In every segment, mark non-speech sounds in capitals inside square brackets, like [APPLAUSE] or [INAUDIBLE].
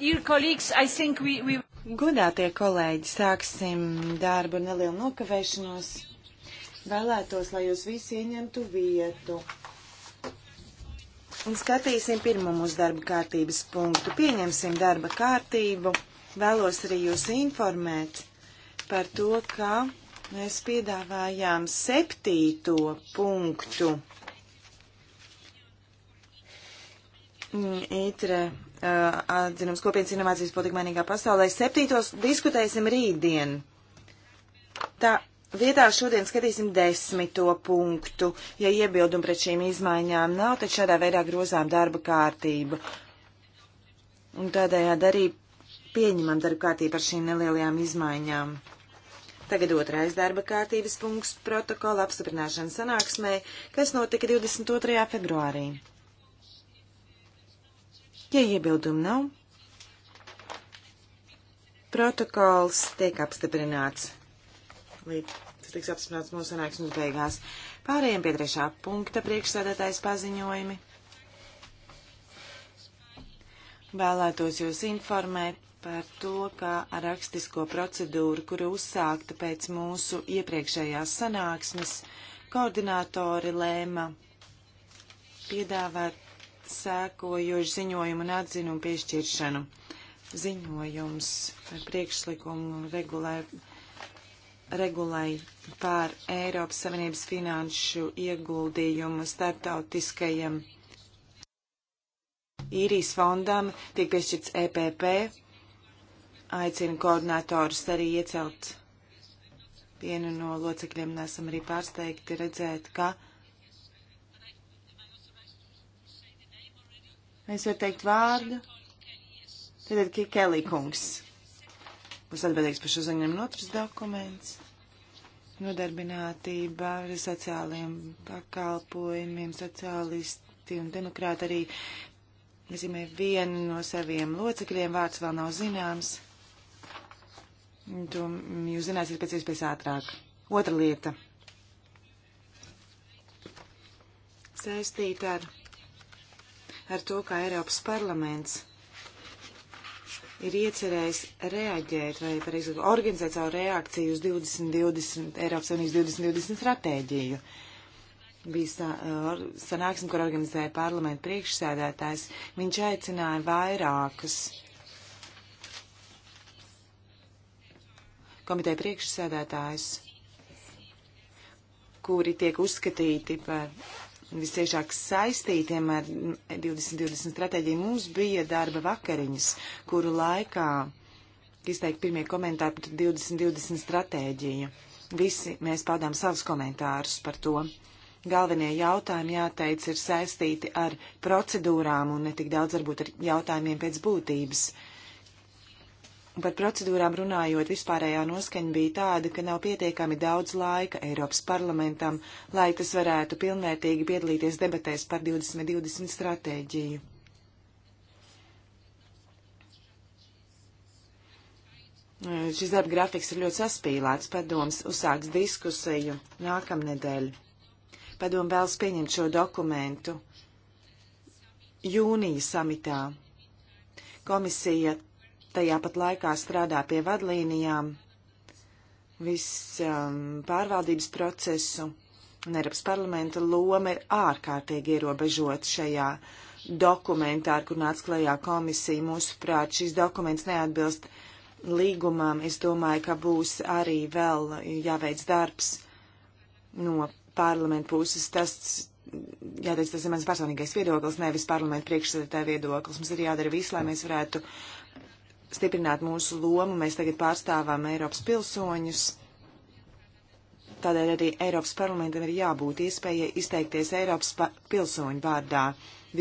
We, we... Godātie kolēģi, sāksim darbu ar nelielu nokavēšanos. Vēlētos, lai jūs visi ieņemtu vietu. Un skatīsim pirmo mūsu darba kārtības punktu. Pieņemsim darba kārtību. Vēlos arī jūs informēt par to, ka mēs piedāvājām septīto punktu. Mm, itre Uh, atzinums kopienas inovācijas politikmainīgā pasaulē. Septītos diskutēsim rītdien. Tā vietā šodien skatīsim desmito punktu. Ja iebildumi pret šīm izmaiņām nav, tad šādā veidā grozām darba kārtību. Un tādējādi arī pieņemam darba kārtību ar šīm nelielajām izmaiņām. Tagad otrais darba kārtības punkts protokola apstiprināšana sanāksmē, kas notika 22. februārī. Ja iebildumu nav, protokols tiek apstiprināts. Līdz tas tiks apstiprināts mūsu sanāksmes beigās. Pārējiem pie trešā punkta priekšsēdētājs paziņojumi. Vēlētos jūs informēt par to, kā ar rakstisko procedūru, kuru uzsākta pēc mūsu iepriekšējās sanāksmes, koordinātori lēma piedāvāt sēkojošu ziņojumu un atzinumu piešķiršanu. Ziņojums par priekšlikumu regulē, regulē pār Eiropas Savienības finanšu ieguldījumu starptautiskajam īrijas fondam tiek piešķirts EPP. Aicinu koordinatorus arī iecelt vienu no locekļiem. Nesam arī pārsteigti redzēt, ka Es varu teikt vārdu. Tātad Kelly kungs būs atbildīgs par šo ziņojumu. Otrs dokuments - nodarbinātība ar sociāliem pakalpojumiem, sociālisti un demokrāti arī nozīmē vienu no saviem locekļiem. Vārds vēl nav zināms. To jūs zināsiet pēc iespējas ātrāk. Otra lieta saistīta ar ar to, kā Eiropas parlaments ir iecerējis reaģēt vai, pareizāk, organizēt savu reakciju uz 2020, Eiropas Savienības 2020 stratēģiju. Bija sa, uh, sanāksme, kur organizēja parlamentu priekšsēdētājs. Viņš aicināja vairākas komiteja priekšsēdētājus, kuri tiek uzskatīti par visciešāk saistītiem ar 2020 stratēģiju. Mums bija darba vakariņas, kuru laikā izteikt pirmie komentāri par 2020 stratēģiju. Visi mēs paudām savus komentārus par to. Galvenie jautājumi, jāteic, ir saistīti ar procedūrām un netik daudz varbūt ar jautājumiem pēc būtības. Uh, Par procedūrām runājot, vispārējā noskaņa bija tāda, ka nav pietiekami daudz laika Eiropas parlamentam, lai tas varētu pilnvērtīgi piedalīties debatēs par 2020 stratēģiju. Šis darba grafiks ir ļoti saspīlēts, padoms uzsāks diskusiju nākamnedēļ. Padom vēlas pieņemt šo dokumentu jūnija samitā. Komisija tajā pat laikā strādā pie vadlīnijām, viss um, pārvaldības procesu un Eiropas parlamenta loma ir ārkārtīgi ierobežota šajā dokumentā, ar kur nāca klajā komisija. Mūsuprāt, šis dokuments neatbilst līgumam. Es domāju, ka būs arī vēl jāveic darbs no parlamenta puses. Tas, jāteic, tas ir mans personīgais viedoklis, nevis parlamenta priekšsēdētāja viedoklis. Mums ir jādara viss, lai mēs varētu uh, stiprināt mūsu lomu. Mēs tagad pārstāvām Eiropas pilsoņus. Tādēļ arī Eiropas parlamentam ir jābūt iespējai izteikties Eiropas pilsoņu vārdā,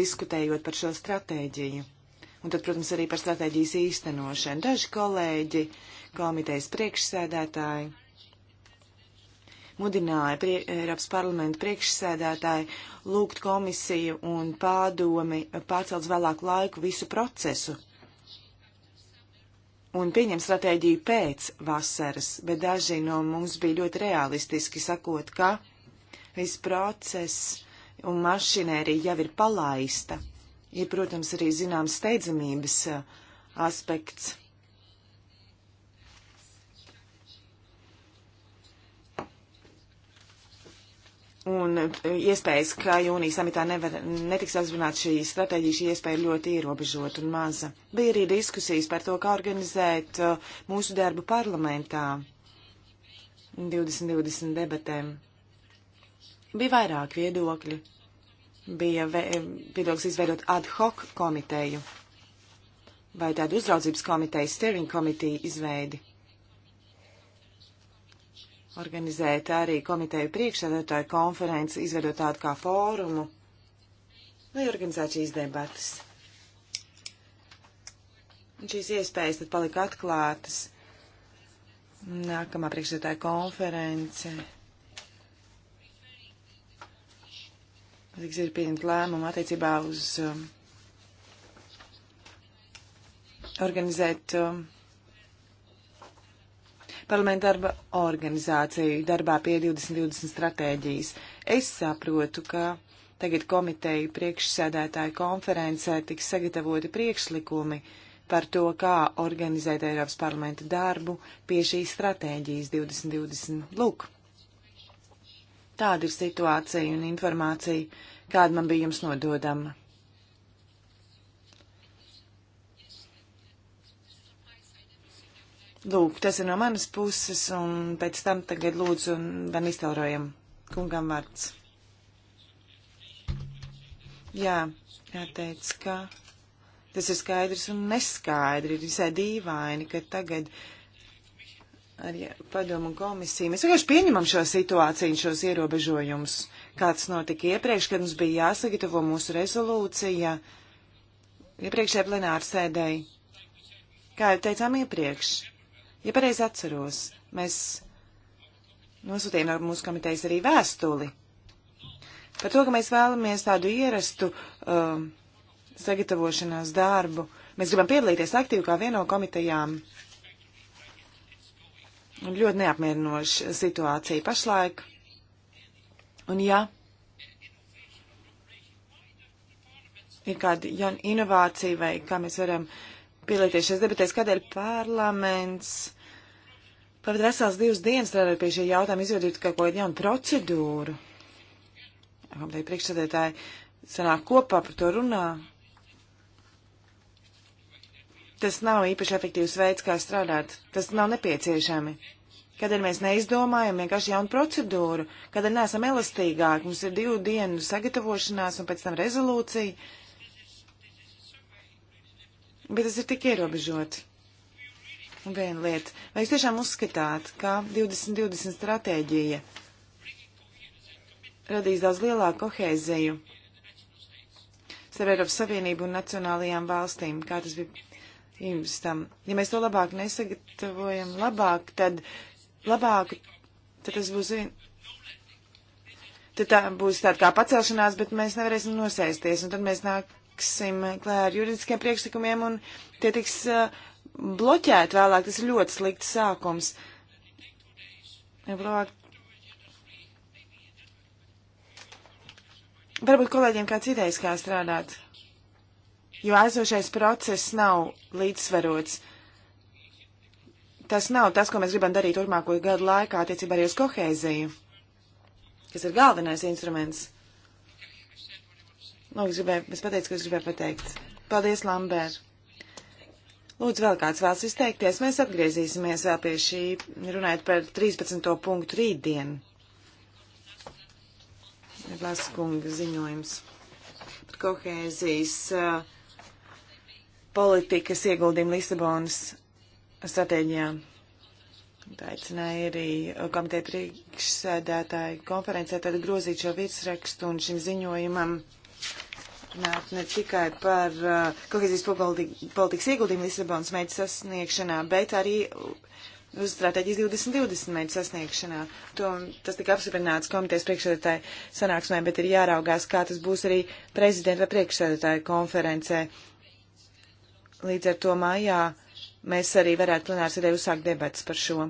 diskutējot par šo stratēģiju. Un tad, protams, arī par stratēģijas īstenošanu. Daži kolēģi, komitejas priekšsēdētāji, mudināja prie, Eiropas parlamenta priekšsēdētāji lūgt komisiju un pārdomi pārcelt vēlāku laiku visu procesu un pieņem stratēģiju pēc vasaras, bet daži no mums bija ļoti realistiski sakot, ka viss process un mašinērija jau ir palaista. Ir, protams, arī zināms steidzamības eh, aspekts. Un e, iespējas, ka jūnijas samitā nevar, netiks apzināta šī stratēģija, šī iespēja ir ļoti ierobežota un maza. Bija arī diskusijas par to, kā organizēt e, mūsu darbu parlamentā 2020 debatēm. Bija vairāk viedokļi. Bija e, viedoklis izveidot ad hoc komiteju vai tādu uzraudzības komiteju, steering komiteju izveidi organizēt arī komiteju priekšsēdētāju konferenci, izvedot tādu kā fórumu, lai organizētu šīs debatas. Un šīs iespējas tad palika atklātas. Nākamā priekšsēdētāja konference. Tiks ir pieņemt lēmumu attiecībā uz um, organizēt um, parlamentu darba organizāciju darbā pie 2020 stratēģijas. Es saprotu, ka tagad komiteju priekšsēdētāju konferencē tiks sagatavoti priekšlikumi par to, kā organizēt Eiropas parlamenta darbu pie šīs stratēģijas 2020. Lūk, tāda ir situācija un informācija, kāda man bija jums nododama. Lūk, tas ir no manas puses, un pēc tam tagad lūdzu Van Nistelrojam kungam vārds. Jā, jāteic, ka tas ir skaidrs un neskaidri, ir visai dīvaini, ka tagad ar ja, padomu komisiju mēs vienkārši pieņemam šo situāciju un šos ierobežojumus, kāds notika iepriekš, kad mums bija jāsagatavo mūsu rezolūcija iepriekšējā plenārsēdēji. Kā jau teicām iepriekš, Ja pareizi atceros, mēs nosūtījām no mūsu komitejas arī vēstuli par to, ka mēs vēlamies tādu ierastu um, sagatavošanās darbu. Mēs gribam piedalīties aktīvi kā vieno komitejām. Un ļoti neapmierinoša situācija pašlaik. Un jā, ir kāda jauna inovācija vai kā mēs varam uh, piedalīties šajās debatēs, kādēļ parlaments pavadīja vesels divas dienas strādājot pie šī jautājuma, izveidot kaut ko jaunu procedūru. Komiteja priekšsēdētāji sanāk kopā par to runā. Tas nav īpaši efektīvs veids, kā strādāt. Tas nav nepieciešami. Kādēļ mēs neizdomājam vienkārši jaunu procedūru? Kādēļ neesam elastīgāki? Mums ir divu dienu sagatavošanās un pēc tam rezolūcija. Bet tas ir tik ierobežoti. Un viena lieta. Vai jūs tiešām uzskatāt, ka 2020 stratēģija radīs daudz lielāku kohēziju starp Eiropas Savienību un nacionālajām valstīm, kā tas bija pirms tam? Ja mēs to labāk nesagatavojam labāk, tad labāk, tad tas būs vien. Tad tā būs tāda kā pacelšanās, bet mēs nevarēsim nosēsties, un tad mēs nāk, tiksim klāt ar juridiskiem priekšlikumiem un tie tiks uh, bloķēti vēlāk. Tas ir ļoti slikts sākums. Labāk. Varbūt kolēģiem kāds idejas, kā strādāt, jo aizsošais process nav līdzsvarots tas nav tas, ko mēs gribam darīt turpmāko gadu laikā attiecībā arī uz kohēziju, kas ir galvenais instruments. Lūk, es gribēju, es pateicu, ko es gribēju pateikt. Paldies, Lambēr. Lūdzu, vēl kāds vēlas izteikties. Mēs atgriezīsimies vēl pie šī, runājot par 13. punktu rītdien. Vaskunga ziņojums par kohēzijas uh, politikas ieguldījumu Lisabonas stratēģijā. Aicināja arī komiteja priekšsēdētāju konferencē tad grozīt šo virsrakstu un šim ziņojumam. Um, runāt ne tikai par uh, kohēzijas politikas ieguldījumu Lisabonas mērķu sasniegšanā, bet arī uz stratēģijas 2020 mērķu sasniegšanā. To, tas tika apstiprināts komitejas priekšsēdētāju sanāksmē, bet ir jāraugās, kā tas būs arī prezidenta vai priekšsēdētāju konferencē. Līdz ar to mājā mēs arī varētu plenārs arī uzsākt debats par šo.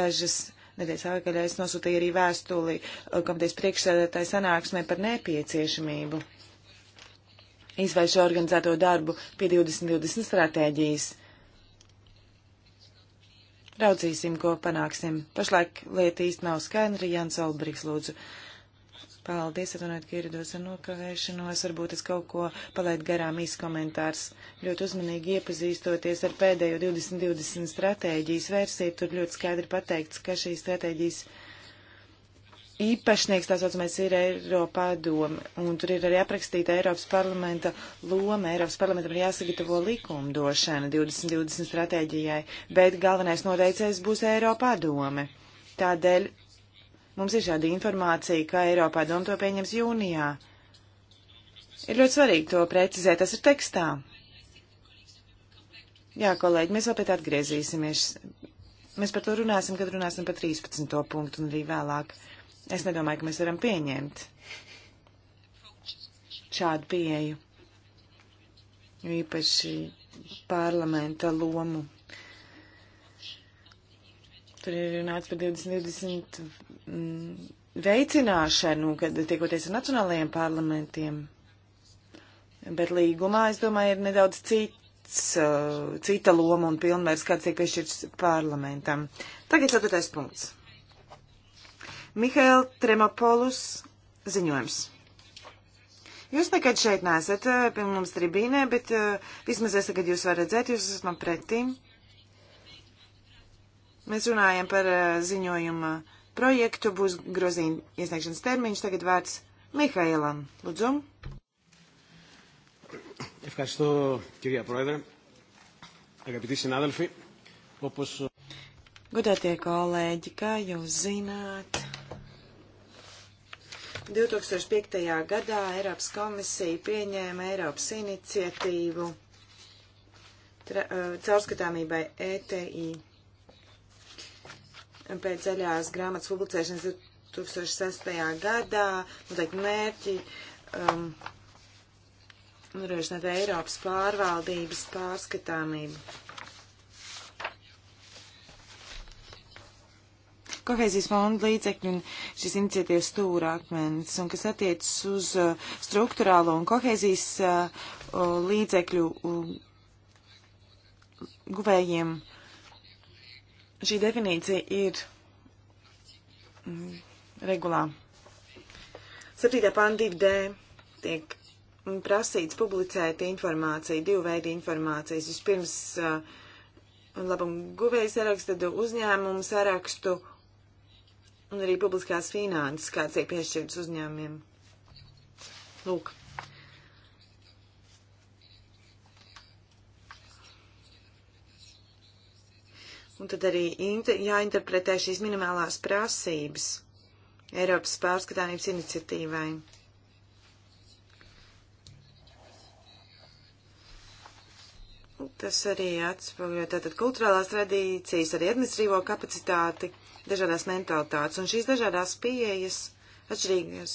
Dažas nedēļas atpakaļ es nosūtīju arī vēstuli uh, komitejas priekšsēdētāju sanāksmē par nepieciešamību izvērš organizēto darbu pie 2020 stratēģijas. Raudzīsim, ko panāksim. Pašlaik lieta īsti nav skaidra. Jans Albriks, lūdzu. Paldies, atvainojiet, ka ierados ar nokavēšanos. Varbūt es kaut ko palaidu garām īsts komentārs. Ļoti uzmanīgi iepazīstoties ar pēdējo 2020 stratēģijas versiju, tur ļoti skaidri pateikts, ka šīs stratēģijas īpašnieks, tā saucamais, ir Eiropā doma, un tur ir arī aprakstīta Eiropas parlamenta loma. Eiropas parlamentam ir jāsagatavo likumdošana 2020 stratēģijai, bet galvenais noteicējs būs Eiropā doma. Tādēļ mums ir šāda informācija, ka Eiropā doma to pieņems jūnijā. Ir ļoti svarīgi to precizēt, tas ir tekstā. Jā, kolēģi, mēs vēl pēc atgriezīsimies. Mēs par to runāsim, kad runāsim par 13. punktu un arī vēlāk. Es nedomāju, ka mēs varam pieņemt šādu pieeju, īpaši parlamenta lomu. Tur ir runāts par 2020 mm, veicināšanu, kad tiekoties ar nacionālajiem parlamentiem. Bet līgumā, es domāju, ir nedaudz cits, uh, cita loma un pilnvērs, kāds tiek piešķirts parlamentam. Tagad ceturtais punkts. Mihail Tremopolus ziņojums. Jūs nekad šeit nesat eh, pie mums tribīnē, bet eh, vismaz es tagad jūs varu redzēt, jūs esat man pretī. Mēs runājam par eh, ziņojuma projektu, būs grozījuma iesniegšanas termiņš, tagad vārds Mihailam. Lūdzu. Ευχαριστώ, κυρία Πρόεδρε. Αγαπητοί συνάδελφοι, όπως... Godātie kolēģi, kā jūs zināt, 2005. gadā Eiropas komisija pieņēma Eiropas iniciatīvu eh, caurskatāmībai ETI. Pēc zaļās grāmatas publicēšanas 2006. gadā noteikti mērķi um, nodrošināt Eiropas pārvaldības pārskatāmību. kohēzijas fonda līdzekļi un šis iniciatīvas stūrākmens, un kas attiecas uz uh, struktūrālo un kohēzijas uh, uh, līdzekļu guvējiem. Šī definīcija ir mm, regulā. 7. pānta 2D tiek prasīts publicēt informāciju, divu veidu informācijas. Vispirms labumu guvēju sarakstu, tad uzņēmumu sarakstu un arī publiskās finanses, kāds tiek piešķirts uzņēmumiem. Lūk. Un tad arī inter, jāinterpretē šīs minimālās prasības Eiropas pārskatāmības iniciatīvai. Tas arī atspoguļo tātad kulturālās tradīcijas, arī administrīvo kapacitāti dažādās mentalitātes, un šīs dažādās pieejas atšķirīgas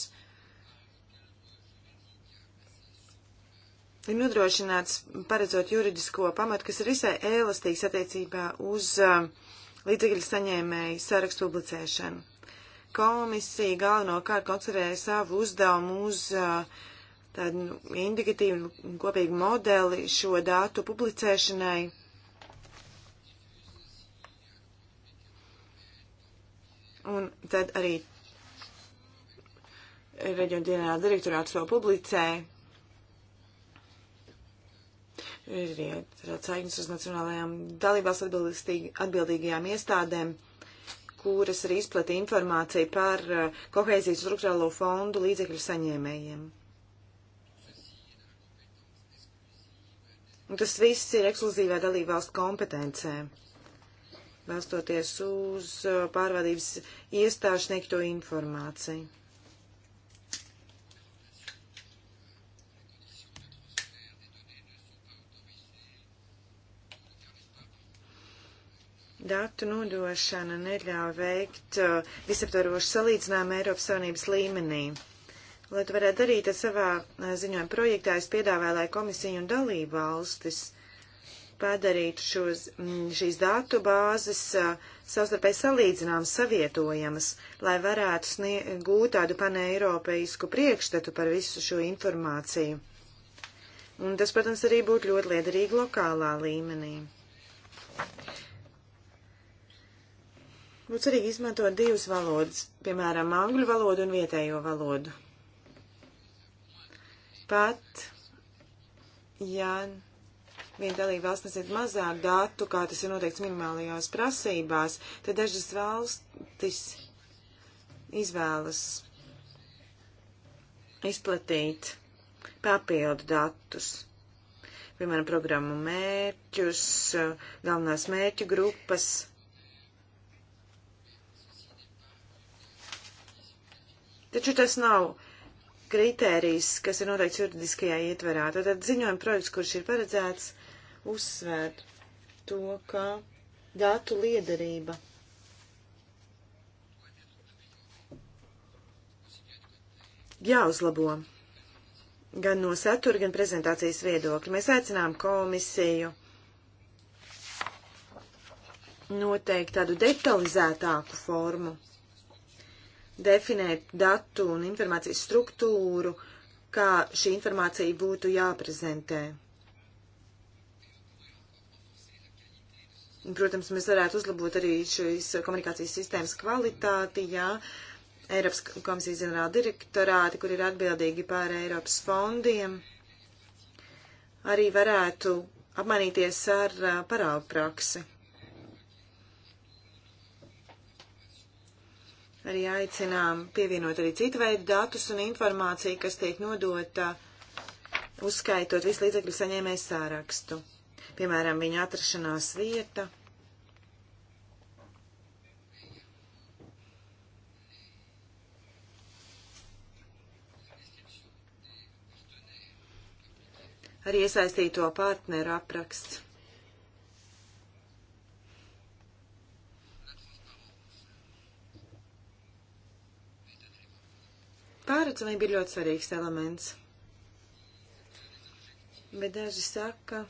ir nodrošināts paredzot juridisko pamatu, kas ir visai elastīgs attiecībā uz uh, līdzekļu saņēmēju sarakstu publicēšanu. Komisija galvenokārt koncentrēja savu uzdevumu uz uh, tādu nu, indikatīvu kopīgu modeli šo datu publicēšanai Un tad arī reģiona ģenerāla direktorāts to publicē. Ir arī saiknes uz nacionālajām dalībās atbildīgajām iestādēm, kuras arī izplata informāciju par eh, kohēzijas struktūrālo fondu līdzekļu saņēmējiem. Un tas viss ir ekskluzīvā dalībvalstu kompetencē balstoties uz uh, pārvaldības iestāžu sniegto informāciju. Datu nodošana neļauj veikt uh, visaptvarošu salīdzinājumu Eiropas Savienības līmenī. Lai to varētu darīt savā uh, ziņojuma projektā, es piedāvāju, lai komisija un dalība valstis uh, padarīt šos, mm, šīs datu bāzes savstarpēji salīdzināmas, savietojamas, lai varētu sniegt, gūt tādu paneiropeisku priekšstatu par visu šo informāciju. Un tas, protams, arī būtu ļoti liederīgi lokālā līmenī. Būtu svarīgi izmantot divas valodas, piemēram, angļu valodu un vietējo valodu. Pat, ja viena dalība valsts nesiet mazāk datu, kā tas ir noteikts minimālajās prasībās, tad dažas valstis izvēlas izplatīt papildu datus. Piemēram, programmu mērķus, galvenās mērķu grupas. Taču tas nav kritērijs, kas ir noteikts juridiskajā ietverā. Tātad ziņojuma projekts, kurš ir paredzēts, uzsvērt to, ka datu liederība jāuzlabo gan no satura, gan prezentācijas viedokļa. Mēs aicinām komisiju noteikt tādu detalizētāku formu, definēt datu un informācijas struktūru, kā šī informācija būtu jāprezentē. Protams, mēs varētu uzlabot arī šīs komunikācijas sistēmas kvalitāti, jā. Eiropas komisijas ģenerāla direktorāti, kur ir atbildīgi par Eiropas fondiem, arī varētu apmainīties ar parādu praksi. Arī aicinām pievienot arī citu veidu datus un informāciju, kas tiek nodota, uzskaitot visu līdzekļu saņēmēju sārakstu piemēram, viņa atrašanās vieta. Arī iesaistīto partneru apraksts. Pārredzamība ir ļoti svarīgs elements. Bet daži saka,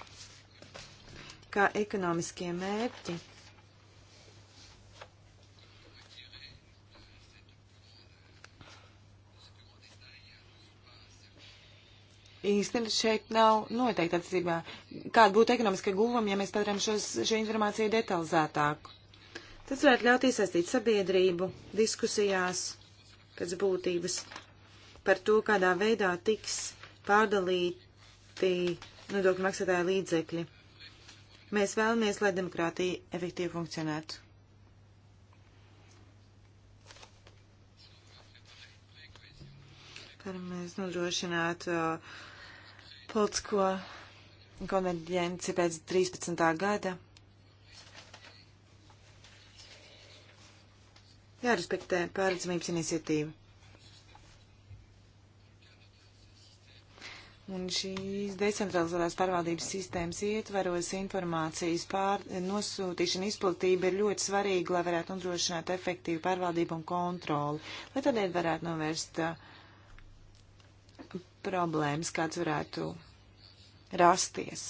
kā ekonomiskie mērķi. Īstenībā šeit nav noteikti attiecībā, kāda būtu ekonomiska guvuma, ja mēs padarām šo informāciju detalizētāku. Tas varētu ļaut iesaistīt sabiedrību diskusijās pēc būtības par to, kādā veidā tiks pārdalīti nodokļu maksātāju līdzekļi. Mēs vēlamies, lai demokrātija efektīvi funkcionētu. Vēlamies nodrošināt uh, politisko konverģenci pēc 13. gada. Jārespektē pārredzamības iniciatīva. Un šīs decentralizētās pārvaldības sistēmas ietveros informācijas pār, nosūtīšana izplatība ir ļoti svarīga, lai varētu nodrošināt efektīvu pārvaldību un kontroli, lai tādēļ varētu novērst uh, problēmas, kāds varētu rasties.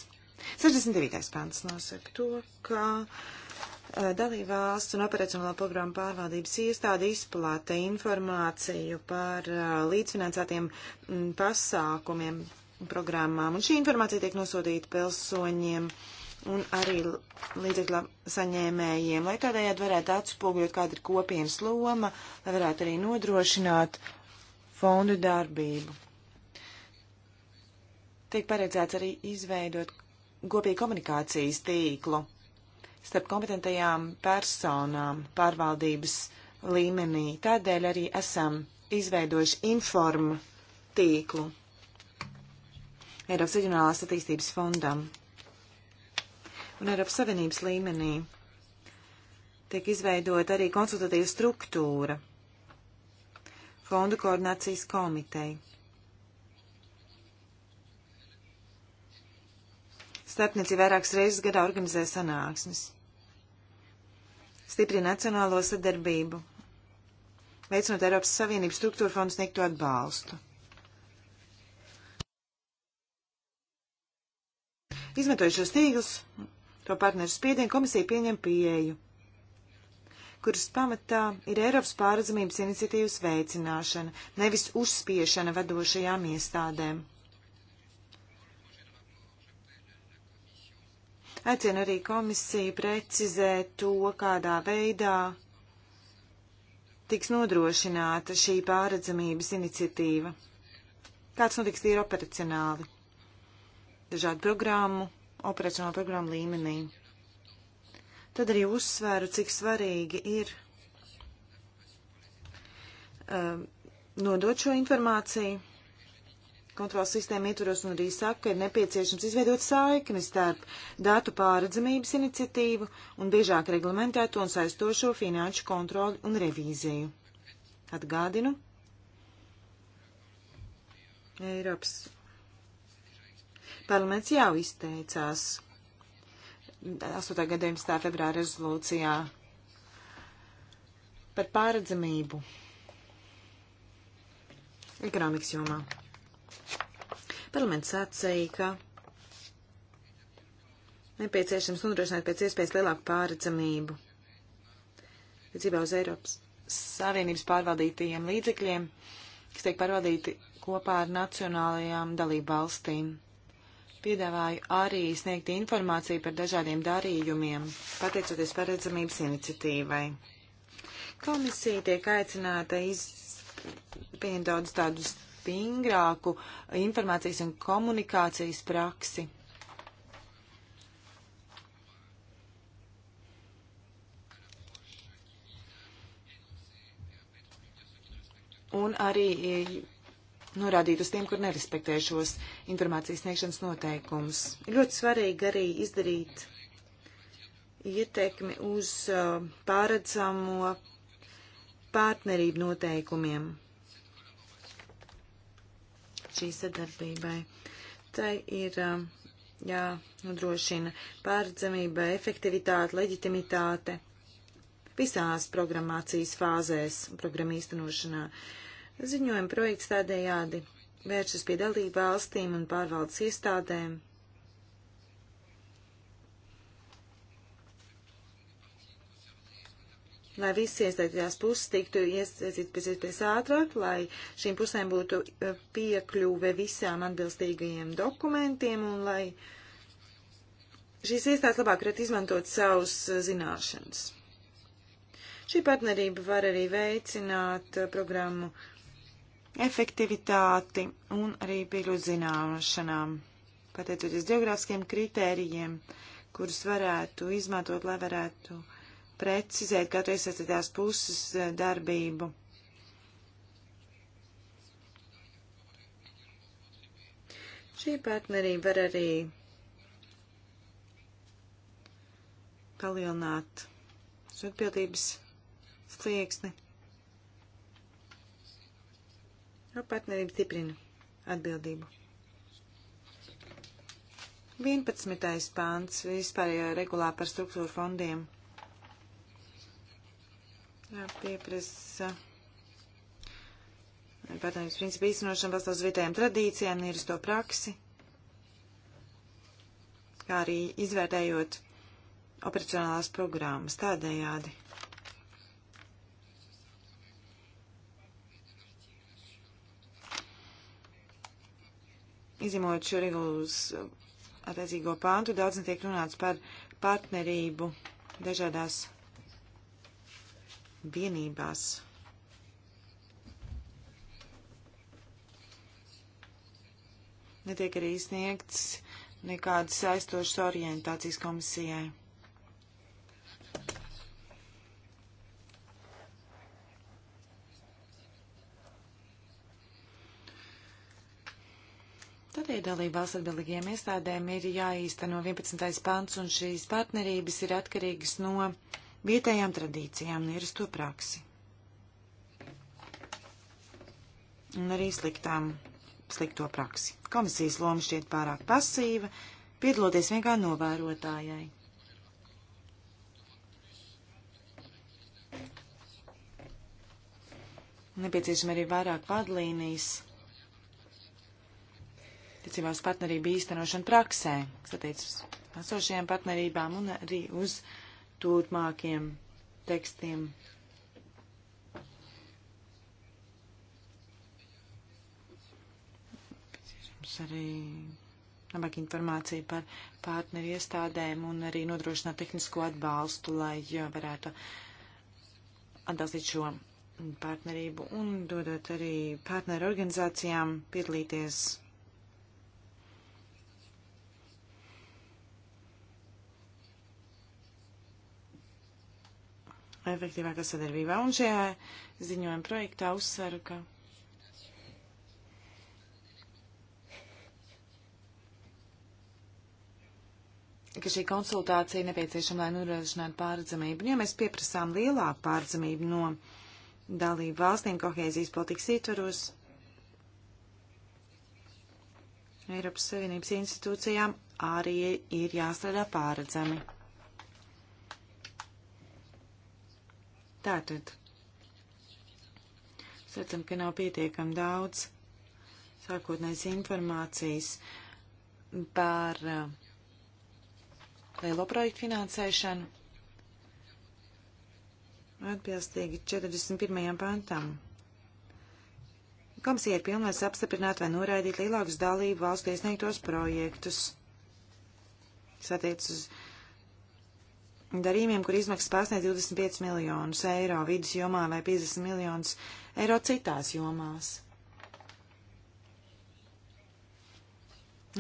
69. pants nosaka to, ka uh, dalībvalsts un operacionālā programma pārvaldības iestāde izplāta informāciju par uh, līdzfinansētiem mm, pasākumiem programmām. Un šī informācija tiek nosūtīta pilsoņiem un arī līdzekļu saņēmējiem, lai tādējādi varētu atspoguļot, kāda ir kopienas loma, lai varētu arī nodrošināt fondu darbību. Tiek paredzēts arī izveidot kopīgu komunikācijas tīklu starp kompetentajām personām pārvaldības līmenī. Tādēļ arī esam izveidojuši informu tīklu Eiropas reģionālās attīstības fondam. Un Eiropas Savienības līmenī tiek izveidota arī konsultatīva struktūra fondu koordinācijas komiteja. Starpniecība vairākas reizes gadā organizē sanāksmes, stiprina nacionālo sadarbību, veicinot Eiropas Savienības struktūra fondu sniegto atbalstu. Izmantojušos tīklus, to partneru spiedienu komisija pieņem pieeju, kuras pamatā ir Eiropas pārredzamības iniciatīvas veicināšana, nevis uzspiešana vadošajām iestādēm. Aicinu arī komisiju precizēt to, kādā veidā tiks nodrošināta šī pārredzamības iniciatīva. Kāds notiks tīri operacionāli? dažādu programmu, operacionālu programmu līmenī. Tad arī uzsvēru, cik svarīgi ir um, nodot šo informāciju. Kontrolas sistēma ietvaros un arī saka, ka ir nepieciešams izveidot saikni starp datu pāredzamības iniciatīvu un biežāk reglamentēto un saistošo finanšu kontroli un revīziju. Atgādinu. Eiropas Parlaments jau izteicās 8. gada 19. februāra rezolūcijā par pārredzamību ekonomikas jomā. Parlaments atsēja, ka nepieciešams nodrošināt pēc iespējas lielāku pārredzamību attiecībā uz Eiropas Savienības pārvaldītajiem līdzekļiem, kas tiek pārvaldīti kopā ar nacionālajām dalību valstīm. Piedāvāju arī sniegt informāciju par dažādiem darījumiem, pateicoties paredzamības iniciatīvai. Komisija tiek aicināta izpieņemt daudz tādu stingrāku informācijas un komunikācijas praksi. un arī norādīt uz tiem, kur nerespektē šos informācijas sniegšanas noteikumus. Ir ļoti svarīgi arī izdarīt ietekmi uz uh, pāredzamo partnerību noteikumiem šī sadarbībai. Tai ir uh, jānodrošina pārredzamība, efektivitāte, leģitimitāte visās programmācijas fāzēs un programmu īstenošanā. Uh, Ziņojuma projekts tādējādi vēršas pie dalību valstīm un pārvaldes iestādēm. Lai visi iesaistītās puses tiktu iesaistīti pēc iespējas ātrāk, lai šīm pusēm būtu e, piekļuve visām atbilstīgajiem dokumentiem un lai šīs iestādes labāk varētu izmantot savus e, zināšanas. Šī partnerība var arī veicināt e, programmu uh, efektivitāti un arī piekļūt zināšanām, pateicoties geogrāfiskiem kritērijiem, kurus varētu izmantot, lai varētu precizēt katru iesaistītās puses eh, darbību. Šī partnerība var arī palielināt sūtpildības slieksni jo partnerība stiprina atbildību. 11. pāns vispārējā regulā par struktūru fondiem. Jā, pieprasa partnerības principu īstenošana balstās uz vietējām tradīcijām, nīristo praksi, kā arī izvērtējot operacionālās programmas tādējādi. izņemot šo regulas uh, attiecīgo pāntu, daudz netiek runāts par partnerību dažādās vienībās. Netiek arī sniegts nekādas aizstošas orientācijas komisijai. Arī dalībās atbildīgiem iestādēm ir jāīsteno 11. pants, un šīs partnerības ir atkarīgas no vietējām tradīcijām, nerasto praksi. Un arī sliktām, slikto praksi. Komisijas loma šķiet pārāk pasīva, piedaloties vienkārši novērotājai. Nepieciešama arī vairāk vadlīnijas ticībā uz partnerību īstenošanu praksē, kas attiecas uz esošajām partnerībām un arī uz turpmākiem tekstiem. Mums arī labāk informācija par partneru iestādēm un arī nodrošināt tehnisko atbalstu, lai varētu atbalstīt šo partnerību un dodot arī partneru organizācijām piedalīties efektīvākā sadarbībā. Un šajā ziņojuma projektā uzsveru, ka ka šī konsultācija nepieciešama, lai nodrošinātu pārredzamību. Un, ja mēs pieprasām lielāku pārredzamību no dalību valstīm kohēzijas politikas ietvaros, Eiropas Savienības institūcijām arī ir jāstrādā pārredzami. Tātad. Sacam, ka nav pietiekam daudz sākotnējas informācijas par eh, lielo projektu finansēšanu atbilstīgi 41. pantam. Komisija ir pilnvars apstiprināt vai noraidīt lielākus dalību valstu iesniegtos projektus, kas attiec uz darījumiem, kur izmaksas pārsniedz 25 miljonus eiro vidus jomā vai 50 miljonus eiro citās jomās.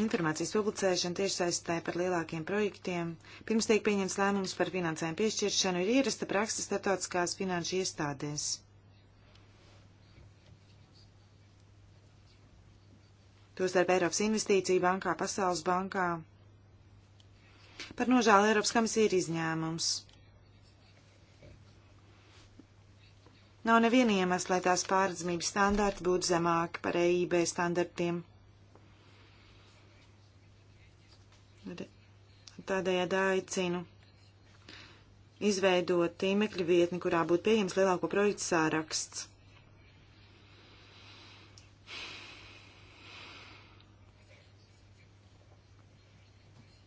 Informācijas publicēšana tiešsaistē par lielākiem projektiem, pirms tiek pieņems lēmums par finansējumu piešķiršanu, ir ierasta praksa starptautiskās finanšu iestādēs. Tostarp Eiropas Investīcija bankā, Pasaules bankā, Par nožēlu Eiropas komisija ir izņēmums. Nav neviena iemesla, lai tās pārredzamības standarti būtu zemāki par EIB standartiem. Tādējādi aicinu izveidot tīmekļa vietni, kurā būtu pieejams lielāko projektu sāraksts.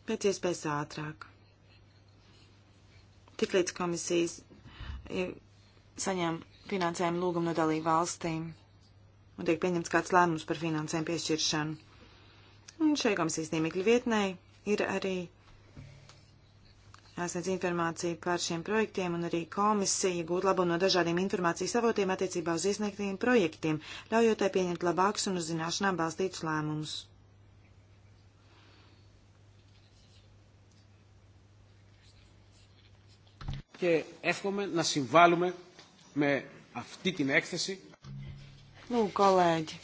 pēc iespējas ātrāk. Tiklīdz komisijas saņem finansējumu lūgumu no dalību valstīm un tiek pieņemts kāds lēmums par finansējumu piešķiršanu. Un šai komisijas tīmekļa vietnē ir arī jāsniedz informācija par šiem projektiem, un arī komisija gūt labu no dažādiem informācijas avotiem attiecībā uz iesniegtiem projektiem, ļaujot tai pieņemt labākus un uz zināšanām balstītus lēmumus. και εύχομαι να συμβάλλουμε με αυτή την έκθεση. Lūk, nu, kolēģi,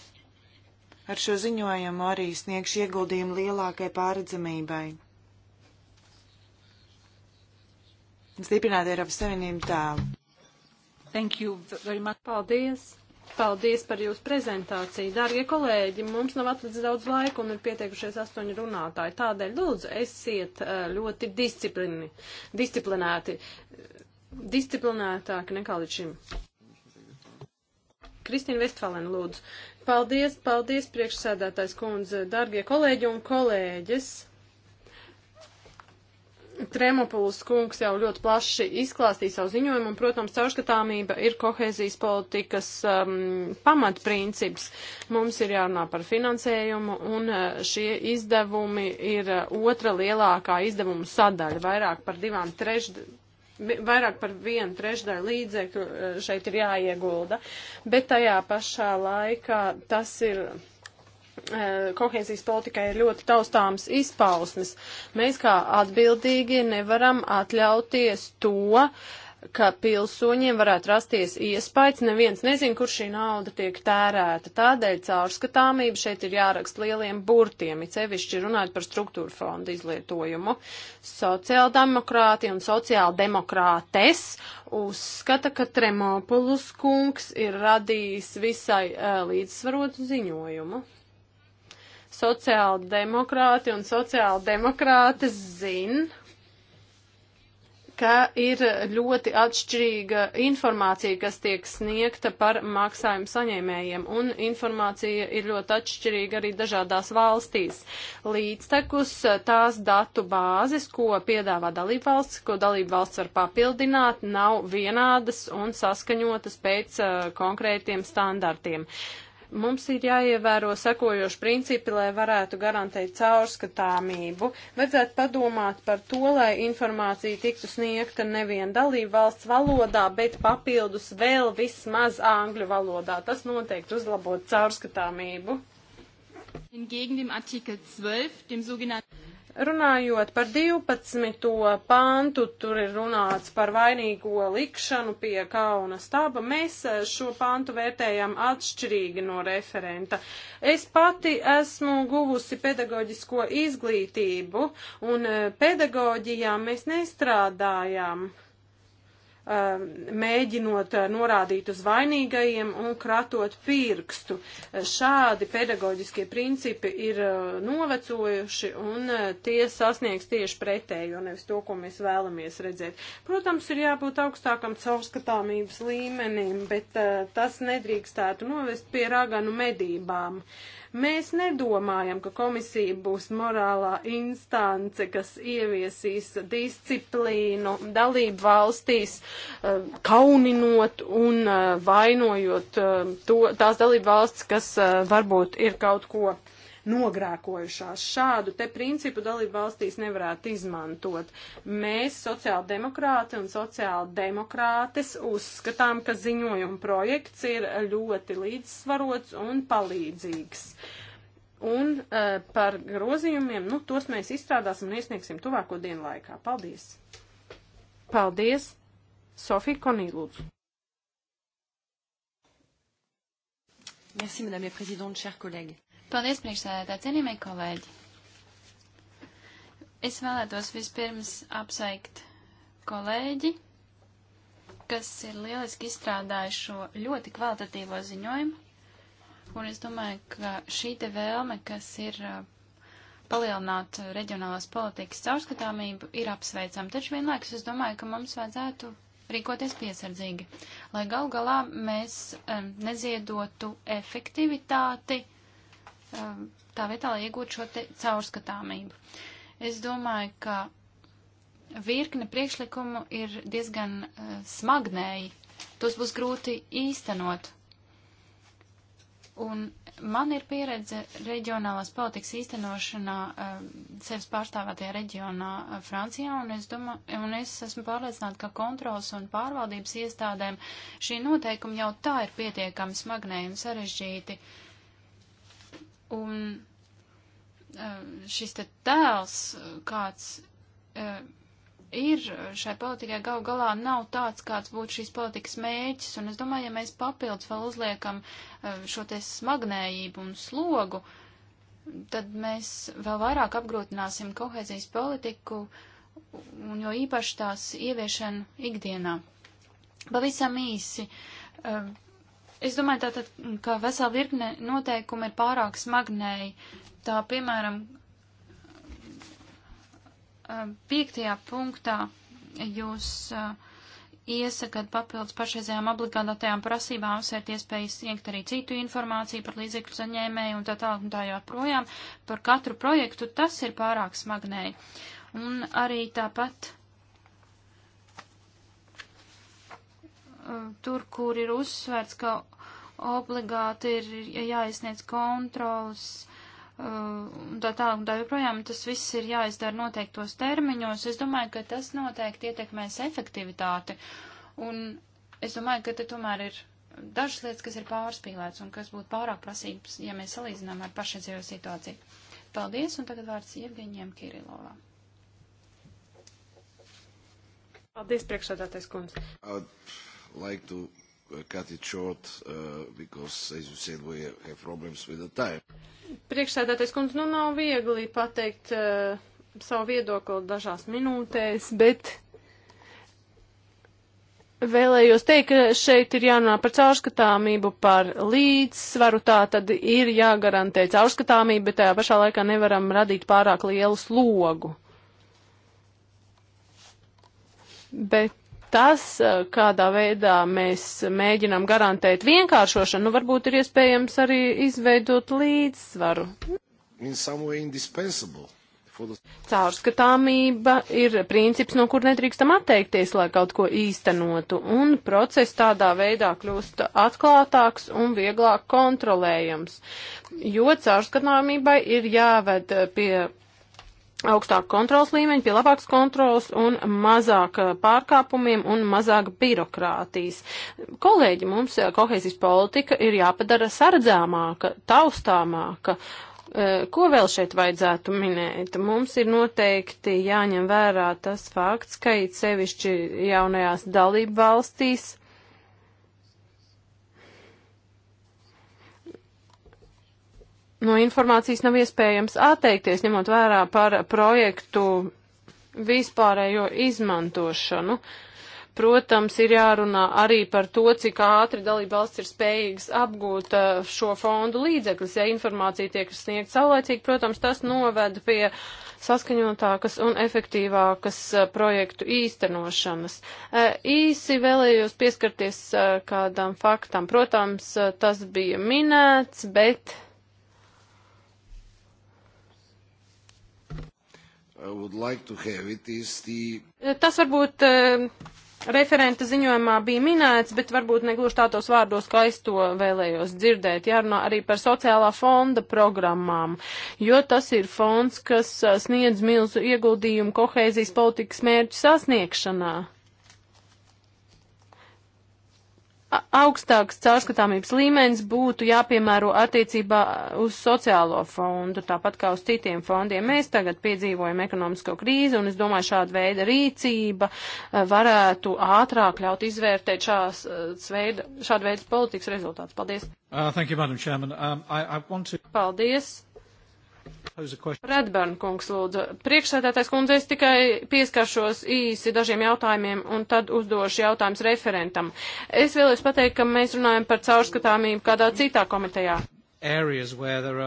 ar šo ziņojumu arī sniegšu ieguldījumu lielākai pārredzamībai. Stiprināt Eiropas Savienību tālu. Thank you very much. Paldies. Paldies par jūsu prezentāciju. Dārgie kolēģi, mums nav atlicis daudz laika un ir pieteikušies astoņi runātāji. Tādēļ, lūdzu, esiet eh, ļoti disciplini, disciplinēti, disciplinētāki nekā līdz šim. Kristīna Vestfalena, lūdzu. Paldies, paldies, priekšsēdētājs kundze, dārgie kolēģi un kolēģis. Tremopuls kungs jau ļoti plaši izklāstīja savu ziņojumu, un, protams, caurskatāmība ir kohēzijas politikas um, pamatprincips. Mums ir jārunā par finansējumu, un uh, šie izdevumi ir uh, otra lielākā izdevumu sadaļa, vairāk par divām trešdaļām vairāk par vienu trešdaļu līdzekļu uh, šeit ir jāiegulda, bet tajā pašā laikā tas ir Eh, kohēzijas politikai ir ļoti taustāmas izpausmes. Mēs kā atbildīgi nevaram atļauties to, ka pilsoņiem varētu rasties iespējas, neviens nezin, kur šī nauda tiek tērēta. Tādēļ caurskatāmība šeit ir jāraksta lieliem burtiem, it sevišķi runājot par struktūra fonda izlietojumu. Sociāldemokrāti un sociāldemokrātes uzskata, ka Tremopulus kungs ir radījis visai uh, līdzsvarotu ziņojumu sociāla demokrāti un sociāla demokrātes zin, ka ir ļoti atšķirīga informācija, kas tiek sniegta par maksājumu saņēmējiem, un informācija ir ļoti atšķirīga arī dažādās valstīs. Līdztekus eh, tās datu bāzes, ko piedāvā dalība valsts, ko dalība valsts var papildināt, nav vienādas un saskaņotas pēc uh, konkrētiem standartiem. Uh, Mums ir jāievēro sekojoši principi, lai varētu garantēt caurskatāmību. Vajadzētu padomāt par to, lai informācija tiktu sniegta nevien dalību valsts valodā, bet papildus vēl vismaz angļu valodā. Tas noteikti uzlabot caurskatāmību. Hingegen dem Artikel 12, dem sogenannten Runājot par 12. pantu, tur ir runāts par vainīgo likšanu pie kauna staba. Mēs eh, šo pantu vērtējam atšķirīgi no referenta. Es pati esmu guvusi pedagoģisko izglītību, un eh, pedagoģijā mēs nestrādājām uh, Um, mēģinot uh, norādīt uz vainīgajiem un kratot pirkstu. Uh, šādi pedagoģiskie principi ir uh, novecojuši un tie sasniegs tieši pretējo, nevis to, ko mēs vēlamies redzēt. Protams, ir jābūt augstākam caurskatāmības līmenim, bet tas nedrīkstētu novest pie raganu medībām. Uh, Mēs nedomājam, ka komisija būs morālā instance, kas ieviesīs disciplīnu dalību valstīs, eh, kauninot un eh, vainojot eh, to, tās dalību valsts, kas varbūt ir kaut ko nogrēkojušās. Šādu te principu dalību valstīs nevarētu izmantot. Mēs, sociāldemokrāti un sociāldemokrātes, uzskatām, ka ziņojuma projekts ir ļoti līdzsvarots un palīdzīgs. Un e, par grozījumiem, nu, tos mēs izstrādāsim un iesniegsim tuvāko dienu laikā. Paldies! Paldies! Sofija Konīlūdzu! Merci, Madame la Présidente, chers collègues. Paldies, priekšsēdētāji, cienījamie kolēģi. Es vēlētos vispirms apsveikt kolēģi, kas ir lieliski izstrādājuši šo ļoti kvalitatīvo ziņojumu. Un es domāju, ka šī te vēlme, kas ir palielināt reģionālās politikas caurskatāmību, ir apsveicama. Taču vienlaikus es domāju, ka mums vajadzētu rīkoties piesardzīgi, lai gal galā mēs um, neziedotu efektivitāti Um, tā vietā, lai iegūtu šo caurskatāmību. Es domāju, ka virkne priekšlikumu ir diezgan uh, smagnēji. Tos būs grūti īstenot. Un man ir pieredze reģionālās politikas īstenošanā uh, sevis pārstāvētajā reģionā uh, Francijā, un es, domā, un es esmu pārliecināta, ka kontrols un pārvaldības iestādēm šī noteikuma jau tā ir pietiekami smagnēji un sarežģīti. Uh, Un eh, šis te tēls, eh, kāds eh, ir šai politikai gal galā nav tāds, kāds būtu šīs politikas mēķis, un es domāju, ja mēs papildus vēl uzliekam šo te smagnējību un slogu, tad mēs vēl vairāk apgrūtināsim kohēzijas politiku, un jo īpaši tās ieviešanu ikdienā. Pavisam īsi, Es domāju tātad, ka vesela virkne noteikumi ir pārāk smagnēji. Tā piemēram, piektajā punktā jūs iesakat papildus pašreizējām obligātajām prasībām uzsvērt iespēju sniegt arī citu informāciju par līdzekļu saņēmēju un tā tālāk un tā joprojām. Par katru projektu tas ir pārāk smagnēji. Un arī tāpat tur, kur ir uzsvērts, ka obligāti ir jāizsniedz kontrols uh, un tā tālāk un tā joprojām, tas viss ir jāizdara noteiktos termiņos. Es domāju, ka tas noteikti ietekmēs efektivitāti. Un es domāju, ka te tomēr ir dažas lietas, kas ir pārspīlētas un kas būtu pārāk prasības, ja mēs salīdzinām ar pašreizējo situāciju. Paldies, un tagad vārds Jevgeņiem Kirilovā. Paldies, priekšsādātais kundze. Uh, like to uh, cut it short uh, because, as you said, we have problems with the time. Priekšsēdētais kundze, nu nav viegli pateikt uh, savu viedokli dažās minūtēs, bet vēlējos teikt, ka šeit ir jārunā par caurskatāmību, par līdzsvaru, tā tad ir jāgarantē caurskatāmība, bet tajā pašā laikā nevaram radīt pārāk lielu slogu. Bet Tas, eh, kādā veidā mēs mēģinām garantēt vienkāršošanu, nu, varbūt ir iespējams arī izveidot līdzsvaru. Caurskatāmība ir princips, no kur nedrīkstam atteikties, lai kaut ko īstenotu, un process tādā veidā kļūst atklātāks un vieglāk kontrolējams, jo caurskatāmībai ir jāved pie augstāku kontrols līmeņu, pie labākas kontrols un mazāk eh, pārkāpumiem un mazāk birokrātijas. Kolēģi, mums eh, kohēzijas politika ir jāpadara sardzāmāka, taustāmāka. Eh, ko vēl šeit vajadzētu minēt? Mums ir noteikti jāņem vērā tas fakts, ka it sevišķi jaunajās dalību valstīs no informācijas nav iespējams atteikties, ņemot vērā par projektu vispārējo izmantošanu. Protams, ir jārunā arī par to, cik ātri dalībvalsts ir spējīgs apgūt eh, šo fondu līdzekļus. Ja informācija tiek sniegta saulēcīgi, protams, tas noved pie saskaņotākas un efektīvākas eh, projektu īstenošanas. Eh, īsi vēlējos pieskarties kādam faktam. Protams, tas bija minēts, bet like it, the... Tas varbūt eh, referenta ziņojumā bija minēts, bet varbūt negluži tādos vārdos, kā es to vēlējos dzirdēt. Jārunā arī par sociālā fonda programmām, jo tas ir fonds, kas eh, sniedz milzu ieguldījumu kohēzijas politikas mērķu sasniegšanā. augstāks caurskatāmības līmenis būtu jāpiemēro attiecībā uz sociālo fondu, tāpat kā uz citiem fondiem. Mēs tagad piedzīvojam ekonomisko krīzi, un es domāju, šāda veida rīcība eh, varētu ātrāk ļaut izvērtēt šās, eh, veida, šāda veida politikas rezultātus. Paldies! Uh, thank you, Madam Chairman. Um, I, I want to... Paldies! Redbērn kungs lūdzu. Priekšsēdētais kundze, es tikai pieskaršos īsi dažiem jautājumiem un tad uzdošu jautājums referentam. Es vēlēs pateikt, ka mēs runājam par caurskatāmību kādā citā komitejā. Are...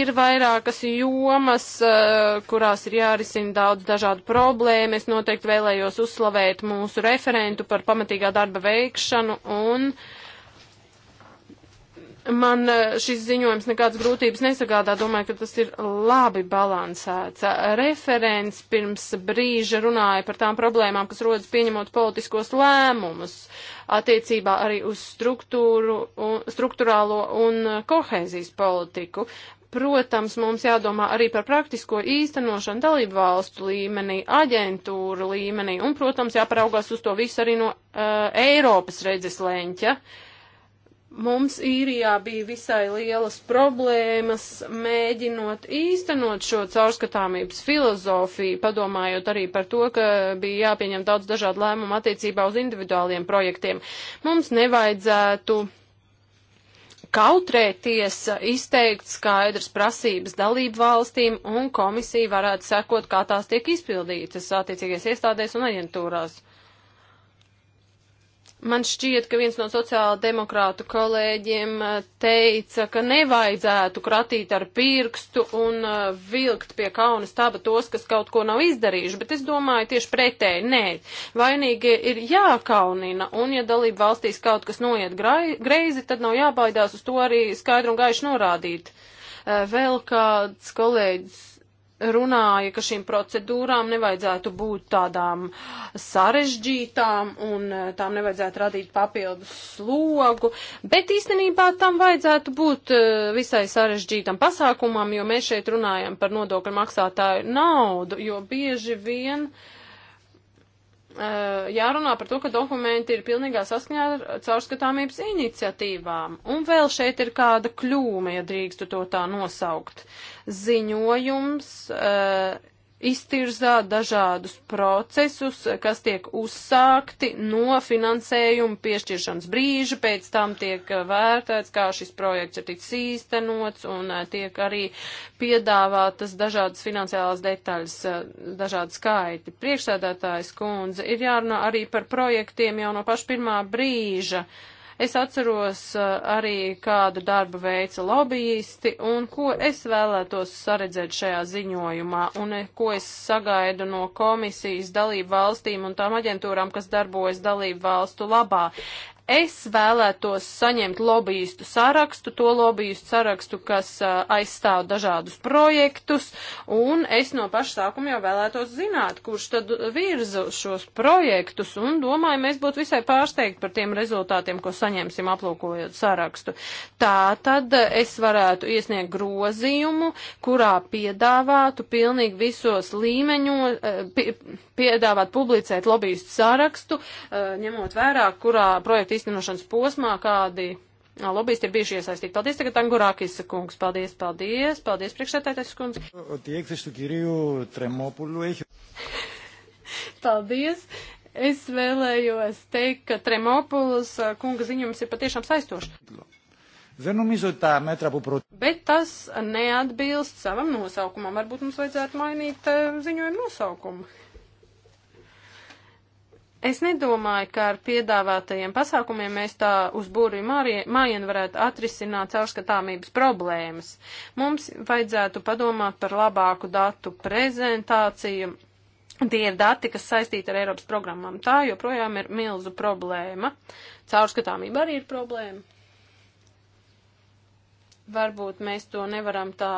Ir vairākas jomas, eh, kurās ir jārisina daudz dažādu problēmu. Es noteikti vēlējos uzslavēt mūsu referentu par pamatīgā darba veikšanu un uh, Man eh, šis ziņojums nekādas grūtības nesagādā, domāju, ka tas ir labi balansēts. Referents pirms brīža runāja par tām problēmām, kas rodas pieņemot politiskos lēmumus attiecībā arī uz struktūru, struktūrālo un kohēzijas politiku. Protams, mums jādomā arī par praktisko īstenošanu dalību valstu līmenī, aģentūru līmenī un, protams, jāparaugās uz to visu arī no uh, Eiropas redzes leņķa. Uh, Mums īrijā bija visai lielas problēmas, mēģinot īstenot šo caurskatāmības filozofiju, padomājot arī par to, ka bija jāpieņem daudz dažādu lēmumu attiecībā uz individuāliem projektiem. Mums nevajadzētu kautrēties, izteikt skaidrs prasības dalību valstīm un komisija varētu sekot, kā tās tiek izpildītas attiecīgais iestādēs un aģentūrās. Man šķiet, ka viens no sociāla demokrātu kolēģiem eh, teica, ka nevajadzētu kratīt ar pirkstu un eh, vilkt pie kauna staba tos, kas kaut ko nav izdarījuši, bet es domāju tieši pretēji, nē, vainīgie ir jākaunina, un ja dalība valstīs kaut kas noiet greizi, tad nav jābaidās uz to arī skaidru un gaišu norādīt. Eh, Vēl kāds kolēģis runāja, ka šīm procedūrām nevajadzētu būt tādām sarežģītām un eh, tām nevajadzētu radīt papildus slogu, bet īstenībā tam vajadzētu būt eh, visai sarežģītam pasākumam, jo mēs šeit runājam par nodokļu maksātāju naudu, jo bieži vien eh, jārunā par to, ka dokumenti ir pilnīgā saskaņā ar caurskatāmības iniciatīvām. Un vēl šeit ir kāda kļūme, ja drīkstu to tā nosaukt. Uh, ziņojums uh, iztirzā dažādus procesus, kas tiek uzsākti no finansējuma piešķiršanas brīža, pēc tam tiek eh, vērtēts, kā šis projekts ir tiks īstenots, un eh, tiek arī piedāvātas dažādas finansiālās detaļas, dažādi skaiti. Priekšsēdētājs kundze ir jārunā arī par projektiem jau no paša pirmā brīža. Uh, Es atceros uh, arī, kādu darbu veica lobbyisti un ko es vēlētos saredzēt šajā ziņojumā un eh, ko es sagaidu no komisijas dalību valstīm un tām aģentūrām, kas darbojas dalību valstu labā. Es vēlētos saņemt lobbyistu sarakstu, to lobbyistu sarakstu, kas uh, aizstāv dažādus projektus, un es no paša sākuma jau vēlētos zināt, kurš tad virza šos projektus, un domāju, mēs būtu visai pārsteigti par tiem rezultātiem, ko saņemsim aplūkojot sarakstu. Tā tad es varētu iesniegt grozījumu, kurā piedāvātu pilnīgi visos līmeņos, uh, piedāvāt publicēt lobbyistu sarakstu, uh, ņemot vērā, kurā projekta projektu īstenošanas posmā, kādi lobbyisti ir bijuši iesaistīti. Paldies tagad Angurākis kungs. Paldies, paldies, paldies priekšsētētais kungs. [LAUGHS] paldies. Es vēlējos teikt, ka Tremopulas kunga ziņojums ir patiešām saistošs. Bet tas neatbilst savam nosaukumam. Varbūt mums vajadzētu mainīt ziņojumu nosaukumu. Es nedomāju, ka ar piedāvātajiem pasākumiem mēs tā uz būriju mājienu varētu atrisināt caurskatāmības problēmas. Mums vajadzētu padomāt par labāku datu prezentāciju. Tie ir dati, kas saistīti ar Eiropas programmām. Tā joprojām ir milzu problēma. Caurskatāmība arī ir problēma varbūt mēs to nevaram tā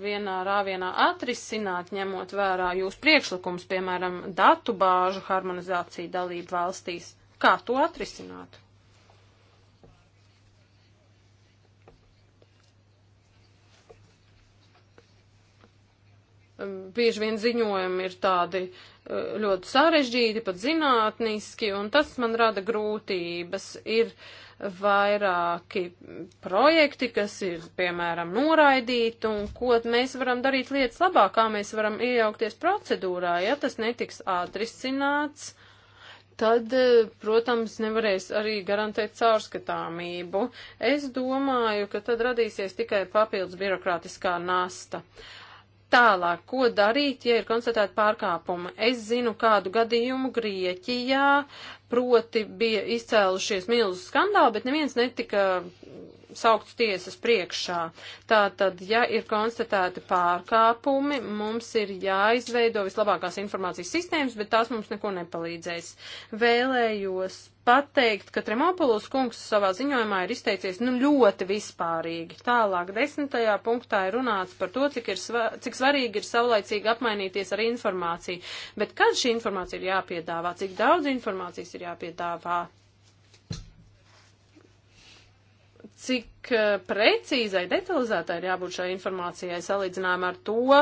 vienā rāvienā atrisināt, ņemot vērā jūs priekšlikums, piemēram, datu bāžu harmonizāciju dalību valstīs. Kā to atrisināt? Bieži vien ziņojumi ir tādi e, ļoti sarežģīti, pat zinātniski, un tas man rada grūtības. Ir uh, vairāki projekti, kas ir, piemēram, noraidīti, un ko mēs varam darīt lietas labāk, kā mēs varam iejaukties procedūrā, ja tas netiks atrisināts. Tad, protams, nevarēs arī garantēt caurskatāmību. Es domāju, ka tad radīsies tikai papildus birokrātiskā nasta. Tālāk, ko darīt, ja ir konstatēta pārkāpuma? Es zinu kādu gadījumu Grieķijā, proti bija izcēlušies milzu skandāli, bet neviens netika saukts tiesas priekšā. Tātad, ja ir konstatēti pārkāpumi, mums ir jāizveido vislabākās informācijas sistēmas, bet tās mums neko nepalīdzēs. Vēlējos pateikt, ka Tremopulus kungs savā ziņojumā ir izteicies nu, ļoti vispārīgi. Tālāk desmitajā punktā ir runāts par to, cik, ir sva cik svarīgi ir saulaicīgi apmainīties ar informāciju. Bet kad šī informācija ir jāpiedāvā, cik daudz informācijas ir jāpiedāvā, cik eh, precīzai, detalizētai ir jābūt šai informācijai salīdzinājumā ar to,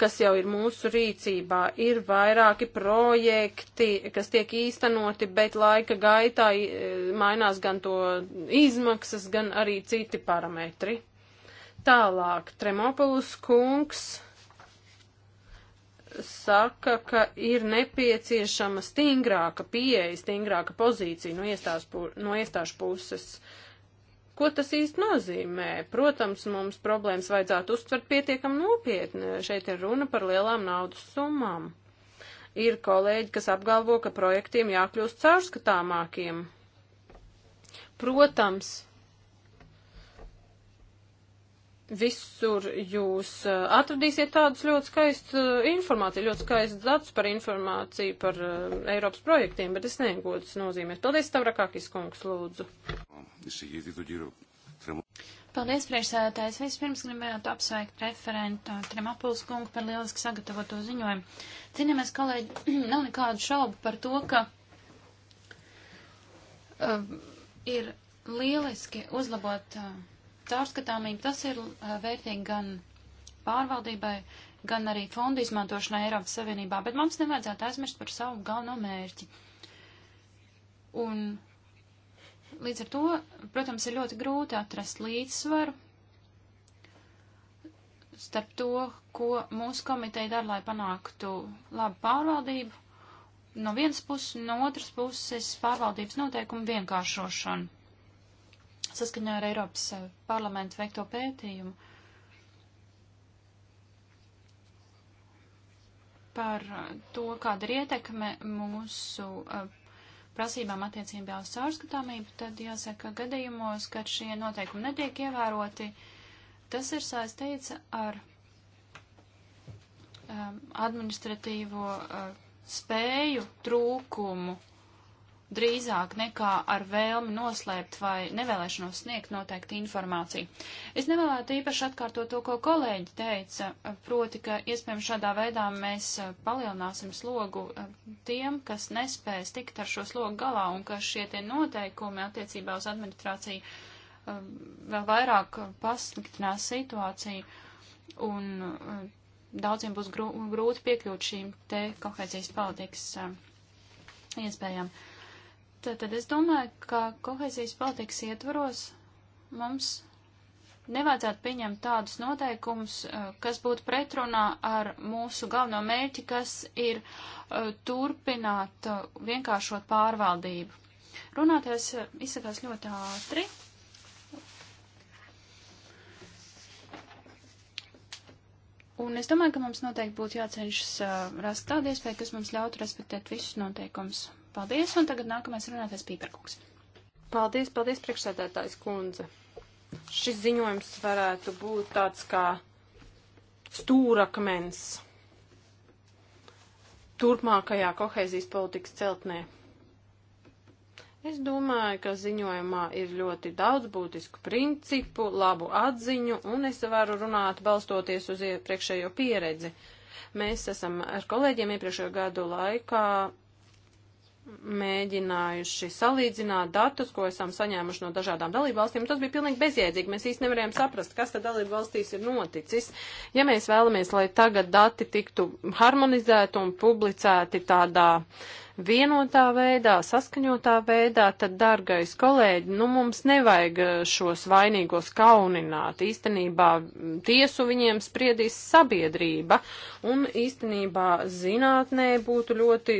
kas jau ir mūsu rīcībā. Ir vairāki projekti, kas tiek īstenoti, bet laika gaitā eh, mainās gan to izmaksas, gan arī citi parametri. Tālāk, Tremopulus kungs saka, ka ir nepieciešama stingrāka pieeja, stingrāka pozīcija no, iestās, no iestāžu puses. Uh, Ko tas īsti nozīmē? Protams, mums problēmas vajadzētu uztvert pietiekam nopietni. Šeit ir runa par lielām naudas summām. Ir kolēģi, kas apgalvo, ka projektiem jākļūst caurskatāmākiem. Protams, visur jūs atradīsiet tādus ļoti skaistu informāciju, ļoti skaistu datus par informāciju par uh, Eiropas projektiem, bet es negūtu tas nozīmēs. Paldies, Tavrakakis kungs, lūdzu. Paldies, priekšsēdētājs. Vispirms gribētu apsveikt referentu Tremapuls kungu par lieliski sagatavoto ziņojumu. Cienījamies, kolēģi, [CLEARS THROAT] nav nekādu šaubu par to, ka uh, ir lieliski uzlabot uh, caurskatāmība tas ir eh, vērtīgi gan pārvaldībai, gan arī fondu izmantošanai Eiropas Savienībā, bet mums nevajadzētu aizmirst par savu galveno mērķi. Un līdz ar to, protams, ir ļoti grūti atrast līdzsvaru starp to, ko mūsu komiteja dara, lai panāktu labu pārvaldību, no vienas puses, no otras puses pārvaldības noteikumu vienkāršošanu saskaņā ar Eiropas eh, parlamentu veikto pētījumu par eh, to, kāda ir ietekme mūsu eh, prasībām attiecībā uz caurskatāmību, tad jāsaka, ka gadījumos, kad šie noteikumi netiek ievēroti, tas ir saistīts ar administratīvo spēju trūkumu drīzāk nekā ar vēlmi noslēpt vai nevēlēšanos sniegt noteikti informāciju. Es nevēlētu īpaši atkārtot to, ko kolēģi teica, proti, ka iespējams šādā veidā mēs eh, palielināsim slogu eh, tiem, kas nespēs tikt ar šo slogu galā un ka šie tie noteikumi attiecībā uz administrāciju eh, vēl vairāk pasliktinās situāciju un daudziem būs grūti piekļūt šīm te kohēzijas politikas iespējām. Uh, Tad es domāju, ka kohezijas politikas ietvaros mums nevajadzētu pieņemt tādus noteikumus, eh, kas būtu pretrunā ar mūsu galveno mērķi, kas ir eh, turpināt eh, vienkāršot pārvaldību. Runātājs izsakās ļoti ātri. Un es domāju, ka mums noteikti būtu jācenšas rast tādu iespēju, kas mums ļautu respektēt visus noteikumus. Paldies, un tagad nākamais runātais Pīperkungs. Paldies, paldies, priekšsēdētājs kundze. Šis ziņojums varētu būt tāds kā stūrakmens turpmākajā kohēzijas politikas celtnē. Es domāju, ka ziņojumā ir ļoti daudz būtisku principu, labu atziņu, un es varu runāt balstoties uz iepriekšējo pieredzi. Mēs esam ar kolēģiem iepriekšējo gadu laikā mēģinājuši salīdzināt datus, ko esam saņēmuši no dažādām dalībvalstīm. Tas bija pilnīgi bezjēdzīgi. Mēs īsti nevarējām saprast, kas tad dalībvalstīs ir noticis. Ja mēs vēlamies, lai tagad dati tiktu harmonizēti un publicēti tādā uh, vienotā veidā, saskaņotā veidā, tad, dargais kolēģi, nu mums nevajag eh, šos vainīgos kaunināt. Īstenībā mm, tiesu viņiem spriedīs sabiedrība, un īstenībā zinātnē būtu ļoti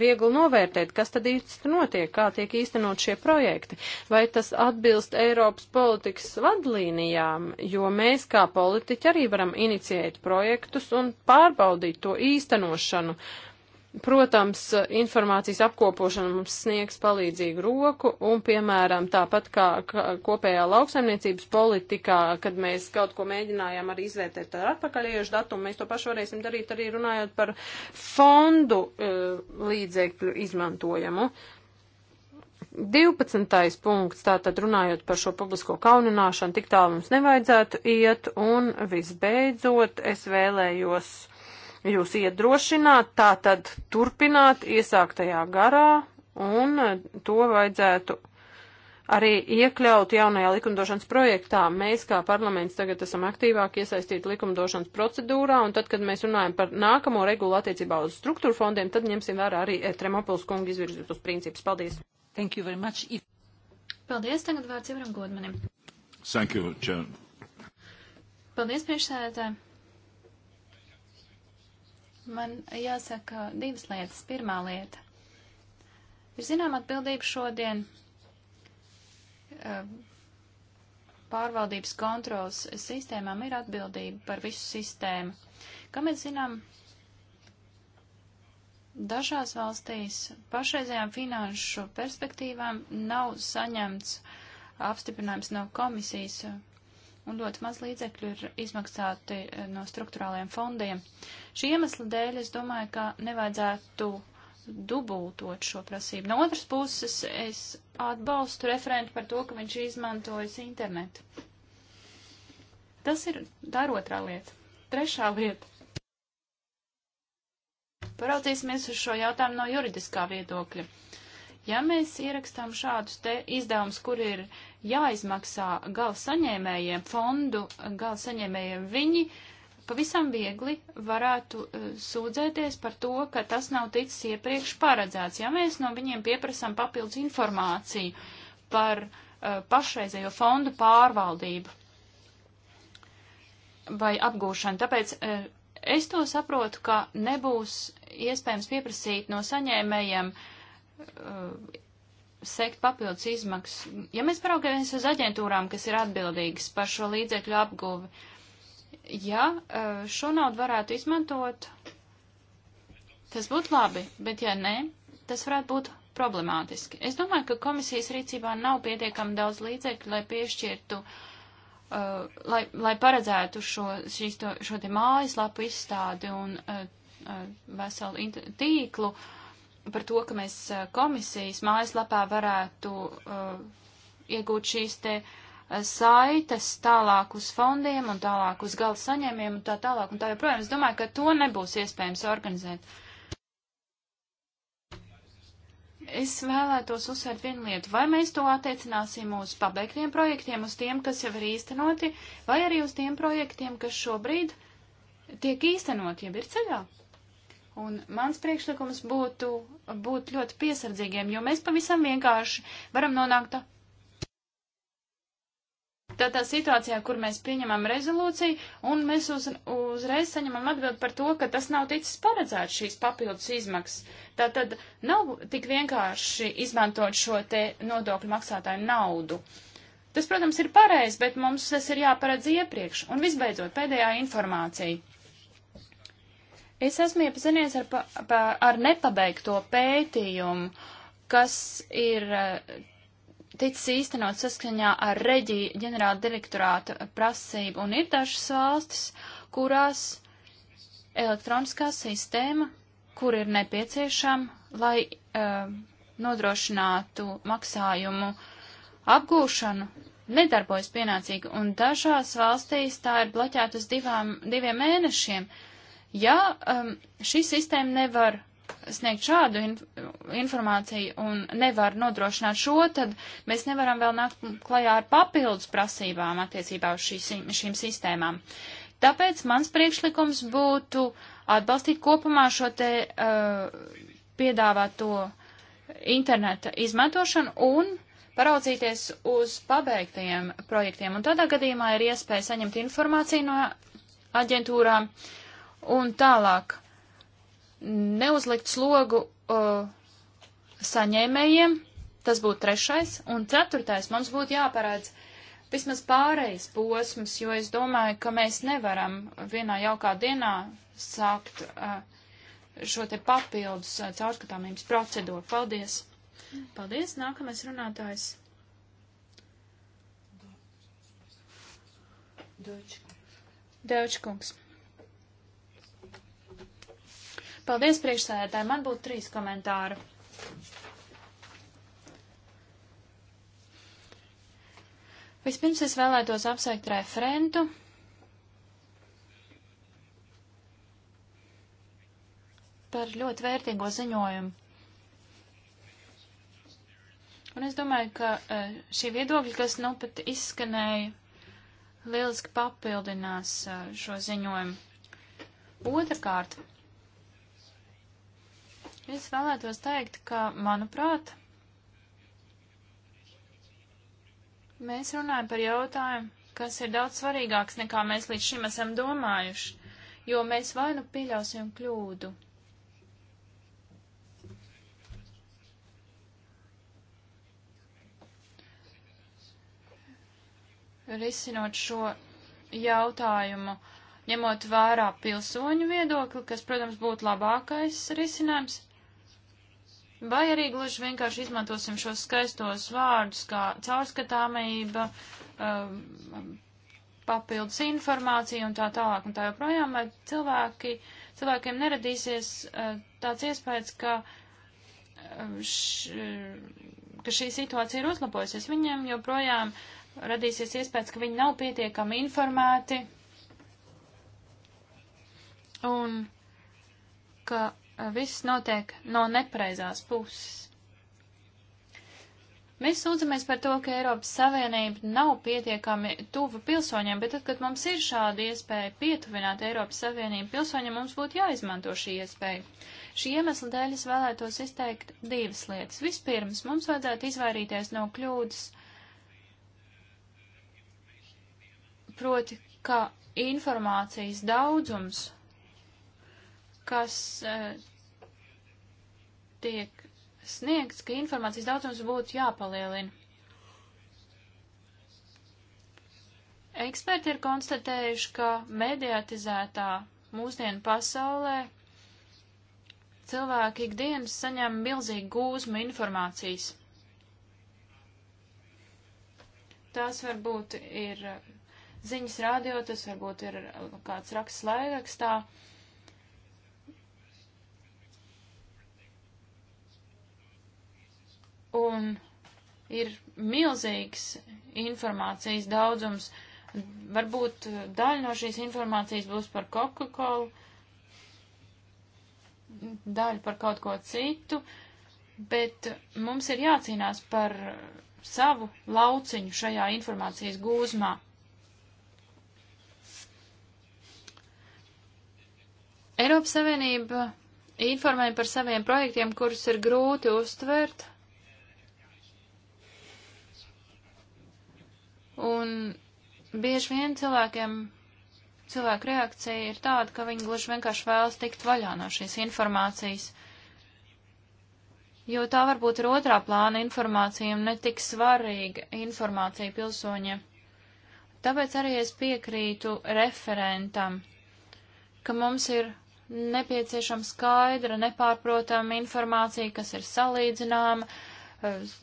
viegli novērtēt, kas tad īsti notiek, kā tiek īstenot šie projekti, vai tas atbilst Eiropas politikas vadlīnijām, jo mēs kā politiķi arī varam inicijēt projektus un pārbaudīt to īstenošanu. Uh, Protams, informācijas apkopošana mums sniegs palīdzīgu roku un, piemēram, tāpat kā kopējā lauksaimniecības politikā, kad mēs kaut ko mēģinājām arī izvērtēt ar atpakaļiešu datumu, mēs to pašu varēsim darīt arī runājot par fondu e, līdzekļu izmantojumu. 12. punkts, tātad runājot par šo publisko kaunināšanu, tik tālu mums nevajadzētu iet, un visbeidzot es vēlējos jūs iedrošināt, tā tad turpināt iesāktajā garā, un eh, to vajadzētu arī iekļaut jaunajā likumdošanas projektā. Mēs kā parlaments tagad esam aktīvāk iesaistīti likumdošanas procedūrā, un tad, kad mēs runājam par nākamo regulu attiecībā uz struktūru fondiem, tad ņemsim vērā arī eh, Tremopils kungu izvirzītos principus. Paldies! Thank you very much. It... Paldies, tagad vārds Ivram Godmanim. Thank you, Chair. Paldies, priekšsēdētāji. Man jāsaka divas lietas. Pirmā lieta. Ir zinām atbildība šodien eh, pārvaldības kontrols sistēmām ir atbildība par visu sistēmu. Kā mēs zinām, dažās valstīs pašreizējām finanšu perspektīvām nav saņemts apstiprinājums no komisijas un ļoti maz līdzekļu ir izmaksāti eh, no struktūrāliem fondiem. Šī iemesla dēļ es domāju, ka nevajadzētu dubultot šo prasību. No otras puses, es atbalstu referentu par to, ka viņš izmantojas internetu. Tas ir dar otrā lieta. Trešā lieta. Paraudzīsimies uz šo jautājumu no juridiskā viedokļa. Uh, Ja mēs ierakstām šādus te izdevumus, kur ir jāizmaksā gala saņēmējiem, fondu gala saņēmējiem, viņi pavisam viegli varētu uh, sūdzēties par to, ka tas nav ticis iepriekš paredzēts. Ja mēs no viņiem pieprasām papildus informāciju par uh, pašreizējo fondu pārvaldību vai apgūšanu, tāpēc uh, es to saprotu, ka nebūs iespējams pieprasīt no saņēmējiem uh, uh, sekt papildus izmaksas. Ja mēs paraugamies uz aģentūrām, kas ir atbildīgas par šo līdzekļu apguvi, ja uh, šo naudu varētu izmantot, tas būtu labi, bet ja nē, tas varētu būt problemātiski. Es domāju, ka komisijas rīcībā nav pietiekami daudz līdzekļu, lai piešķirtu uh, Uh, lai, lai paredzētu šo, šīs to, šo te mājaslapu izstādi un uh, uh, veselu tīklu, uh, par to, ka mēs eh, komisijas mājaslapā varētu uh, iegūt šīs te eh, saites tālāk uz fondiem un tālāk uz galda saņēmiem un tā tālāk un tā joprojām. Es domāju, ka to nebūs iespējams organizēt. Es vēlētos uzsvērt vienu lietu. Vai mēs to attiecināsim uz pabeigtiem projektiem, uz tiem, kas jau ir īstenoti, vai arī uz tiem projektiem, kas šobrīd tiek īstenoti, jeb ir ceļā? Uh, Un mans priekšlikums būtu būt ļoti piesardzīgiem, jo mēs pavisam vienkārši varam nonākt tādā situācijā, kur mēs pieņemam rezolūciju un mēs uz, uzreiz saņemam atbildi par to, ka tas nav ticis paredzēts šīs papildus izmaksas. Tā tad nav tik vienkārši izmantot šo te nodokļu maksātāju naudu. Tas, protams, ir pareizi, bet mums tas ir jāparedz iepriekš. Un visbeidzot, pēdējā informācija. Es esmu iepazinies ar, pa, pa, ar nepabeigto pētījumu, kas ir eh, ticis īstenot saskaņā ar reģi ģenerāla direktorāta prasību, un ir dažas valstis, kurās elektroniskā sistēma, kur ir nepieciešama, lai uh, nodrošinātu maksājumu apgūšanu, nedarbojas pienācīgi, un dažās valstīs tā ir bloķēta uz divām, diviem mēnešiem. Uh, Ja um, šī sistēma nevar sniegt šādu inf informāciju un nevar nodrošināt šo, tad mēs nevaram vēl nākt klajā ar papildus prasībām attiecībā uz šī, šīm sistēmām. Tāpēc mans priekšlikums būtu atbalstīt kopumā šo te uh, piedāvāto interneta izmantošanu un paraudzīties uz pabeigtajiem projektiem. Un tādā gadījumā ir iespēja saņemt informāciju no aģentūrām. Uh, Un tālāk, neuzlikt slogu uh, saņēmējiem, tas būtu trešais, un ceturtais mums būtu jāparādz vismaz pārējais posms, jo es domāju, ka mēs nevaram vienā jaukā dienā sākt uh, šo te papildus uh, caurskatāmības procedūru. Paldies! Paldies, nākamais runātājs. Deutschkungs. Paldies, priekšsēdētāji. Man būtu trīs komentāri. Vispirms es vēlētos apsveikt referentu. par ļoti vērtīgo ziņojumu. Un es domāju, ka eh, šī viedokļa, kas nu pat izskanēja, lieliski papildinās eh, šo ziņojumu. Otrakārt, Es vēlētos teikt, ka, manuprāt, mēs runājam par jautājumu, kas ir daudz svarīgāks nekā mēs līdz šim esam domājuši, jo mēs vai nu pieļausim kļūdu. Risinot šo jautājumu, ņemot vērā pilsoņu viedokli, kas, protams, būtu labākais risinājums, vai arī gluži vienkārši izmantosim šos skaistos vārdus kā caurskatāmība, um, papildus informācija un tā tālāk un tā joprojām, vai cilvēki, cilvēkiem neradīsies uh, tāds iespējas, ka, um, š, ka šī situācija ir uzlabojusies. Viņiem joprojām radīsies iespējas, ka viņi nav pietiekami informēti un ka viss notiek no nepareizās puses. Mēs sūdzamies par to, ka Eiropas Savienība nav pietiekami tuva pilsoņiem, bet tad, kad mums ir šāda iespēja pietuvināt Eiropas Savienību pilsoņiem, mums būtu jāizmanto šī iespēja. Šī iemesla dēļ es vēlētos izteikt divas lietas. Vispirms, mums vajadzētu izvairīties no kļūdas, proti, ka informācijas daudzums kas eh, tiek sniegts, ka informācijas daudzums būtu jāpalielina. Eksperti ir konstatējuši, ka mediatizētā mūsdienu pasaulē cilvēki ikdienas saņem milzīgu gūzmu informācijas. Tās varbūt ir eh, ziņas radio, tas varbūt ir eh, kāds raksts laikrakstā. Uh, un ir milzīgs informācijas daudzums. Varbūt daļa no šīs informācijas būs par Coca-Cola, daļa par kaut ko citu, bet mums ir jācīnās par savu lauciņu šajā informācijas gūzmā. Eiropas Savienība informēja par saviem projektiem, kurus ir grūti uztvert Un bieži vien cilvēkiem, cilvēku reakcija ir tāda, ka viņi gluži vienkārši vēlas tikt vaļā no šīs informācijas. Jo tā varbūt ir otrā plāna informācija un netik svarīga informācija pilsoņiem. Tāpēc arī es piekrītu referentam, ka mums ir nepieciešama skaidra, nepārprotama informācija, kas ir salīdzināma eh,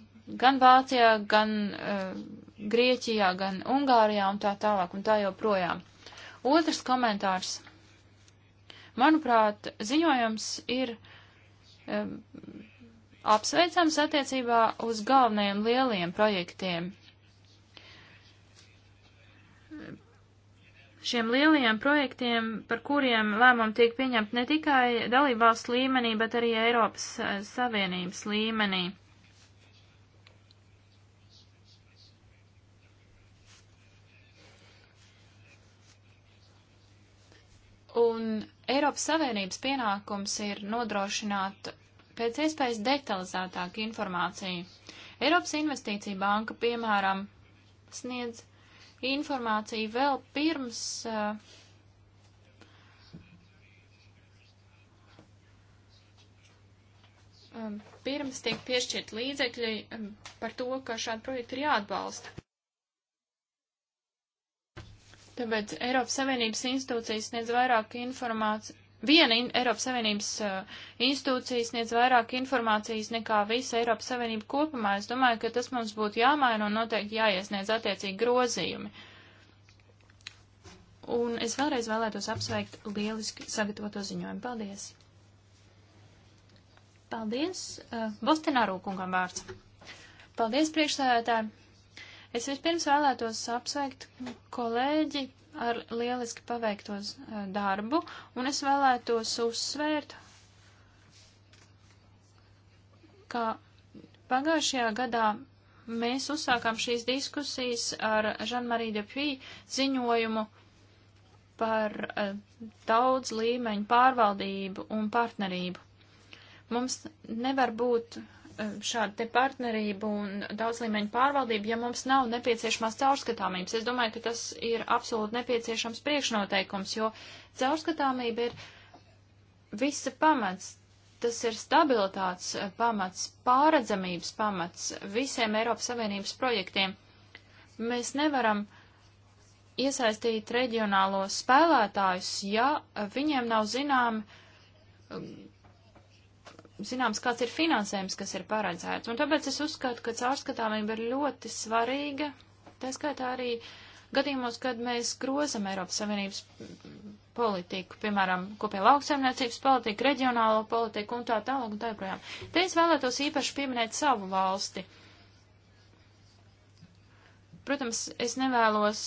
gan Vācijā, gan uh, Grieķijā, gan Ungārijā un tā tālāk un tā joprojām. Otrs komentārs. Manuprāt, ziņojums ir um, apsveicams attiecībā uz galvenajiem lieliem projektiem. Šiem lielajiem projektiem, par kuriem lēmumi tiek pieņemti ne tikai dalībvalsts līmenī, bet arī Eiropas eh, Savienības līmenī. Un Eiropas Savienības pienākums ir nodrošināt pēc iespējas detalizētāku informāciju. Eiropas Investīcija banka, piemēram, sniedz informāciju vēl pirms uh, pirms tiek piešķirt līdzekļi eh, par to, ka šādi projekti ir jāatbalsta. Tāpēc Eiropas Savienības institūcijas sniedz vairāk informācijas. Viena in Eiropas Savienības uh, institūcija sniedz vairāk informācijas nekā visa Eiropas Savienība kopumā. Es domāju, ka tas mums būtu jāmaina un noteikti jāiesniedz attiecīgi grozījumi. Un es vēlreiz vēlētos apsveikt lieliski sagatavoto ziņojumu. Paldies! Paldies! Uh, Bostinā rūkungam vārds. Paldies, priekšsēdētāji! Es vispirms vēlētos apsveikt kolēģi ar lieliski paveiktos eh, darbu, un es vēlētos uzsvērt, ka pagājušajā gadā mēs uzsākām šīs diskusijas ar Žanmariju Depjī ziņojumu par eh, daudz līmeņu pārvaldību un partnerību. Mums nevar būt šādu te partnerību un daudzlīmeņu pārvaldību, ja mums nav nepieciešamās caurskatāmības. Es domāju, ka tas ir absolūti nepieciešams priekšnoteikums, jo caurskatāmība ir visa pamats. Tas ir stabilitātes pamats, pāredzamības pamats visiem Eiropas Savienības projektiem. Mēs nevaram iesaistīt reģionālos spēlētājus, ja viņiem nav zināmi zināms, kāds ir finansējums, kas ir paredzēts. Un tāpēc es uzskatu, ka caurskatāmība ir ļoti svarīga, tā skaitā arī gadījumos, kad mēs grozam Eiropas Savienības politiku, piemēram, kopie lauksaimniecības politiku, reģionālo politiku un tā tālāk un tā joprojām. Te es vēlētos īpaši pieminēt savu valsti. Protams, es nevēlos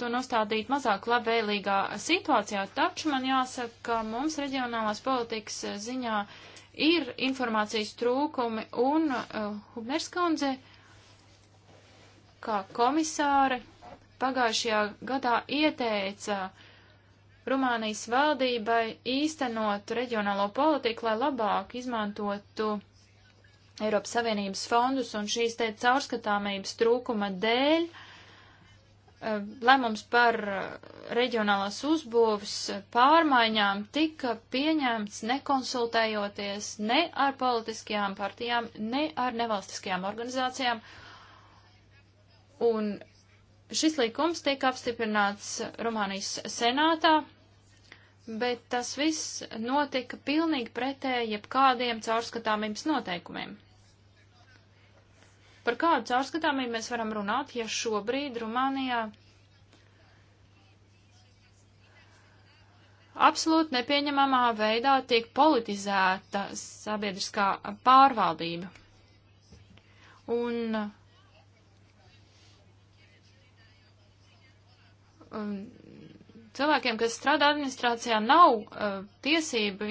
to nostādīt mazāk labvēlīgā situācijā, taču man jāsaka, ka mums reģionālās politikas ziņā uh, ir informācijas trūkumi un uh, Hubners kundze, kā komisāre, pagājušajā gadā ieteica Rumānijas valdībai īstenot reģionālo politiku, lai labāk izmantotu Eiropas Savienības fondus un šīs te caurskatāmības trūkuma dēļ uh, Eh, lēmums par eh, reģionālās uzbūves eh, pārmaiņām tika pieņemts nekonsultējoties ne ar politiskajām partijām, ne ar nevalstiskajām organizācijām. Un šis likums tiek apstiprināts Rumānijas senātā, bet tas viss notika pilnīgi pretēji jebkādiem caurskatāmības noteikumiem. Par kādu caurskatāmību mēs varam runāt, ja šobrīd Rumānijā absolūti nepieņemamā veidā tiek politizēta sabiedriskā pārvaldība. Un um, cilvēkiem, kas strādā administrācijā, nav uh, tiesība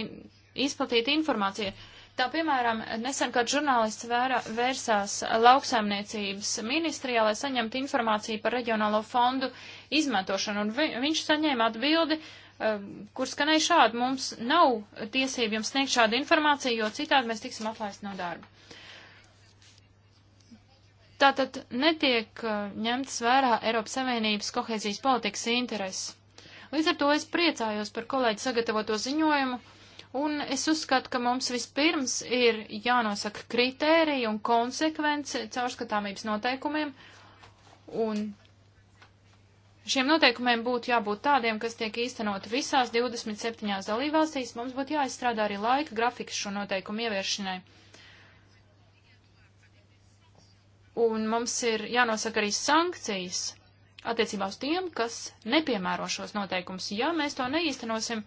izplatīt informāciju. Tā piemēram, nesen, kad žurnālists vēra, vērsās lauksaimniecības ministrijā, lai saņemtu informāciju par reģionālo fondu izmantošanu, un vi, viņš saņēma atbildi, uh, kur skanēja šādi, mums nav tiesību jums sniegt šādu informāciju, jo citādi mēs tiksim atlaisti no darba. Tātad netiek uh, ņemtas vērā Eiropas Savienības kohēzijas politikas intereses. Līdz ar to es priecājos par kolēģi sagatavoto ziņojumu Un es uzskatu, ka mums vispirms ir jānosaka kritērija un konsekvence caurskatāmības noteikumiem, un šiem noteikumiem būtu jābūt tādiem, kas tiek īstenoti visās 27 dalībvalstīs. Mums būtu jāizstrādā arī laika grafiks šo noteikumu ieviešanai. Un mums ir jānosaka arī sankcijas attiecībā uz tiem, kas nepiemēro šos noteikumus. Ja mēs to neīstenosim,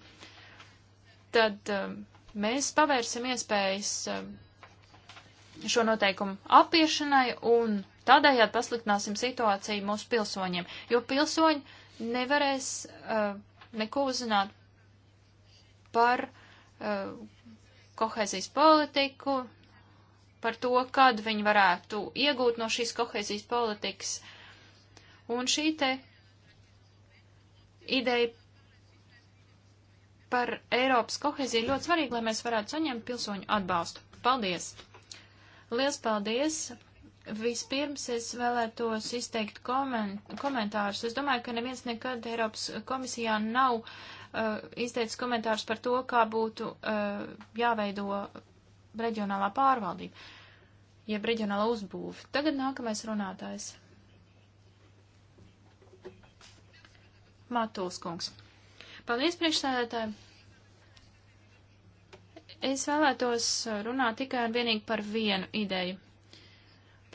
tad um, mēs pavērsim iespējas um, šo noteikumu apiešanai un tādējādi pasliktināsim situāciju mūsu pilsoņiem, jo pilsoņi nevarēs uh, neko uzzināt par uh, kohēzijas politiku, par to, kad viņi varētu iegūt no šīs kohēzijas politikas. Un šī te ideja par Eiropas koheziju ļoti svarīgi, lai mēs varētu saņemt pilsoņu atbalstu. Paldies! Liels paldies! Vispirms es vēlētos izteikt koment komentārus. Es domāju, ka neviens nekad Eiropas komisijā nav uh, izteicis komentārus par to, kā būtu uh, jāveido reģionālā pārvaldība, jeb reģionāla uzbūve. Tagad nākamais runātājs. Matūls kungs. Paldies, priekšsēdētāji! Es vēlētos runāt tikai un vienīgi par vienu ideju.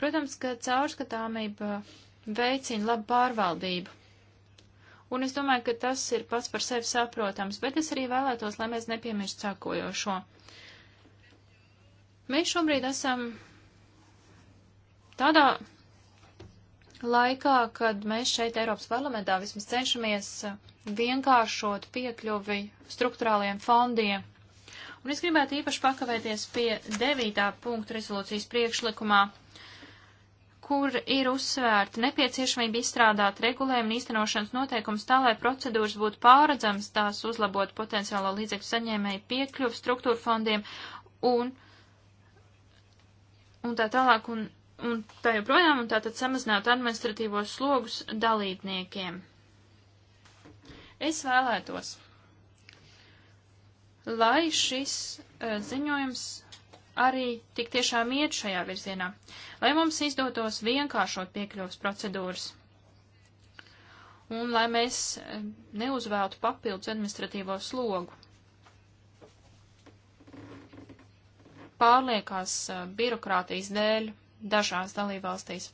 Protams, ka caurskatāmība veicina labu pārvaldību. Un es domāju, ka tas ir pats par sevi saprotams, bet es arī vēlētos, lai mēs nepiemirst sākojošo. Mēs šobrīd esam tādā laikā, kad mēs šeit Eiropas parlamentā vismaz cenšamies vienkāršot piekļuvi struktūrāliem fondiem. Un es gribētu īpaši pakavēties pie devītā punkta rezolūcijas priekšlikumā, kur ir uzsvērta nepieciešamība izstrādāt regulējumu un īstenošanas noteikums tā, lai procedūras būtu pāredzams, tās uzlabot potenciālo līdzekļu saņēmēju piekļuvu struktūra fondiem un, un tā tālāk. Un un tā joprojām, un tātad samazināt administratīvos slogus dalībniekiem. Es vēlētos, lai šis uh, ziņojums arī tik tiešām iet šajā virzienā, lai mums izdotos vienkāršot piekļuvas procedūras un lai mēs e, neuzvēltu papildus administratīvo slogu. Pārliekās e, birokrātijas dēļ dažās dalībvalstīs.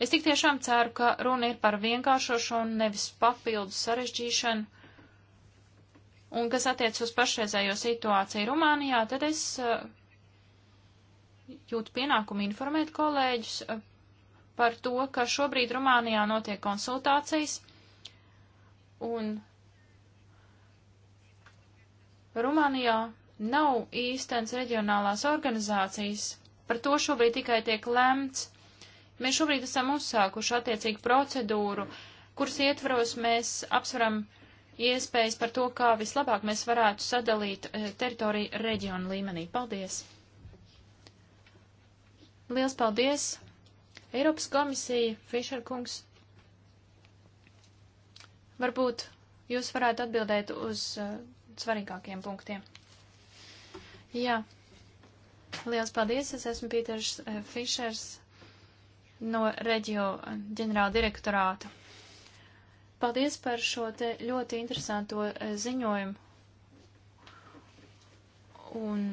Es tik tiešām ceru, ka runa ir par vienkāršošanu, nevis papildu sarežģīšanu. Un kas attiec uz pašreizējo situāciju Rumānijā, tad es eh, jūtu pienākumu informēt kolēģus eh, par to, ka šobrīd Rumānijā notiek konsultācijas un Rumānijā nav īstenas reģionālās organizācijas, Par to šobrīd tikai tiek lemts. Mēs šobrīd esam uzsākuši attiecīgu procedūru, kuras ietvaros mēs apsveram iespējas par to, kā vislabāk mēs varētu sadalīt eh, teritoriju reģionu līmenī. Paldies! Liels paldies! Eiropas komisija, Fišer kungs. Varbūt jūs varētu atbildēt uz uh, svarīgākiem punktiem. Jā. Yeah. Liels paldies! Es esmu Pīters eh, Fišers no reģio ģenerāla direktorāta. Paldies par šo te ļoti interesanto eh, ziņojumu. Un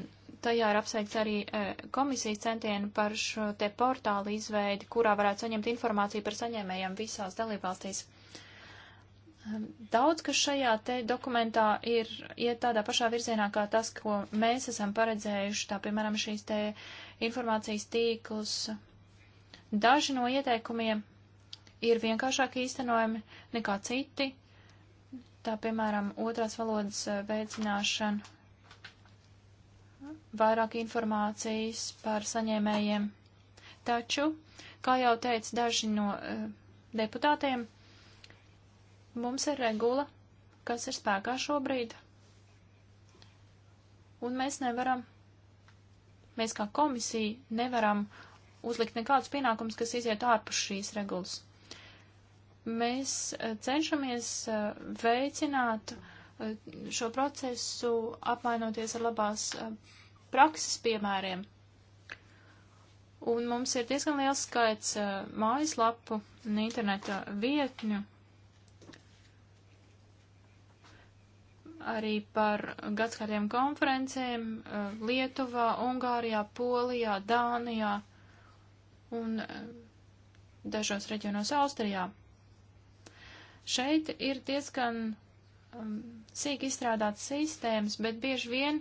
tajā ir apsveikts arī eh, komisijas centieni par šo te portālu izveidi, kurā varētu saņemt informāciju par saņēmējiem visās dalībvalstīs. Um, daudz, kas šajā te dokumentā ir iet tādā pašā virzienā kā tas, ko mēs esam paredzējuši, tā piemēram šīs te informācijas tīklus. Daži no ieteikumiem ir vienkāršāk īstenojami nekā citi, tā piemēram otrās valodas uh, veicināšana, vairāk informācijas par saņēmējiem. Taču, kā jau teica daži no uh, deputātiem, Mums ir regula, kas ir spēkā šobrīd, un mēs nevaram, mēs kā komisija nevaram uzlikt nekādus pienākumus, kas iziet ārpus šīs regulas. Mēs eh, cenšamies eh, veicināt eh, šo procesu, apmainoties ar labās prakses piemēriem. Un mums ir diezgan liels skaits mājaslapu un interneta vietņu, arī par gadskārtiem konferencēm eh, Lietuvā, Ungārijā, Polijā, Dānijā un eh, dažos reģionos Austrijā. Šeit ir diezgan um, sīk izstrādāts sistēmas, bet bieži vien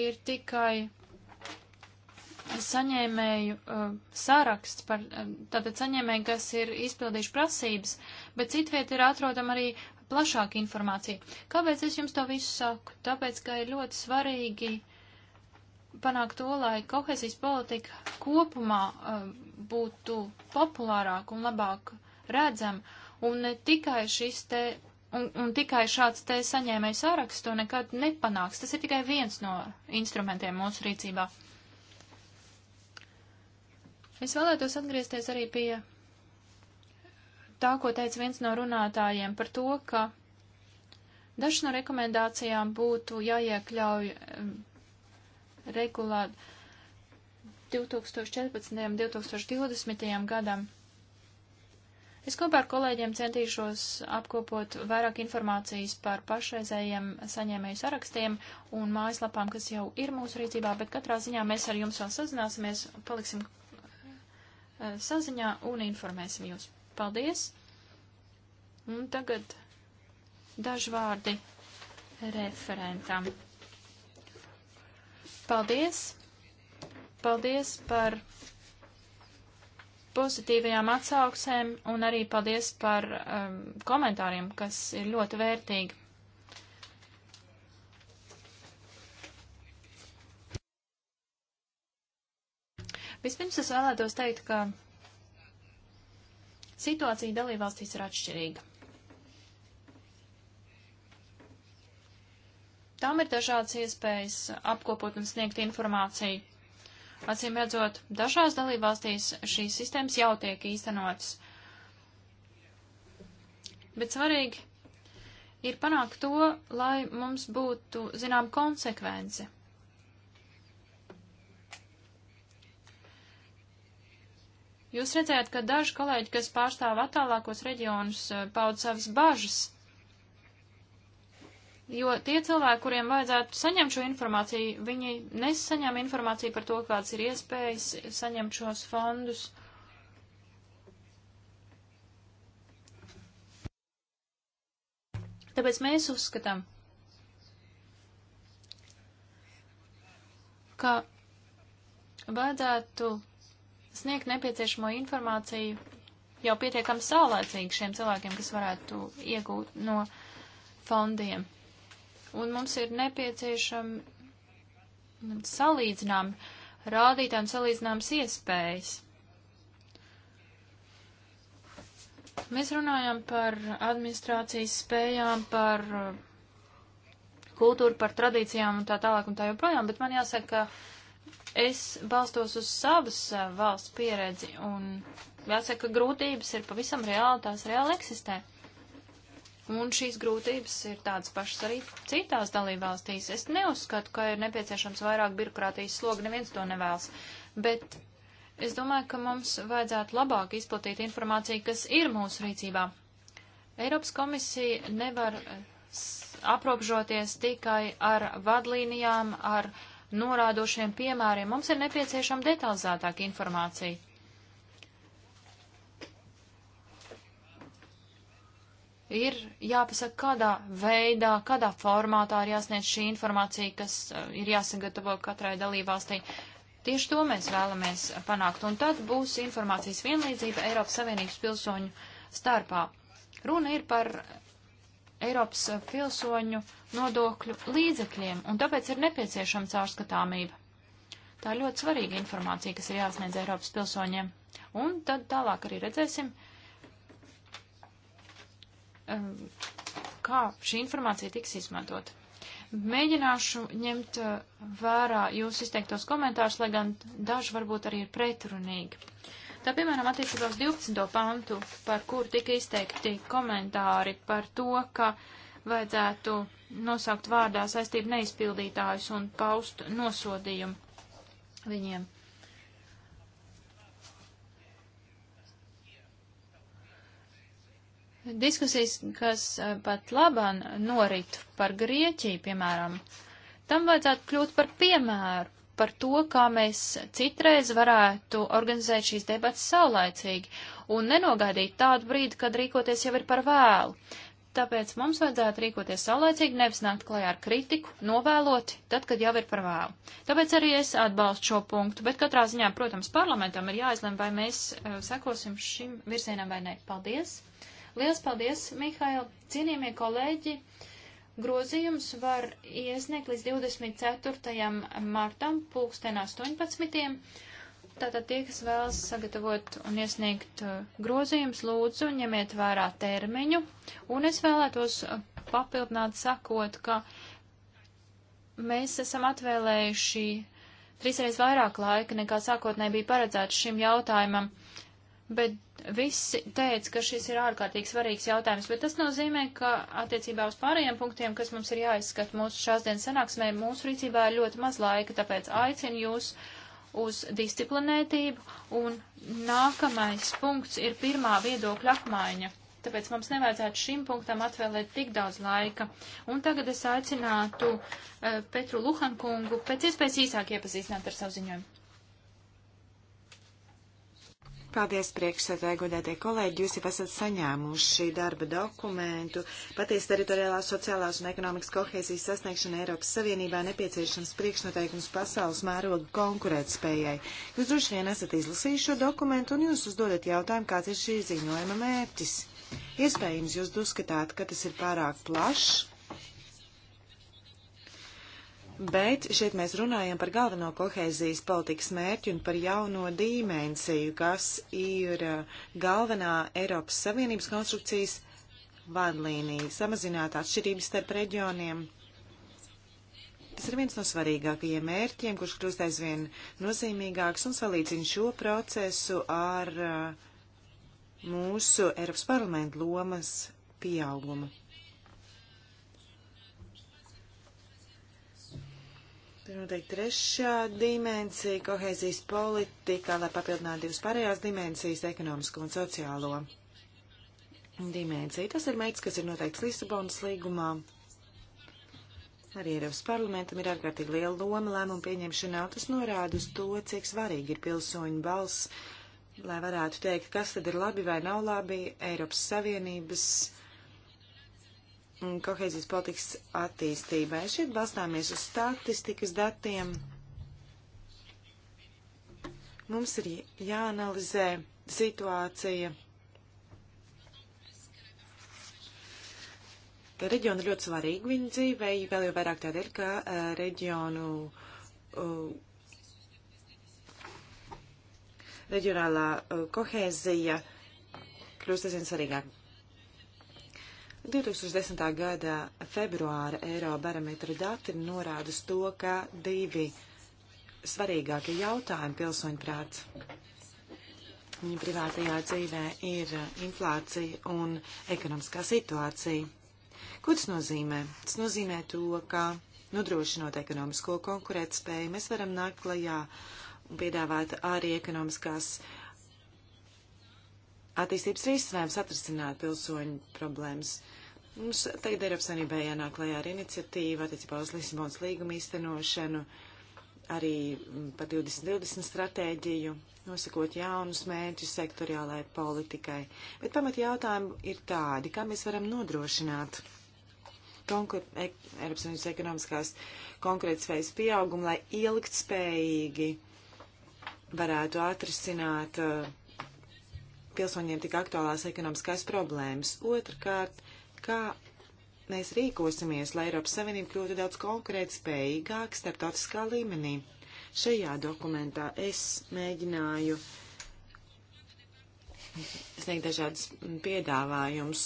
ir tikai saņēmēju uh, saraksts par, um, tātad saņēmēju, kas ir izpildījuši prasības, bet citviet ir atrodama arī plašāka informācija. Kāpēc es jums to visu saku? Tāpēc, ka ir ļoti svarīgi panākt to, lai kohezijas politika kopumā uh, būtu populārāka un labāk redzama, un ne tikai šis te, un, un tikai šāds te saņēmējs saraksts to nekad nepanāks. Tas ir tikai viens no instrumentiem mūsu rīcībā. Es vēlētos atgriezties arī pie tā, ko teica viens no runātājiem par to, ka dažas no rekomendācijām būtu jāiekļauj eh, regulāri 2014. un 2020. gadam. Es kopā ar kolēģiem centīšos apkopot vairāk informācijas par pašreizējiem saņēmēju sarakstiem un mājaslapām, kas jau ir mūsu rīcībā, bet katrā ziņā mēs ar jums vēl sazināsimies, paliksim eh, saziņā un informēsim jūs. Paldies! Un tagad daži vārdi referentam. Paldies! Paldies par pozitīvajām atsauksēm un arī paldies par um, komentāriem, kas ir ļoti vērtīgi. Vispirms es vēlētos teikt, ka Situācija dalībvalstīs ir atšķirīga. Tām ir dažādas iespējas apkopot un sniegt informāciju. Acīm redzot, dažās dalībvalstīs šīs sistēmas jau tiek īstenotas. Bet svarīgi ir panākt to, lai mums būtu, zinām, konsekvence Jūs redzējāt, ka daži kolēģi, kas pārstāv attālākos reģionus, eh, paud savas bažas, jo tie cilvēki, kuriem vajadzētu saņemt šo informāciju, viņi nesaņem informāciju par to, kāds ir iespējas saņemt šos fondus. Tāpēc mēs uzskatām, ka vajadzētu sniegt nepieciešamo informāciju jau pietiekami saulēcīgi šiem cilvēkiem, kas varētu iegūt no fondiem. Un mums ir nepieciešami salīdzināmi rādītāji un salīdzināmas iespējas. Mēs runājam par administrācijas spējām, par uh, kultūru, par tradīcijām un tā tālāk un tā joprojām, bet man jāsaka, ka es balstos uz savas eh, valsts pieredzi un jāsaka, ka grūtības ir pavisam reāli, tās reāli eksistē. Un šīs grūtības ir tādas pašas arī citās dalībvalstīs. Es neuzskatu, ka ir nepieciešams vairāk birokrātijas sloga, neviens to nevēlas. Bet es domāju, ka mums vajadzētu labāk izplatīt informāciju, kas ir mūsu rīcībā. Eiropas komisija nevar eh, aprobežoties tikai ar vadlīnijām, ar uh, norādošiem piemēriem. Mums ir nepieciešama detalizētāka informācija. Ir jāpasaka, kādā veidā, kādā formātā ir jāsniedz šī informācija, kas uh, ir jāsagatavo katrai dalībvalstī. Tieši to mēs vēlamies panākt, un tad būs informācijas vienlīdzība Eiropas Savienības pilsoņu starpā. Runa ir par Eiropas eh, pilsoņu nodokļu līdzekļiem, un tāpēc ir nepieciešama caurskatāmība. Tā ir ļoti svarīga informācija, kas ir jāsniedz Eiropas pilsoņiem. Un tad tālāk arī redzēsim, eh, kā šī informācija tiks izmantot. Mēģināšu ņemt eh, vērā jūs izteiktos komentārus, lai gan daži varbūt arī ir pretrunīgi. Tā piemēram attiecībā uz 12. pantu, par kur tika izteikti komentāri par to, ka vajadzētu nosaukt vārdā saistību neizpildītājus un paust nosodījumu viņiem. diskusijas, kas eh, pat labāk norit par Grieķiju, piemēram, tam vajadzētu kļūt par piemēru par to, kā mēs citreiz varētu organizēt šīs debatas saulaicīgi un nenogaidīt tādu brīdi, kad rīkoties jau ir par vēlu. Tāpēc mums vajadzētu rīkoties saulaicīgi, nevis nākt klajā ar kritiku, novēloti, tad, kad jau ir par vēlu. Tāpēc arī es atbalstu šo punktu, bet katrā ziņā, protams, parlamentam ir jāizlem, vai mēs uh, sekosim šim virzienam vai nē. Paldies! Liels paldies, Mihail! Cienījamie kolēģi! Uh, Grozījums var iesniegt līdz 24. martam pulksten 18. Tātad tie, kas vēlas sagatavot un iesniegt uh, grozījums, lūdzu, ņemiet vērā termiņu. Un es vēlētos uh, papildināt sakot, ka mēs esam atvēlējuši trīsreiz vairāk laika, nekā sākotnēji bija paredzēts šim jautājumam bet visi teica, ka šis ir ārkārtīgi svarīgs jautājums, bet tas nozīmē, ka attiecībā uz pārējiem punktiem, kas mums ir jāizskata mūsu šās dienas sanāksmē, mūsu rīcībā ir ļoti maz laika, tāpēc aicinu jūs uz disciplinētību, un nākamais punkts ir pirmā viedokļa apmaiņa. Tāpēc mums nevajadzētu šim punktam atvēlēt tik daudz laika. Un tagad es aicinātu uh, Petru Luhankungu pēc iespējas īsāk iepazīstināt ar savu ziņojumu. Paldies, priekšsēdētāji, godētie kolēģi. Jūs jau esat saņēmuši darba dokumentu. Patīs teritoriālās, sociālās un ekonomikas kohēzijas sasniegšana Eiropas Savienībā nepieciešams priekšnoteikums pasaules mēroga konkurētspējai. Jūs droši vien esat izlasījuši šo dokumentu un jūs uzdodat jautājumu, kāds ir šī ziņojuma mērķis. Iespējams, jūs uzskatāt, ka tas ir pārāk plašs Bet šeit mēs runājam par galveno kohēzijas politikas mērķi un par jauno dimensiju, kas ir uh, galvenā Eiropas Savienības konstrukcijas vadlīnija - samazināt atšķirības starp reģioniem. Tas ir viens no svarīgākajiem mērķiem, kurš kļūst aizvien nozīmīgāks un salīdzina šo procesu ar uh, mūsu Eiropas parlamentu lomas pieaugumu. Tur noteikti trešā dimensija kohēzijas politikā, lai papildinātu divas pārējās dimensijas - ekonomisko un sociālo dimensiju. Tas ir meitas, kas ir noteikts Lisabonas līgumā. Arī Eiropas parlamentam ir ārkārtīgi liela loma lēmumu pieņemšanā. Tas norāda uz to, cik svarīgi ir pilsoņu balss, lai varētu teikt, kas tad ir labi vai nav labi Eiropas Savienības kohēzijas politikas attīstībai. Šeit balstāmies uz statistikas datiem. Mums ir jāanalizē situācija. Reģioni ļoti svarīgi viņu dzīvei, vēl jau vairāk tādēļ, ka uh, reģionu uh, reģionālā uh, kohēzija kļūst aizvien svarīgāk. 2010. gada februāra Eirobarometra dati norāda uz to, ka divi svarīgākie jautājumi pilsoņprāt viņa privātajā dzīvē ir inflācija un ekonomiskā situācija. Ko tas nozīmē? Tas nozīmē to, ka nodrošinot ekonomisko konkurētspēju, mēs varam nākt klajā un piedāvāt arī ekonomiskās uh, attīstības risinājums atrisināt pilsoņu problēmas. Mums tagad Eiropas Savienībā jānāk klajā ar iniciatīvu attiecībā uz Lisabonas līgumu īstenošanu, arī par 2020 stratēģiju, nosakot jaunus mērķus sektoriālai politikai. Bet pamat jautājumi ir tādi, kā mēs varam nodrošināt konkur ek Eiropas Savienības ekonomiskās konkurētspējas pieaugumu, lai ilgtspējīgi varētu atrisināt uh, pilsoņiem tik aktuālās ekonomiskās problēmas. Otrakārt, kā mēs rīkosimies, lai Eiropas Savienība kļūtu daudz konkrēt spējīgāk starptautiskā līmenī. Šajā dokumentā es mēģināju sniegt dažādas piedāvājums,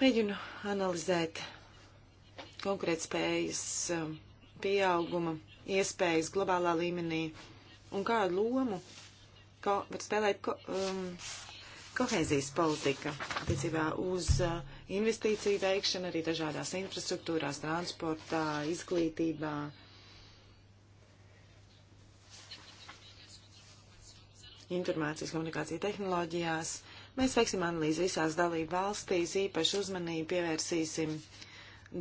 mēģinu analizēt konkrēt spējas um, pieauguma iespējas globālā līmenī un kādu lomu ko, var spēlēt ko, um, kohēzijas politika attiecībā uz uh, investīciju veikšanu arī dažādās infrastruktūrās, transportā, izglītībā. informācijas komunikācija tehnoloģijās. Mēs veiksim analīzi visās dalību valstīs, īpaši uzmanību pievērsīsim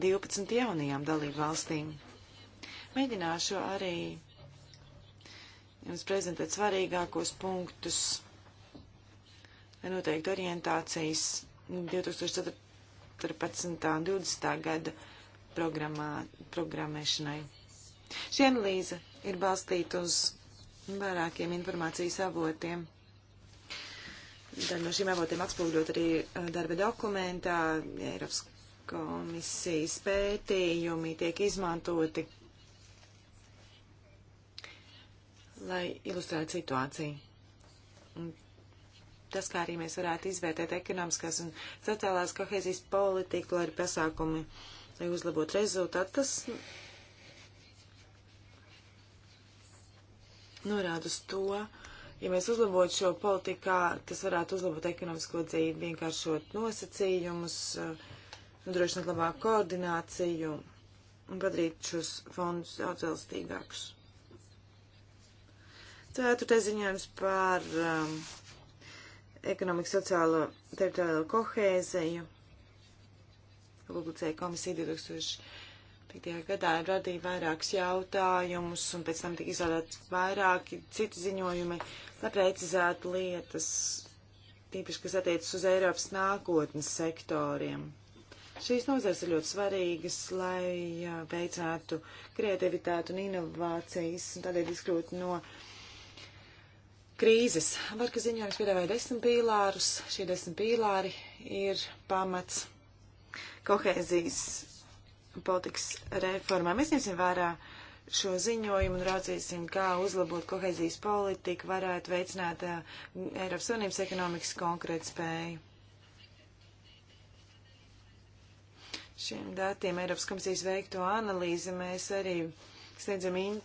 12 jaunajām dalību valstīm. Mēģināšu arī jums prezentēt svarīgākos punktus, lai noteikti orientācijas 2014. un 2020. gada programmā, programmēšanai. Šī analīze ir balstīta uz vairākiem informācijas avotiem. Daļa no šiem avotiem atspūgļot arī eh, darba dokumentā, Eiropas komisijas pētījumi tiek izmantoti lai ilustrētu situāciju. Tas, kā arī mēs varētu izvērtēt ekonomiskās un sociālās kohēzijas politiku, lai arī pasākumi, lai uzlabotu rezultātu, tas norāda uz to, ja mēs uzlabotu šo politikā, tas varētu uzlabot ekonomisko dzīvi, vienkāršot nosacījumus, eh, nodrošināt labāku koordināciju un padarīt šos fondus daudz elastīgākus. Ceturtais ziņojums par um, ekonomikas sociālo teritoriālo kohēziju. Publicēja komisija 2005. gadā radīja vairākus jautājumus, un pēc tam tika izrādāt vairāki citi ziņojumi, lai precizētu lietas, tīpaši, kas attiecas uz Eiropas nākotnes sektoriem. Šīs nozars ir ļoti svarīgas, lai uh, veicinātu kreativitātu un inovācijas, un tādēļ izkļūt no uh, krīzes. Varka ziņojums piedāvāja desmit pīlārus. Šie desmit pīlāri ir pamats kohēzijas politikas reformā. Mēs ņemsim vērā šo ziņojumu un raudzīsim, kā uzlabot kohēzijas politiku, varētu veicināt uh, Eiropas Savienības ekonomikas konkurētspēju. Šiem datiem Eiropas komisijas veikto analīzi mēs arī sniedzam in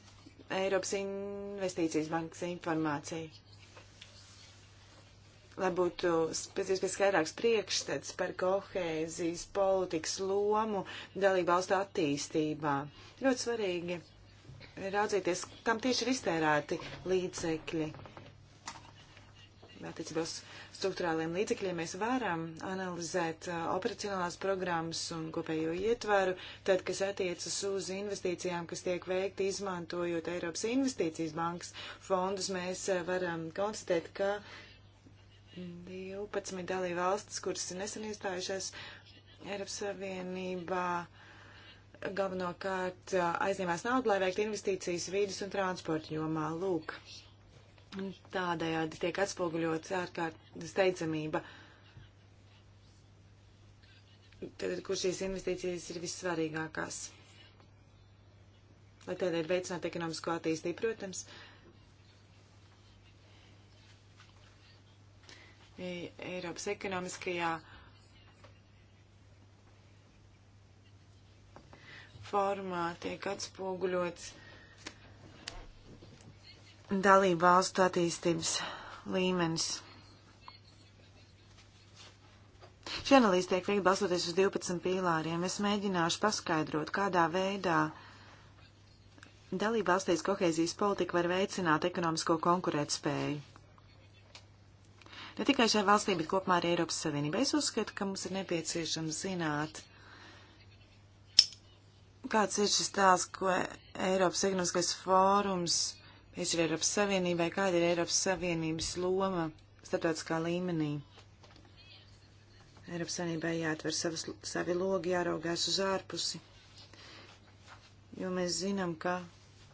Eiropas Investīcijas bankas informāciju lai būtu pēc iespējas skaidrāks priekšstats par kohēzijas politikas lomu dalību valstu attīstībā. Ļoti svarīgi raudzīties, kam tieši ir iztērēti līdzekļi. Attiecībā uz struktūrāliem līdzekļiem mēs varam analizēt uh, operacionālās programmas un kopējo ietvaru, tad, kas attiecas uz investīcijām, kas tiek veikti izmantojot Eiropas investīcijas bankas fondus, mēs uh, varam konstatēt, ka uh, 12 dalība valstis, kuras ir nesen iestājušās Eiropas Savienībā, galvenokārt uh, aizņemās naudu, lai veiktu investīcijas vīdes un transporta jomā. Lūk, tādējādi tiek atspoguļots ārkārt steidzamība. Tad, kur šīs investīcijas ir vissvarīgākās? Lai tādēļ veicinātu ekonomisko attīstību, protams, uh, E, Eiropas ekonomiskajā formā tiek atspoguļots dalību valstu attīstības līmenis. Šī analīze tiek veikta balstoties uz 12 pīlāriem. Es mēģināšu paskaidrot, kādā veidā dalība valstīs kohēzijas politika var veicināt ekonomisko konkurētspēju ne tikai šai valstī, bet kopumā arī Eiropas Savienībai. Es uzskatu, ka mums ir nepieciešams zināt, kāds ir šis tās, ko Eiropas ekonomiskais fórums piešķir Eiropas Savienībai, kāda ir Eiropas Savienības loma starptautiskā līmenī. Eiropas Savienībai jāatver savas, savi logi, jāraugās uz ārpusi, jo mēs zinām, ka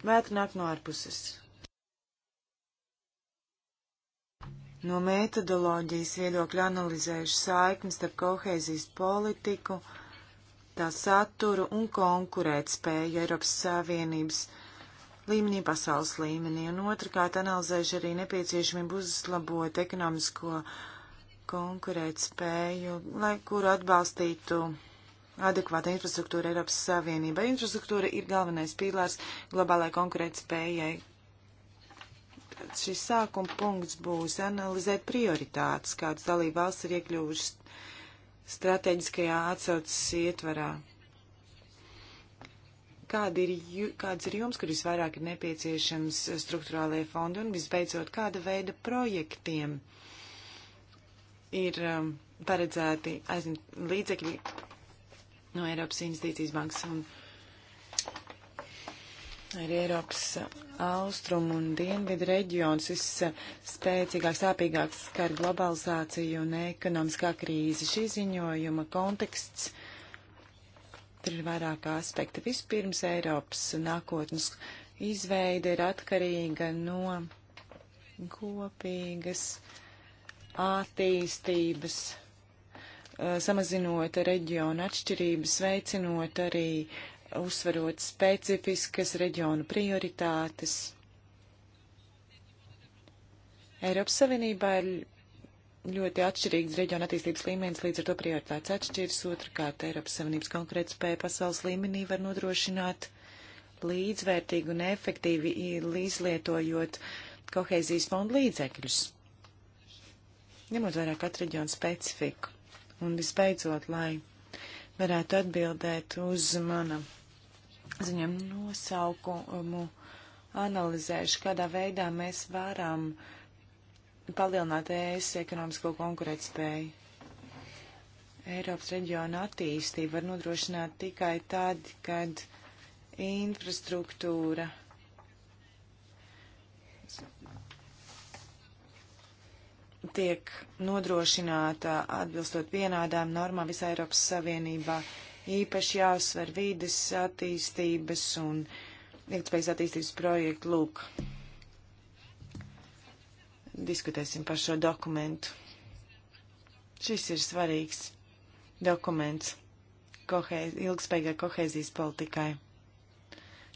vētra nāk no ārpuses. no metodoloģijas viedokļa analizējuši saiknes starp kohēzijas politiku, tā saturu un konkurētspēju Eiropas Savienības līmenī, pasaules līmenī, un otrkārt analizējuši arī nepieciešamību uzlabot ekonomisko konkurētspēju, lai kuru atbalstītu adekvāta infrastruktūra Eiropas Savienībai. Infrastruktūra ir galvenais pīlārs globālai konkurētspējai šis sākuma punkts būs analizēt prioritātes, kādas dalība valsts ir iekļuvušas strateģiskajā atsaucas ietvarā. Kāda ir, jū, kāds ir jums, kur visvairāk ir nepieciešams struktūrālajie fondi un visbeidzot, kāda veida projektiem ir um, paredzēti aizņemt līdzekļi no Eiropas investīcijas bankas un bankas? Arī Eiropas austrumu un dienvidu reģions visspēcīgāk, sāpīgāk skar globalizāciju un ekonomiskā krīze. Šī ziņojuma konteksts tur ir vairāk aspekti. Vispirms Eiropas nākotnes izveide ir atkarīga no kopīgas attīstības eh, samazinot reģionu atšķirības, veicinot arī uzsverot specifiskas reģionu prioritātes. Eiropas Savienībā ir ļoti atšķirīgs reģiona attīstības līmenis, līdz ar to prioritātes atšķiras. Otrakārt, Eiropas Savienības konkurētspēja pasaules līmenī var nodrošināt līdzvērtīgi un efektīvi izlietojot kohēzijas fondu līdzekļus, ņemot vērā katru reģionu specifiku. Un visbeidzot, lai varētu atbildēt uz mana ziņām nosaukumu analizējuši, kādā veidā mēs varam palielināt ES ekonomisko konkurētspēju. Eiropas reģiona attīstību var nodrošināt tikai tad, kad infrastruktūra tiek nodrošināta atbilstot vienādām normām visā Eiropas Savienībā īpaši jāuzsver vīdes attīstības un ilgspējas attīstības projektu lūk. Diskutēsim par šo dokumentu. Šis ir svarīgs dokuments kohē, ilgspējīgai kohēzijas politikai.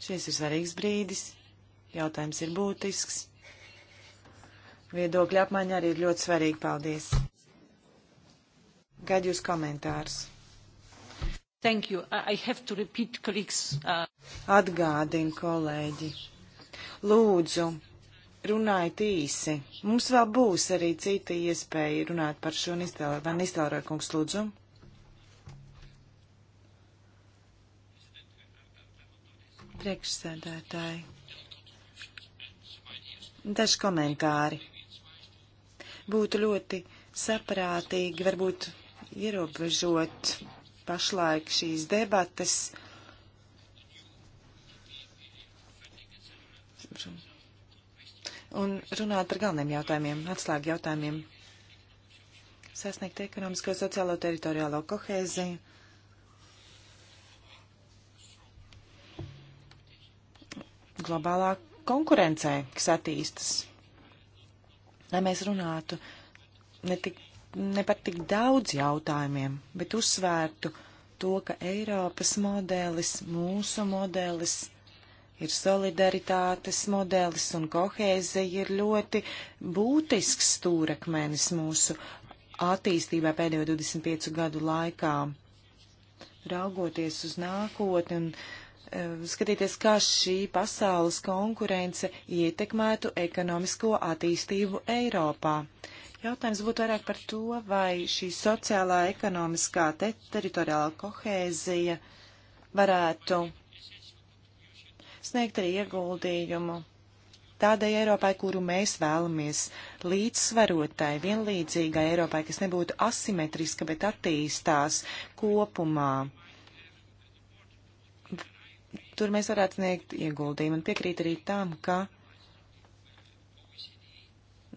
Šis ir svarīgs brīdis, jautājums ir būtisks. Viedokļa apmaiņa arī ir ļoti svarīga. Paldies! Gaidu jūs komentārus! Thank you. I have to repeat, colleagues. Uh... Atgādinu, kolēģi. Lūdzu, runājiet īsi. Mums vēl būs arī cita iespēja runāt par šo nistālē. Vai nistālē, kungs, lūdzu? Priekšsēdētāji. Daži komentāri. Būtu ļoti saprātīgi, varbūt ierobežot pašlaik šīs debates. Un runāt par galveniem jautājumiem, atslēgu jautājumiem. Sasniegt ekonomisko, sociālo, teritoriālo kohēziju. Globālā konkurencē, kas attīstas. Lai mēs runātu ne tik ne par tik daudz jautājumiem, bet uzsvērtu to, ka Eiropas modelis, mūsu modelis ir solidaritātes modelis un kohēzija ir ļoti būtisks stūrakmenis mūsu attīstībā pēdējo 25 gadu laikā. Raugoties uz nākotni un uh, skatīties, kā šī pasaules konkurence ietekmētu ekonomisko attīstību Eiropā. Uh, Jautājums būtu vairāk par to, vai šī sociālā, ekonomiskā, te, teritoriālā kohēzija varētu sniegt arī ieguldījumu tādai Eiropai, kuru mēs vēlamies, līdzsvarotai, vienlīdzīgai Eiropai, kas nebūtu asimetriska, bet attīstās kopumā. Tur mēs varētu sniegt ieguldījumu un piekrīt arī tam, ka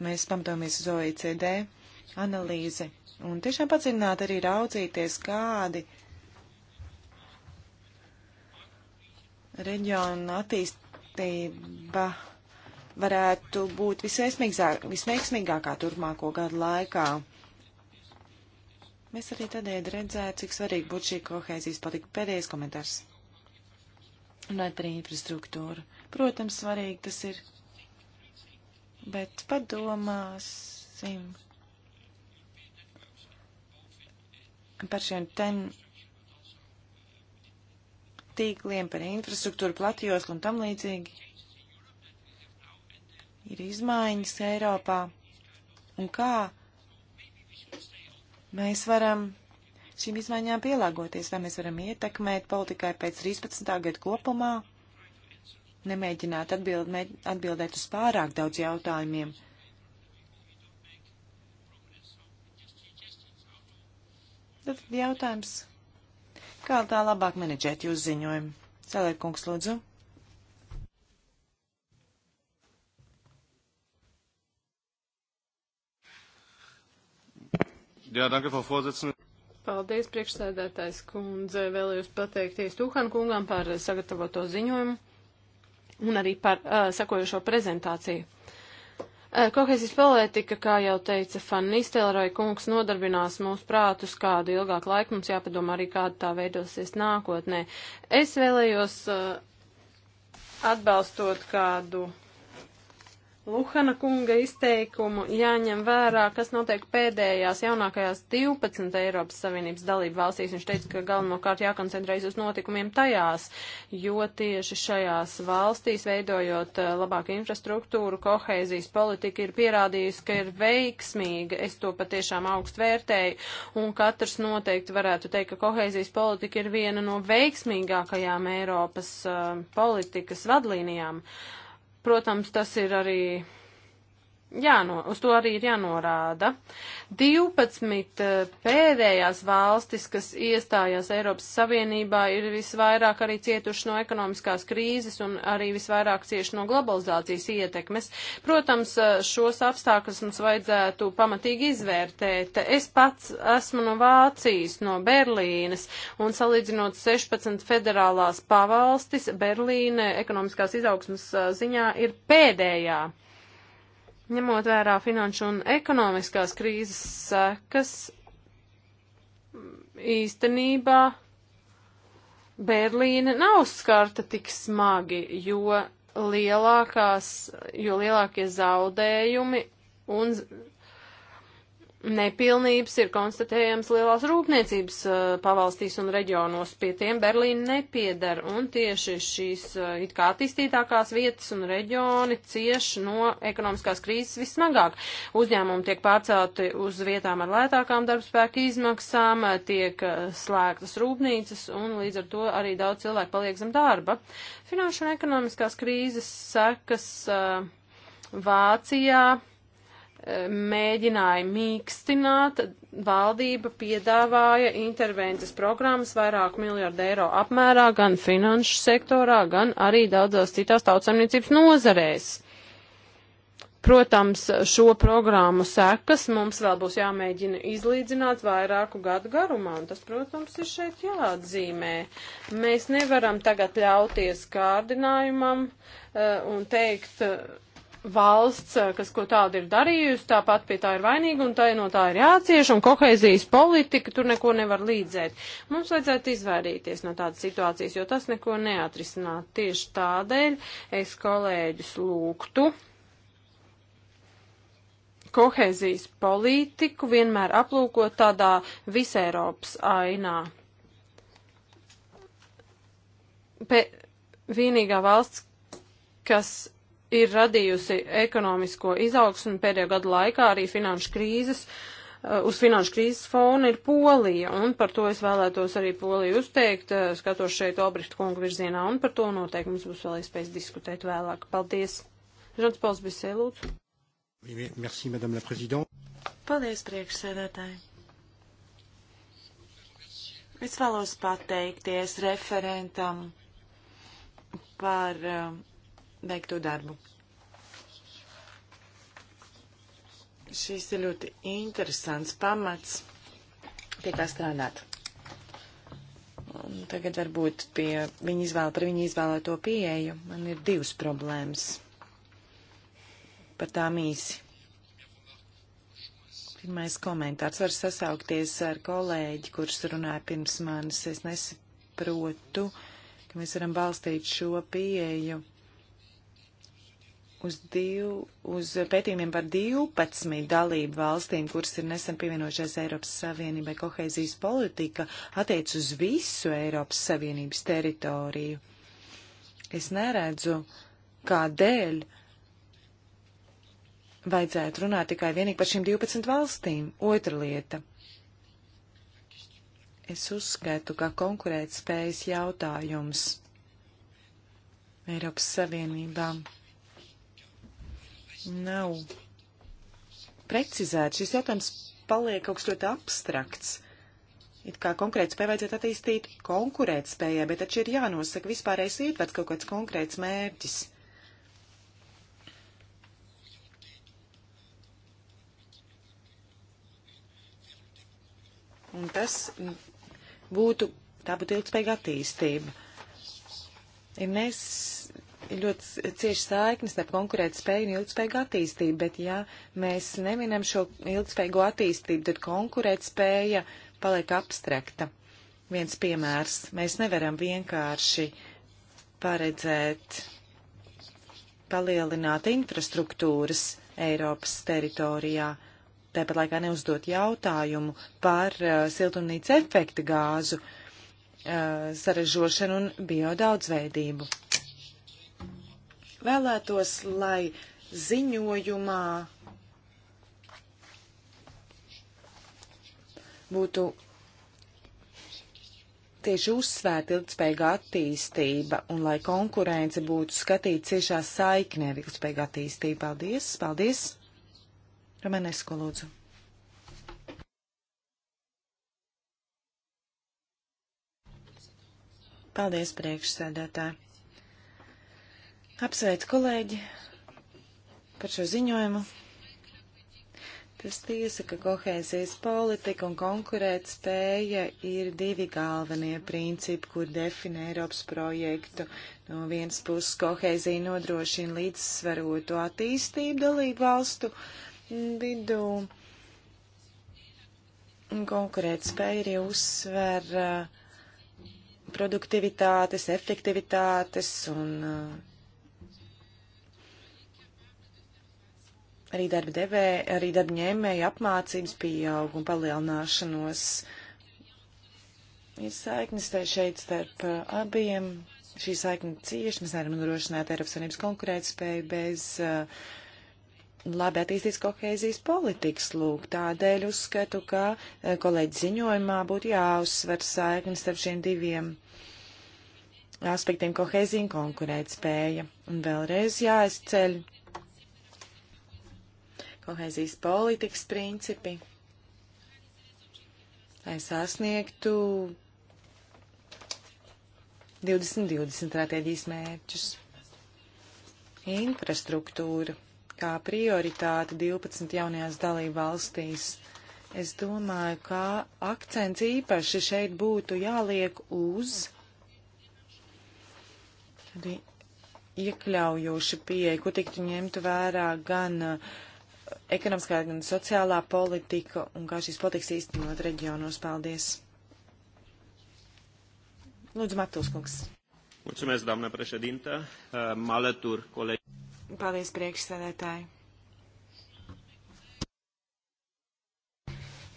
Mēs pamatāmies uz OECD analīzi un tiešām padziļināt arī raudzīties, kādi reģiona attīstība varētu būt visveiksmīgākā turpmāko gadu laikā. Mēs arī tādēļ redzētu, cik svarīgi būtu šī kohēzijas patika pēdējais komentārs. Runājot par infrastruktūru. Protams, svarīgi tas ir bet padomāsim par šiem ten tīkliem, par infrastruktūru platījoslu un tam līdzīgi. Ir izmaiņas Eiropā. Un kā mēs varam šīm izmaiņām pielāgoties, vai mēs varam ietekmēt politikai pēc 13. gada kopumā? nemēģināt atbild, atbildēt uz pārāk daudz jautājumiem. Tad jautājums, kā tā labāk menedžēt jūsu ziņojumu? Celērkungs, lūdzu. Jā, danke, Frau Vorsitzende. Paldies, priekšsēdētājs kundze. Vēlējos pateikties Tūhan kungam par sagatavoto ziņojumu un arī par uh, sakojošo prezentāciju. Uh, Kohēzijas politika, kā jau teica Fan Nistelroja kungs, nodarbinās mūsu prātus kādu ilgāku laiku, mums jāpadomā arī kāda tā veidosies nākotnē. Es vēlējos uh, atbalstot kādu Luhana kunga izteikumu jāņem vērā, kas notiek pēdējās jaunākajās 12 Eiropas Savienības dalību valstīs. Viņš teica, ka galvenokārt jākoncentrējas uz notikumiem tajās, jo tieši šajās valstīs, veidojot eh, labāku infrastruktūru, koheizijas politika ir pierādījusi, ka ir veiksmīga. Es to patiešām augst vērtēju, un katrs noteikti varētu teikt, ka koheizijas politika ir viena no veiksmīgākajām Eiropas uh, politikas vadlīnijām. Uh, Protams, tas ir arī jāno, uz to arī ir jānorāda. 12 eh, pēdējās valstis, kas iestājās Eiropas Savienībā, ir visvairāk arī cietuši no ekonomiskās krīzes un arī visvairāk cieši no globalizācijas ietekmes. Protams, eh, šos apstākļus mums vajadzētu pamatīgi izvērtēt. Es pats esmu no Vācijas, no Berlīnes, un salīdzinot 16 federālās pavalstis, Berlīne ekonomiskās izaugsmas eh, ziņā ir pēdējā. Ņemot vērā finanšu un ekonomiskās krīzes sekas, īstenībā Berlīne nav skarta tik smagi, jo, lielākās, jo lielākie zaudējumi un nepilnības ir konstatējams lielās rūpniecības uh, pavalstīs un reģionos, pie tiem Berlīna nepiedar, un tieši šīs uh, it kā attīstītākās vietas un reģioni cieš no ekonomiskās krīzes vismagāk. Uzņēmumi tiek pārcelti uz vietām ar lētākām darbspēku izmaksām, uh, tiek uh, slēgtas rūpnīcas, un līdz ar to arī daudz cilvēku paliek zem darba. Finanšu un ekonomiskās krīzes sekas uh, Vācijā mēģināja mīkstināt, valdība piedāvāja intervences programmas vairāku miljardu eiro apmērā gan finanšu sektorā, gan arī daudzās citās tautsaimniecības nozarēs. Protams, šo programmu sekas mums vēl būs jāmēģina izlīdzināt vairāku gadu garumā, un tas, protams, ir šeit jāatzīmē. Mēs nevaram tagad ļauties kārdinājumam uh, un teikt, uh, valsts, eh, kas ko tādu ir darījusi, tāpat pie tā ir vainīga un tā no tā ir jācieš, un kohēzijas politika tur neko nevar līdzēt. Mums vajadzētu izvairīties no tādas situācijas, jo tas neko neatrisināt. Tieši tādēļ es kolēģus lūgtu kohēzijas politiku vienmēr aplūkot tādā visēropas ainā. Pe vienīgā valsts, kas ir radījusi ekonomisko izaugsmu pēdējo gadu laikā arī finanšu krīzes. Uh, uz finanšu krīzes fona ir Polija, un par to es vēlētos arī Poliju uzteikt, uh, skatos šeit Obricht kungu virzienā, un par to noteikti mums būs vēl iespējas diskutēt vēlāk. Paldies! Žants Pauls Bisē, lūdzu. Merci, Madame la Présidente. Paldies, priekšsēdētāji. Es vēlos pateikties referentam par uh, veikto darbu. Šis ir ļoti interesants pamats, pie kā strādāt. Un tagad varbūt pie viņa izvēle, par viņu izvēlēto pieeju. Man ir divas problēmas. Par tām īsi. Pirmais komentārs var sasaukties ar kolēģi, kurš runāja pirms manis. Es nesaprotu, ka mēs varam balstīt šo pieeju uz, div, uz pētījumiem par 12 dalību valstīm, kuras ir nesen pievienojušās Eiropas Savienībai, kohēzijas politika attiec uz visu Eiropas Savienības teritoriju. Es neredzu, kādēļ vajadzētu runāt tikai vienīgi par šīm 12 valstīm. Otra lieta. Es uzskatu, ka konkurētspējas jautājums Eiropas Savienībām nav precizēts. Šis jautājums paliek kaut kas ļoti abstrakts. It kā konkrēti spēju vajadzētu attīstīt konkurēt spējai, bet taču ir jānosaka vispārējais ietvers kaut kāds konkrēts mērķis. Un tas būtu, tā būtu ilgspējīga attīstība. Ir nes, ir ļoti cieši saiknes ar konkurētspēju un ilgspējīgu attīstību, bet ja mēs neminam šo ilgspējīgo attīstību, tad konkurētspēja paliek abstrakta. Viens piemērs. Mēs nevaram vienkārši paredzēt palielināt infrastruktūras Eiropas teritorijā, tāpat laikā neuzdot jautājumu par uh, siltumnīca efekta gāzu uh, saražošanu un biodaudzveidību. Vēlētos, lai ziņojumā būtu tieši uzsvērta ilgspējīga attīstība un lai konkurence būtu skatīta ciešā saiknē ar ilgspējīgu attīstību. Paldies! Paldies! Romanesko lūdzu. Paldies, priekšsēdētāji! Apsveicu kolēģi par šo ziņojumu. Tas tiesa, ka kohēzijas politika un konkurēt spēja ir divi galvenie principi, kur definē Eiropas projektu. No vienas puses kohēzija nodrošina līdzsvarotu attīstību dalību valstu vidū. Konkurēt spēja arī uzsver uh, produktivitātes, efektivitātes un uh, arī darba devēja, arī darba ņēmēja apmācības pieaugu un palielināšanos. Ir saiknes šeit starp uh, abiem. Šī saikne cieši, mēs nevaram nodrošināt Eiropas Savienības konkurētspēju bez uh, labi attīstīts kohēzijas politikas lūk. Tādēļ uzskatu, ka uh, kolēģi ziņojumā būtu jāuzsver saikni starp šiem diviem aspektiem - kohēzija un konkurētspēja. Un vēlreiz jāizceļ kohēzijas politikas principi, lai sasniegtu 2020 stratēģijas mērķus. Infrastruktūra kā prioritāte 12 jaunajās dalību valstīs. Es domāju, ka akcents īpaši šeit būtu jāliek uz iekļaujošu pieeju, kur tiktu ņemtu vērā gan uh, ekonomiskā, gan sociālā politika un kā šīs politikas īstenot reģionos. Paldies! Lūdzu, Matūskungs. Mulțumesc, doamnă președintă. Mă alătur colegi. Paldies, priekšsēdētāji.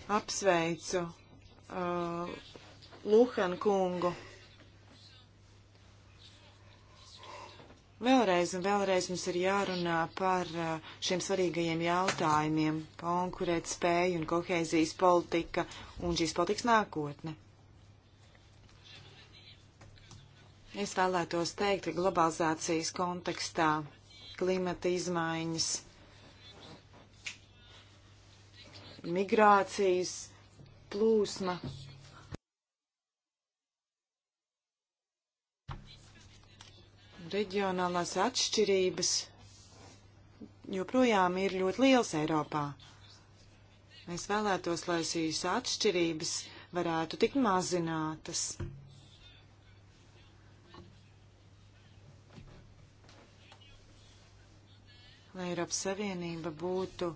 Apsveicu uh, Luhan kungu Vēlreiz un vēlreiz mums ir jārunā par uh, šiem svarīgajiem jautājumiem - konkurēt spēju un kohēzijas politika un šīs politikas nākotne. Es vēlētos teikt, ka globalizācijas kontekstā klimata izmaiņas, migrācijas plūsma Reģionālās atšķirības joprojām ir ļoti liels Eiropā. Mēs vēlētos, lai šīs atšķirības varētu tikt mazinātas. Lai Eiropas Savienība būtu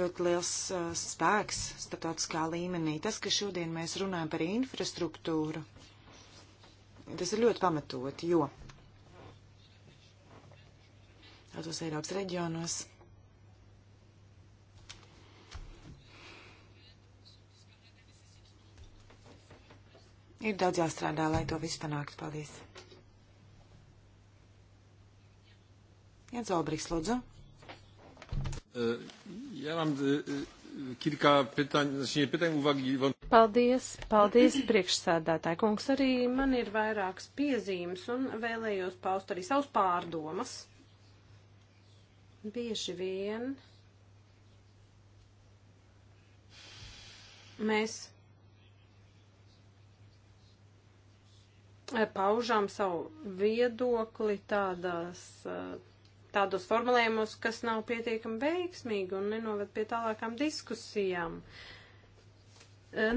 ļoti liels uh, spēks statotiskā līmenī. Tas, ka šodien mēs runājam par infrastruktūru, tas ir ļoti pamatot, jo tādos Eiropas reģionos. Ir daudz jāstrādā, lai to visu panāktu. Paldies! Jens Olbriks, lūdzu. E, ja mam e, e, kilka pytań, znaczy nie pytań, uwagi. Paldies, paldies, priekšsēdētāji kungs. Arī man ir vairākas piezīmes un vēlējos paust arī savus pārdomas. Bieži vien mēs paužām savu viedokli tādās, tādos formulējumos, kas nav pietiekami veiksmīgi un nenoved pie tālākām diskusijām.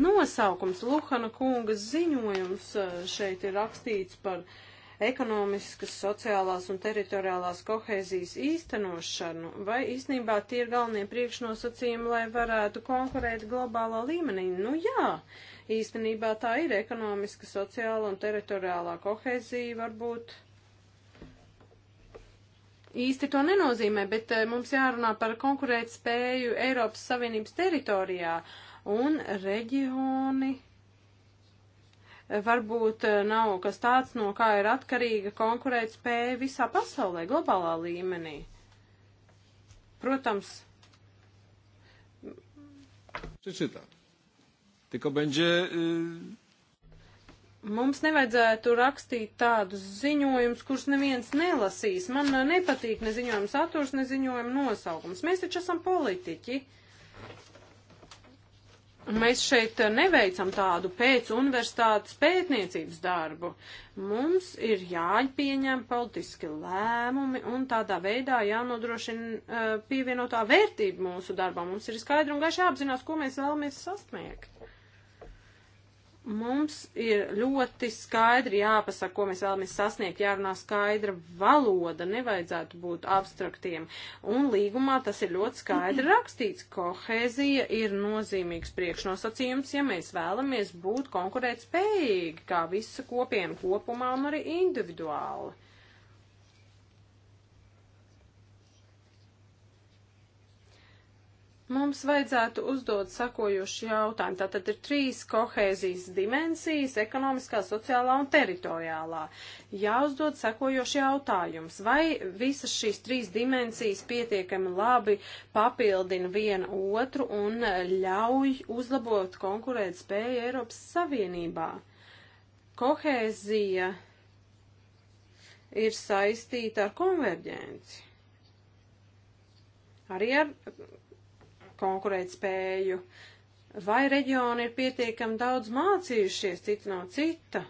Nosaukums Luhana kungas ziņojums eh, šeit ir rakstīts par uh, ekonomiskas, sociālās un teritoriālās kohēzijas īstenošanu, vai īstenībā tie ir galvenie priekšnosacījumi, lai varētu konkurēt globālā līmenī? Nu jā, īstenībā tā ir ekonomiska, sociāla un teritoriālā kohēzija varbūt. Īsti to nenozīmē, bet eh, mums jārunā par konkurēt spēju Eiropas Savienības teritorijā un reģioni varbūt eh, nav kas tāds, no kā ir atkarīga konkurētspēja visā pasaulē, globālā līmenī. Protams. Citāt. Tikko beņģē. Mums nevajadzētu rakstīt tādus ziņojumus, kurus neviens nelasīs. Man nepatīk ne ziņojuma saturs, ne ziņojuma nosaukums. Mēs taču esam politiķi. Uh, Mēs šeit eh, neveicam tādu pēc universitātes pētniecības darbu. Mums ir jāpieņem politiski lēmumi un tādā veidā jānodrošina uh, pievienotā vērtība mūsu darbā. Mums ir skaidri un gaiši jāapzinās, ko mēs vēlamies sasniegt. Mums ir ļoti skaidri jāpasaka, ko mēs vēlamies sasniegt, jārunā skaidra valoda, nevajadzētu būt abstraktiem. Un līgumā tas ir ļoti skaidri rakstīts. Kohēzija ir nozīmīgs priekšnosacījums, ja mēs vēlamies būt konkurētspējīgi, kā visa kopiem kopumā un arī individuāli. Mums vajadzētu uzdot sakojuši jautājumu. Tātad ir trīs kohēzijas dimensijas - ekonomiskā, sociālā un teritoriālā. Jāuzdod sakojuši jautājums, vai visas šīs trīs dimensijas pietiekami labi papildina vienu otru un ļauj uzlabot konkurēt spēju Eiropas Savienībā. Kohēzija ir saistīta ar konverģenci. Arī ar konkurētspēju. Vai reģioni ir pietiekami daudz mācījušies cits no cita?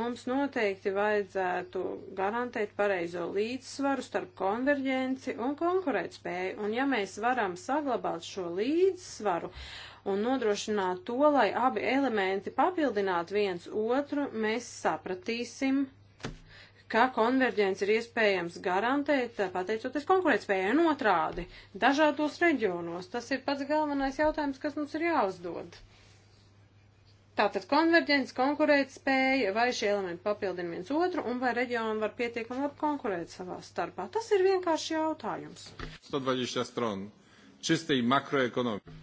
Mums noteikti vajadzētu garantēt pareizo līdzsvaru starp konverģenci un konkurētspēju, un ja mēs varam saglabāt šo līdzsvaru, un nodrošināt to, lai abi elementi papildinātu viens otru, mēs sapratīsim, ka konverģence ir iespējams garantēt, eh, pateicoties konkurētspējai un otrādi, dažādos reģionos. Tas ir pats galvenais jautājums, kas mums ir jāuzdod. Tātad konverģence, konkurētspēja, vai šie elementi papildina viens otru, un vai reģioni var pietiekami labi konkurēt savā starpā. Tas ir vienkārši jautājums. 120 stron čistī makroekonomika.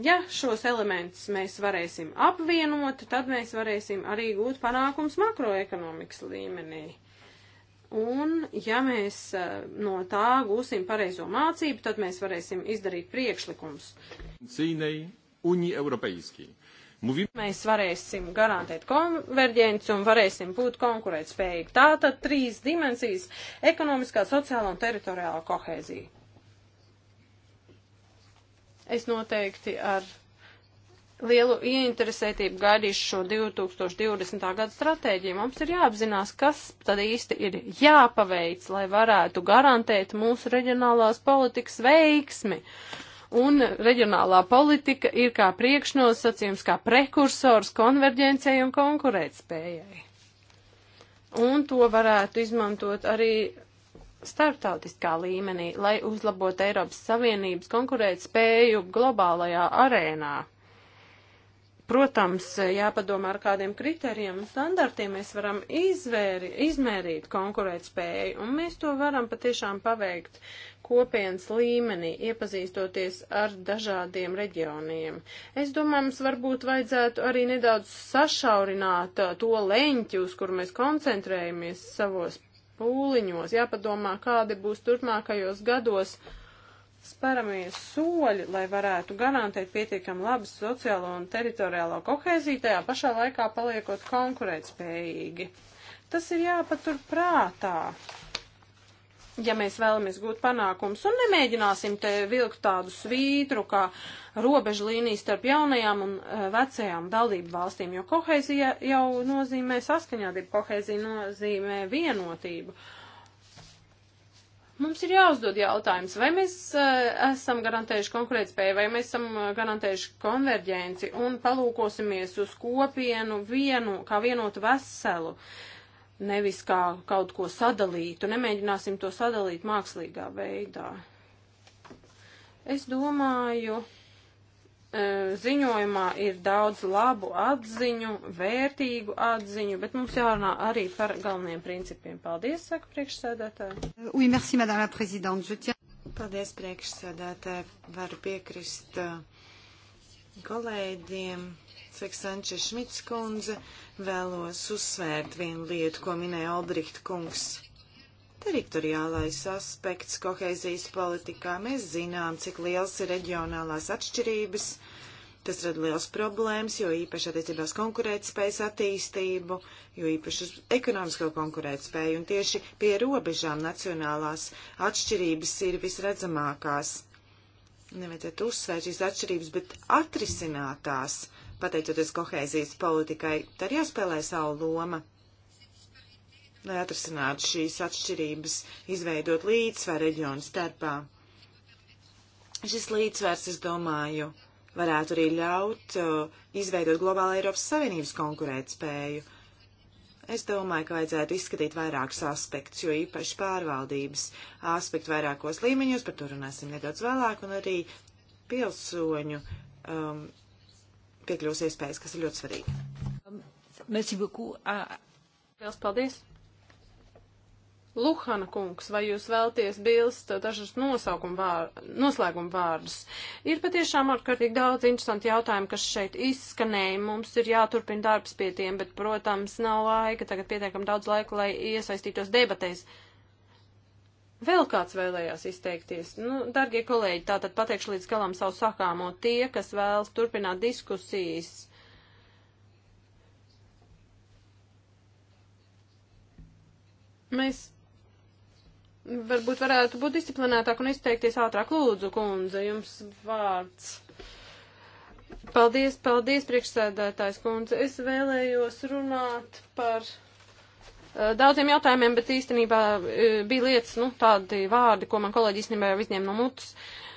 Ja šos elementus mēs varēsim apvienot, tad mēs varēsim arī gūt panākums makroekonomikas līmenī. Un, ja mēs eh, no tā gūsim pareizo mācību, tad mēs varēsim izdarīt priekšlikumus. Cīnei Unija Europeiskī. Mēs varēsim garantēt konverģenci un varēsim būt konkurētspējīgi. Tātad trīs dimensijas - ekonomiskā, sociālā un teritoriālā kohēzija. Es noteikti ar lielu ieinteresētību gaidīšu šo 2020. gada stratēģiju. Mums ir jāapzinās, kas tad īsti ir jāpaveic, lai varētu garantēt mūsu reģionālās politikas veiksmi. Un reģionālā politika ir kā priekšnosacījums, kā prekursors konverģencijai un konkurētspējai. Un to varētu izmantot arī starptautiskā līmenī, lai uzlabotu Eiropas Savienības konkurētspēju globālajā arēnā. Protams, jāpadomā ar kādiem kriterijiem un standartiem mēs varam izvēri, izmērīt konkurētspēju, un mēs to varam patiešām paveikt kopienas līmenī, iepazīstoties ar dažādiem reģioniem. Es domāju, mums varbūt vajadzētu arī nedaudz sašaurināt to leņķi, uz kur mēs koncentrējamies savos pūliņos, jāpadomā, kādi būs turpmākajos gados spēramie soļi, lai varētu garantēt pietiekam labu sociālo un teritoriālo kohēziju, tajā pašā laikā paliekot konkurētspējīgi. Tas ir jāpatur prātā ja mēs vēlamies gūt panākums un nemēģināsim te vilkt tādu svītru, kā robežu līniju starp jaunajām un e, vecajām dalību valstīm, jo kohēzija jau nozīmē saskaņādību, kohēzija nozīmē vienotību. Mums ir jāuzdod jautājums, vai mēs e, esam garantējuši konkurētspēju, vai mēs esam garantējuši konverģenci un palūkosimies uz kopienu vienu, kā vienotu veselu. Uh, nevis kā kaut ko sadalītu. Nemēģināsim to sadalīt mākslīgā veidā. Es domāju, e, ziņojumā ir daudz labu atziņu, vērtīgu atziņu, bet mums jārunā arī par galveniem principiem. Paldies, saka priekšsēdētāji. Oui, merci, madame la présidente. Je tiens... Paldies, priekšsēdētāji. Varu piekrist e, kolēģiem. Saka Sanče Šmits kundze, vēlos uzsvērt vienu lietu, ko minēja Albrihta kungs. Teritoriālais aspekts koheizijas politikā mēs zinām, cik liels ir reģionālās atšķirības. Tas rada liels problēmas, jo īpaši attiecībās konkurētspējas attīstību, jo īpaši uz ekonomisko konkurētspēju, un tieši pie robežām nacionālās atšķirības ir visredzamākās nevajadzētu uzsvērt šīs atšķirības, bet atrisinātās, pateicoties kohēzijas politikai, tā ir jāspēlē savu loma, lai atrisinātu šīs atšķirības, izveidot līdzsvaru reģionu starpā. Šis līdzsvars, es domāju, varētu arī ļaut uh, izveidot globālu Eiropas Savienības konkurētspēju. spēju Es domāju, ka vajadzētu izskatīt vairākus aspektus, jo īpaši pārvaldības aspektu vairākos līmeņos, par to runāsim nedaudz vēlāk, un arī pilsoņu um, piekļūs iespējas, kas ir ļoti svarīgi. Merci beaucoup. Ah. Liels paldies! Luhana kungs, vai jūs vēlties bilst dažas vār, noslēguma vārdus? Ir patiešām ārkārtīgi daudz interesanti jautājumi, kas šeit izskanēja. Mums ir jāturpina darbs pie tiem, bet, protams, nav laika, tagad pietiekam daudz laika, lai iesaistītos debatēs. Vēl kāds vēlējās izteikties. Nu, dargie kolēģi, tātad pateikšu līdz galam savu sakāmo tie, kas vēlas turpināt diskusijas. Mēs varbūt varētu būt disciplinētāk un izteikties ātrāk. Lūdzu, kundze, jums vārds. Paldies, paldies, priekšsēdētājs kundze. Es vēlējos runāt par uh, daudziem jautājumiem, bet īstenībā uh, bija lietas, nu, tādi vārdi, ko man kolēģi īstenībā jau izņēma no mutes. Uh,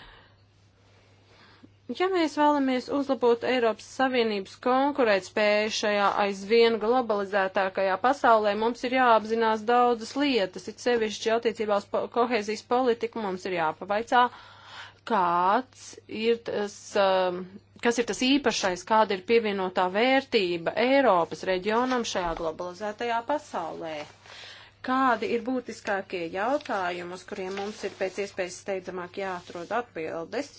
Ja mēs vēlamies uzlabot Eiropas Savienības konkurētspēju šajā aizvien globalizētākajā pasaulē, mums ir jāapzinās daudzas lietas, it sevišķi attiecībā uz po kohēzijas politiku mums ir jāpavaicā, kāds ir tas, um, kas ir tas īpašais, kāda ir pievienotā vērtība Eiropas reģionam šajā globalizētajā pasaulē kādi ir būtiskākie jautājumi, uz kuriem mums ir pēc iespējas steidzamāk jāatrod atbildes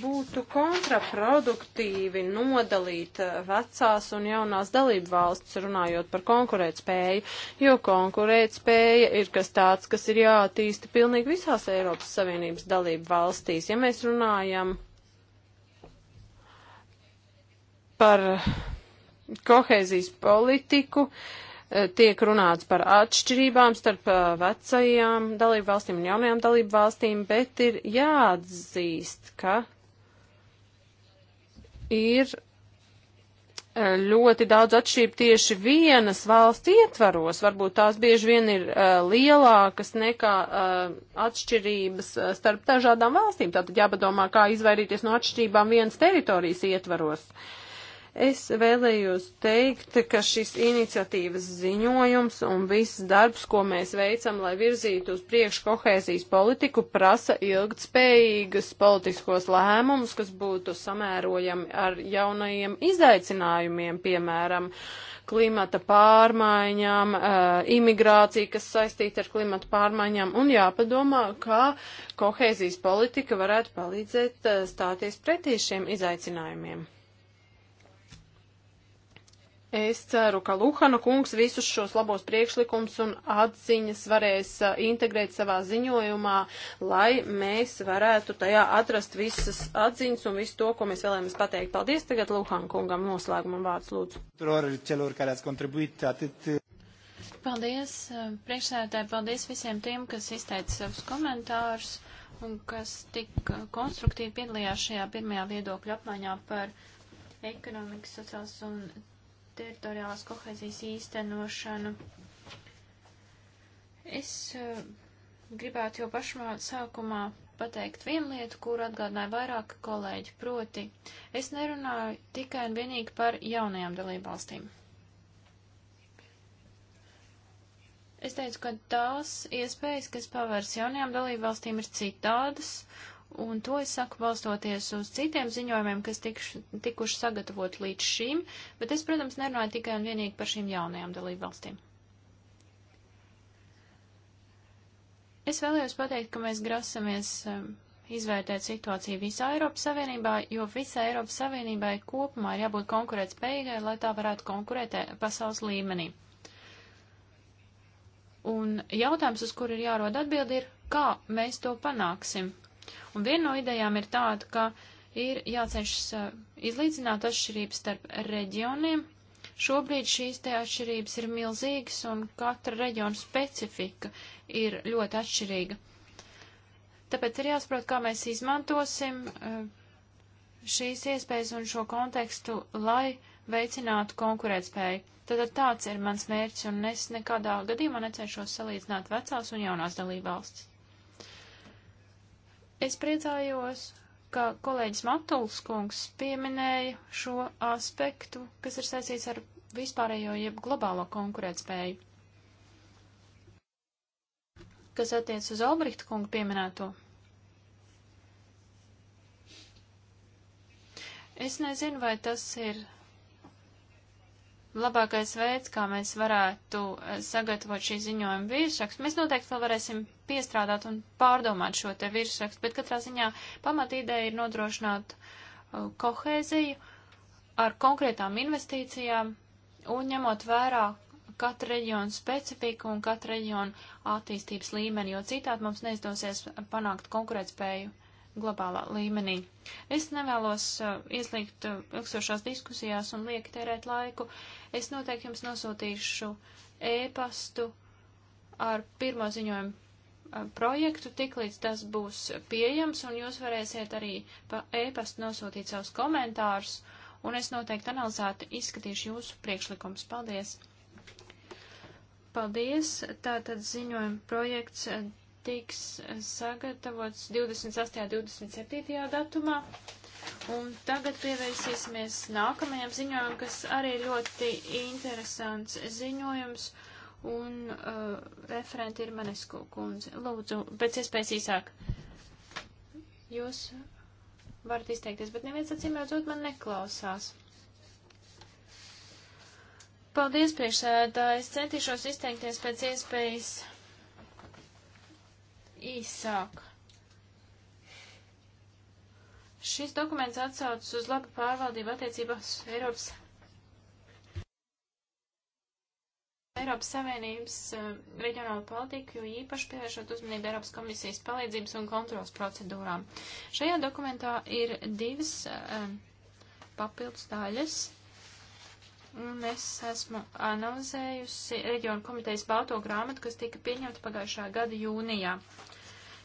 būtu kontraproduktīvi nodalīt eh, vecās un jaunās dalību valsts, runājot par konkurētspēju, jo konkurētspēja ir kas tāds, kas ir jātīsta pilnīgi visās Eiropas Savienības dalību valstīs. Ja mēs runājam par kohēzijas politiku, eh, tiek runāts par atšķirībām starp eh, vecajām dalību valstīm un jaunajām dalību valstīm, bet ir jāatzīst, ka ir e, ļoti daudz atšķību tieši vienas valsts ietvaros. Varbūt tās bieži vien ir uh, lielākas nekā uh, atšķirības starp dažādām valstīm. Tātad jāpadomā, kā izvairīties no atšķirībām vienas teritorijas ietvaros. Uh, Es vēlējos teikt, ka šis iniciatīvas ziņojums un viss darbs, ko mēs veicam, lai virzītu uz priekšu kohēzijas politiku, prasa ilgtspējīgas politiskos lēmumus, kas būtu samērojami ar jaunajiem izaicinājumiem, piemēram, klimata pārmaiņām, eh, imigrācija, kas saistīta ar klimata pārmaiņām, un jāpadomā, kā kohēzijas politika varētu palīdzēt eh, stāties pretī šiem izaicinājumiem. Es ceru, ka Luhana kungs visus šos labos priekšlikums un atziņas varēs integrēt savā ziņojumā, lai mēs varētu tajā atrast visas atziņas un visu to, ko mēs vēlamies pateikt. Paldies tagad Luhana kungam noslēguma vārds lūdzu. E, paldies, e, priekšsēdētāji, paldies visiem tiem, kas izteica savus komentārus un kas tik konstruktīvi piedalījās šajā pirmajā viedokļa apmaiņā par ekonomikas, sociālas un teritoriālās kohēzijas īstenošanu. Es uh, gribētu jau pašā sākumā pateikt vienu lietu, kuru atgādināja vairāki kolēģi, proti es nerunāju tikai un vienīgi par jaunajām dalībvalstīm. Es teicu, ka tās iespējas, kas pavērs jaunajām dalībvalstīm, ir citādas, Un to es saku balstoties uz citiem ziņojumiem, kas tikš, tikuši sagatavot līdz šim, bet es, protams, nerunāju tikai un vienīgi par šīm jaunajām dalībvalstīm. Es vēlējos pateikt, ka mēs grasamies um, izvērtēt situāciju visā Eiropas Savienībā, jo visā Eiropas Savienībai kopumā ir jābūt konkurētspējīgai, lai tā varētu konkurēt eh, pasaules līmenī. Un jautājums, uz kur ir jārod atbildi, ir, kā mēs to panāksim, Un viena no idejām ir tāda, ka ir jācenšas eh, izlīdzināt atšķirības starp reģioniem. Šobrīd šīs te atšķirības ir milzīgas un katra reģiona specifika ir ļoti atšķirīga. Tāpēc ir jāsaprot, kā mēs izmantosim eh, šīs iespējas un šo kontekstu, lai veicinātu konkurētspēju. Tātad tāds ir mans mērķis, un es nekādā gadījumā necenšos salīdzināt vecās un jaunās dalībvalstis. Es priecājos, ka kolēģis Matuls kungs pieminēja šo aspektu, kas ir saistīts ar vispārējo jeb globālo konkurētspēju, kas attiec uz Albrihta kunga pieminēto. Es nezinu, vai tas ir labākais veids, kā mēs varētu eh, sagatavot šī ziņojuma virsrakstu. Mēs noteikti vēl varēsim piestrādāt un pārdomāt šo te virsrakstu, bet katrā ziņā pamatīdeja ir nodrošināt uh, kohēziju ar konkrētām investīcijām un ņemot vērā katra reģiona specifiku un katra reģiona attīstības līmeni, jo citādi mums neizdosies panākt konkurētspēju globālā līmenī. Es nevēlos uh, ieslīgt uh, ilgstošās diskusijās un lieki tērēt laiku. Es noteikti jums nosūtīšu ēpastu e ar pirmo ziņojumu uh, projektu, tiklīdz tas būs pieejams, un jūs varēsiet arī pa ēpastu e nosūtīt savus komentārus, un es noteikti analizētu, izskatīšu jūsu priekšlikumus. Paldies! Paldies! Tātad ziņojuma projekts tiks sagatavots 28. un 27. datumā. Un tagad pievērsīsimies nākamajam ziņojumam, kas arī ļoti interesants ziņojums. Un uh, referenti ir Manesko kundze. Lūdzu, pēc iespējas īsāk. Jūs varat izteikties, bet neviens acīm redzot man neklausās. Paldies, priekšsēdāji. Es centīšos izteikties pēc iespējas īsāk. Šis dokuments atsaucas uz labu pārvaldību attiecībās Eiropas, Eiropas Savienības uh, eh, reģionālu politiku, jo īpaši pievēršot uzmanību Eiropas komisijas palīdzības un kontrolas procedūrām. Šajā dokumentā ir divas uh, papildus daļas, un es esmu analizējusi reģionu komitejas balto grāmatu, kas tika pieņemta pagājušā gada jūnijā. Uh,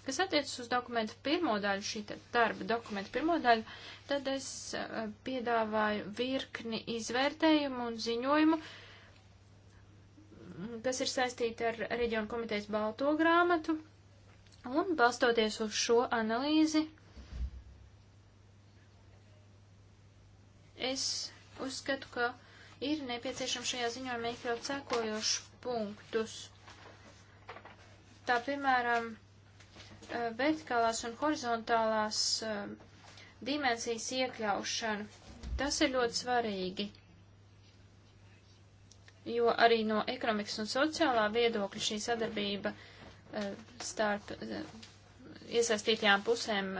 Kas attiecas uz dokumentu pirmo daļu, šī darba dokumentu pirmo daļu, tad es eh, piedāvāju virkni izvērtējumu un ziņojumu, mm, kas ir saistīti ar reģionu komitejas balto grāmatu, un balstoties uz šo analīzi, es uzskatu, ka ir nepieciešams šajā ziņojumā iekļaut sekojošus punktus. Tā piemēram, Uh, vertikālās un horizontālās um, dimensijas iekļaušanu. Tas ir ļoti svarīgi, jo arī no ekonomikas un sociālā viedokļa šī sadarbība uh, starp uh, iesaistītajām pusēm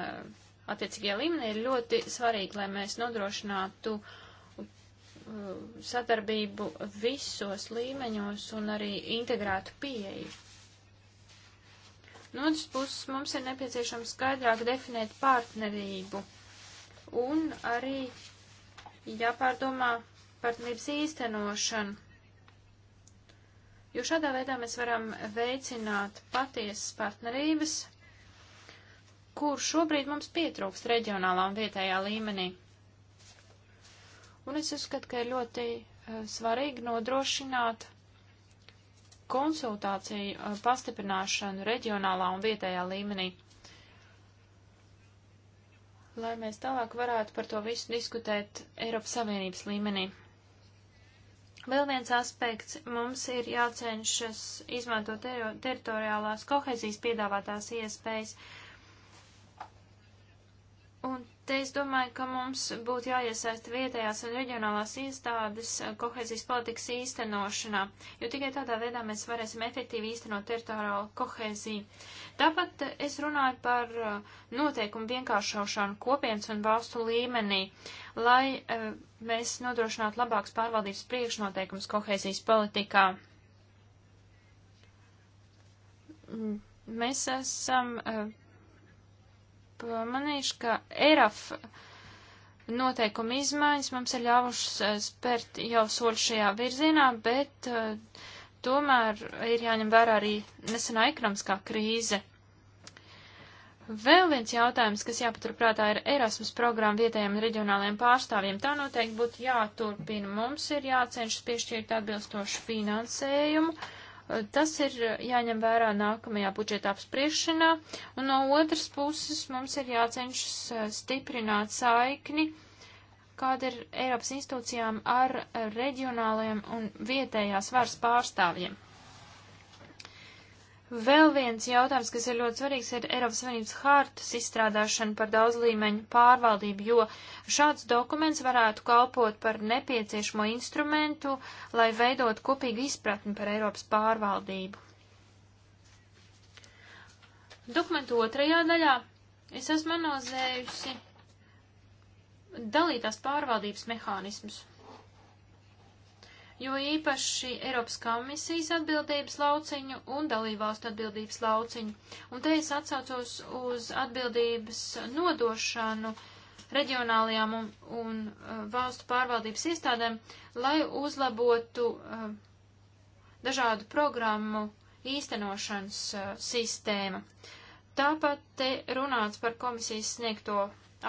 attiecīgajā līmenī ir ļoti svarīga, lai mēs nodrošinātu sadarbību visos līmeņos un arī integrētu pieeju. No otras puses, mums ir nepieciešams skaidrāk definēt partnerību un arī jāpārdomā partnerības īstenošanu. Jo šādā veidā mēs varam veicināt patiesas partnerības, kur šobrīd mums pietrūkst reģionālā un vietējā līmenī. Un es uzskatu, ka ir ļoti eh, svarīgi nodrošināt konsultāciju eh, pastiprināšanu reģionālā un vietējā līmenī. Lai mēs tālāk varētu par to visu diskutēt Eiropas Savienības līmenī. Vēl viens aspekts mums ir jācenšas izmantot ter teritoriālās kohezijas piedāvātās iespējas, Un te es domāju, ka mums būtu jāiesaista vietējās un reģionālās iestādes eh, kohezijas politikas īstenošanā, jo tikai tādā veidā mēs varēsim efektīvi īstenot teritoriālu koheziju. Tāpat eh, es runāju par eh, noteikumu vienkāršošanu kopienas un valstu līmenī, lai mēs nodrošinātu labāks pārvaldības priekšnoteikums kohezijas politikā. Mm, mēs esam uh, pamanījuši, ka ERAF noteikuma izmaiņas mums ir ļāvušas eh, spērt jau soļu šajā virzienā, bet uh, tomēr ir jāņem vērā arī nesenā ekonomiskā krīze. Vēl viens jautājums, kas jāpaturprātā ir Erasmus programma vietējiem un reģionāliem pārstāvjiem. Tā noteikti būtu jāturpina. Mums ir jācenšas piešķirt atbilstošu finansējumu. Uh, Tas ir jāņem vērā nākamajā budžeta apspriešanā, un no otras puses mums ir jācenšas eh, stiprināt saikni, kāda ir Eiropas institūcijām ar reģionāliem un vietējās varas pārstāvjiem. Vēl viens jautājums, kas ir ļoti svarīgs, ir Eiropas Savienības hārtas izstrādāšana par daudzlīmeņu pārvaldību, jo šāds dokuments varētu kalpot par nepieciešamo instrumentu, lai veidot kopīgu izpratni par Eiropas pārvaldību. Dokumentu otrajā daļā es esmu nozējusi dalītās pārvaldības mehānismus jo īpaši Eiropas komisijas atbildības lauciņu un dalībvalstu atbildības lauciņu. Un te es atsaucos uz atbildības nodošanu reģionālajām un, un uh, valstu pārvaldības iestādēm, lai uzlabotu uh, dažādu programmu īstenošanas uh, sistēma. Tāpat te runāts par komisijas sniegto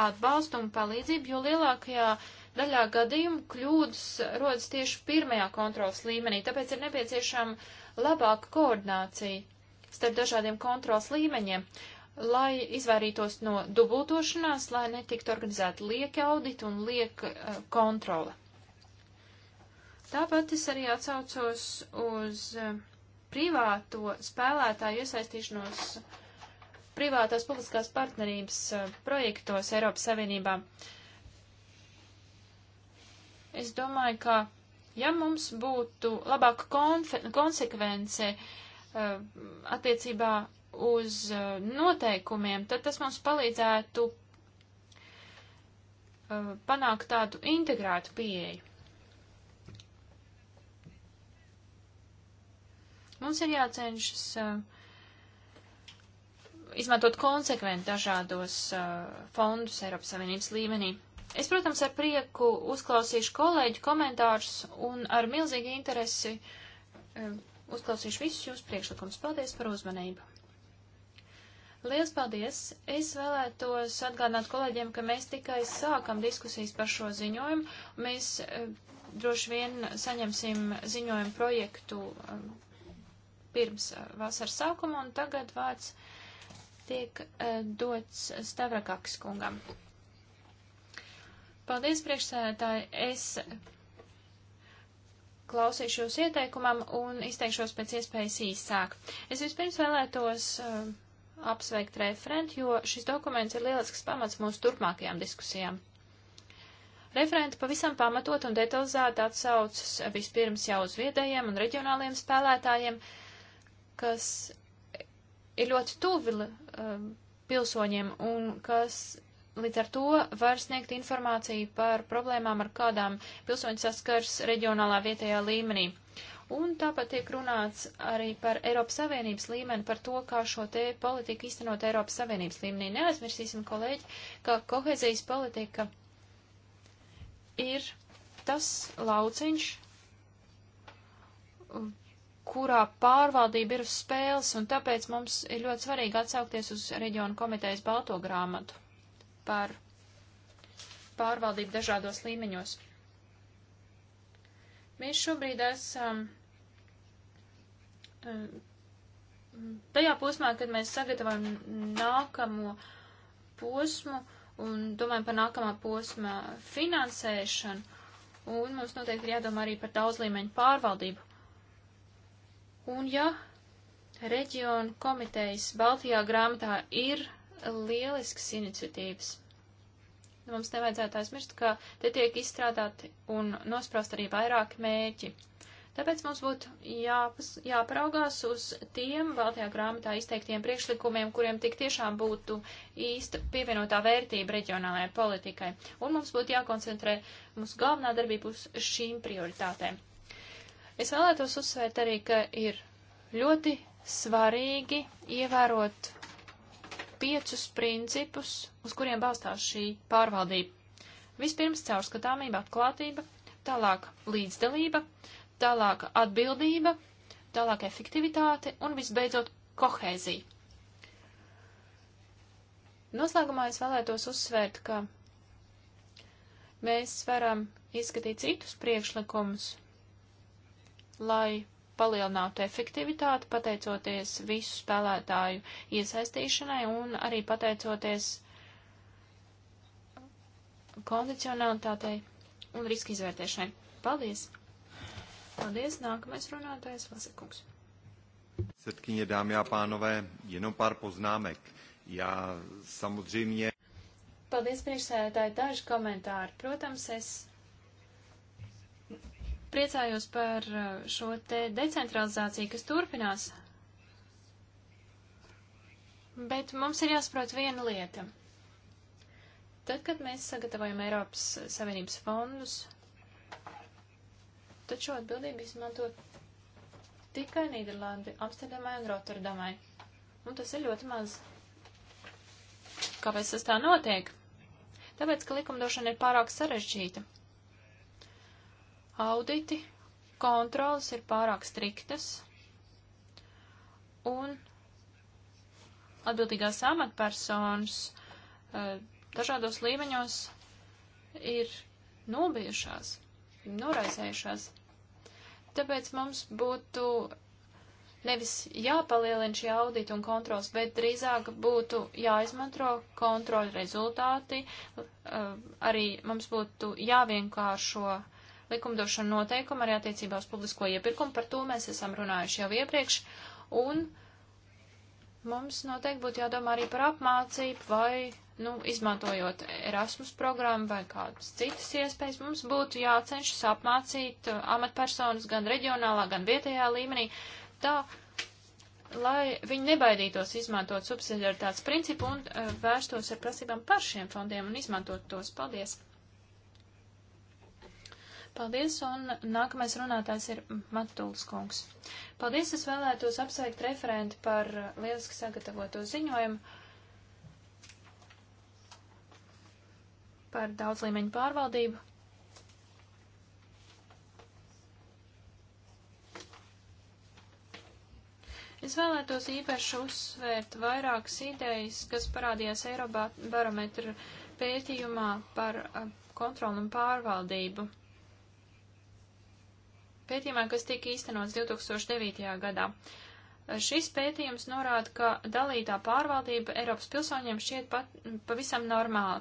atbalstu un palīdzību, jo lielākajā Daļā gadījumu kļūdas rodas tieši pirmajā kontrols līmenī, tāpēc ir nepieciešama labāka koordinācija starp dažādiem kontrols līmeņiem, lai izvairītos no dubultošanās, lai netiktu organizēta lieka audita un lieka uh, eh, kontrole. Tāpat es arī atsaucos uz uh, privāto spēlētāju iesaistīšanos privātās publiskās partnerības uh, projektos Eiropas Savienībā. Uh, Es domāju, ka ja mums būtu labāka konsekvence uh, attiecībā uz uh, noteikumiem, tad tas mums palīdzētu uh, panākt tādu integrētu pieeju. Mums ir jācenšas izmantot konsekventi dažādos fondus Eiropas Savienības līmenī. Es, protams, ar prieku uzklausīšu kolēģu komentārus un ar milzīgu interesi um, uzklausīšu visus jūsu priekšlikumus. Paldies par uzmanību! Liels paldies! Es vēlētos atgādināt kolēģiem, ka mēs tikai sākam diskusijas par šo ziņojumu. Mēs e, droši vien saņemsim ziņojumu projektu e, pirms vasaras sākuma, un tagad vārds tiek e, dots Stavrakakis kungam. Paldies, priekšsēdētāji. Es klausīšos ieteikumam un izteikšos pēc iespējas īsāk. Es vispirms vēlētos uh, apsveikt referentu, jo šis dokuments ir lielisks pamats mūsu turpmākajām diskusijām. Referenti pavisam pamatot un detalizēti atsaucas vispirms jau uz viedajiem un reģionāliem spēlētājiem, kas ir ļoti tuvi uh, pilsoņiem un kas Līdz ar to var sniegt informāciju par problēmām, ar kādām pilsoņi saskars reģionālā vietējā līmenī. Un tāpat tiek runāts arī par Eiropas Savienības līmeni, par to, kā šo te politiku īstenot Eiropas Savienības līmenī. Neaizmirsīsim, kolēģi, ka kohezijas politika ir tas lauciņš, kurā pārvaldība ir uz spēles, un tāpēc mums ir ļoti svarīgi atsaukties uz reģionu komitejas balto grāmatu par pārvaldību dažādos līmeņos. Mēs šobrīd esam um, tajā posmā, kad mēs sagatavojam nākamo posmu un domājam par nākamā posma finansēšanu, un mums noteikti ir jādomā arī par daudzlīmeņu pārvaldību. Un ja reģionu komitejas Baltijā grāmatā ir lielisks iniciatīvas. Mums nevajadzētu aizmirst, ka te tiek izstrādāti un nosprost arī vairāki mērķi. Tāpēc mums būtu jāpas, jāparaugās uz tiem Baltajā grāmatā izteiktiem priekšlikumiem, kuriem tik tiešām būtu īsta pievienotā vērtība reģionālajai politikai. Un mums būtu jākoncentrē mūsu galvenā darbība uz šīm prioritātēm. Es vēlētos uzsvērt arī, ka ir ļoti svarīgi ievērot piecus principus, uz kuriem balstās šī pārvaldība. Vispirms caurskatāmība, atklātība, tālāk līdzdalība, tālāk atbildība, tālāk efektivitāte un visbeidzot kohēzija. Noslēgumā es vēlētos uzsvērt, ka mēs varam izskatīt citus priekšlikumus, lai palielinātu efektivitāti, pateicoties visu spēlētāju iesaistīšanai un arī pateicoties kondicionalitātei un riska izvērtēšanai. Paldies! Paldies! Nākamais runātājs Vasekungs. Předsedkyně, dámy a pánové, jenom pár poznámek. Já samozřejmě. Paldies, priekšsēdētāji, daži komentāri. Protams, es priecājos par uh, šo te decentralizāciju, kas turpinās. Bet mums ir jāsaprot viena lieta. Tad, kad mēs sagatavojam Eiropas Savienības fondus, tad šo atbildību izmanto tikai Nīderlandi, Amsterdamai un Rotterdamai. Un tas ir ļoti maz. Kāpēc tas tā notiek? Tāpēc, ka likumdošana ir pārāk sarežģīta auditi, kontrolas ir pārāk striktas, un atbildīgās amatpersonas eh, dažādos līmeņos ir nobijušās, noraizējušās. Tāpēc mums būtu nevis jāpalielina šī audita un kontrols, bet drīzāk būtu jāizmanto kontroļu rezultāti, eh, arī mums būtu jāvienkāršo uh, likumdošanu noteikumu arī attiecībā uz publisko iepirkumu. Par to mēs esam runājuši jau iepriekš. Un mums noteikti būtu jādomā arī par apmācību vai, nu, izmantojot Erasmus programmu vai kādas citas iespējas, mums būtu jācenšas apmācīt uh, amatpersonas gan reģionālā, gan vietējā līmenī. Tā, lai viņi nebaidītos izmantot subsidiaritātes principu un uh, vērstos ar prasībām par šiem fondiem un izmantot tos. Paldies! Paldies, un nākamais runātājs ir Matuls kungs. Paldies, es vēlētos apsveikt referenti par lieliski sagatavoto ziņojumu par daudzlīmeņu pārvaldību. Es vēlētos īpaši uzsvērt vairākas idejas, kas parādījās Eirobarometru pētījumā par eh, kontroli un pārvaldību pētījumā, kas tika īstenots 2009. gadā. Šis pētījums norāda, ka dalītā pārvaldība Eiropas pilsoņiem šķiet pat, mm, pavisam normāla.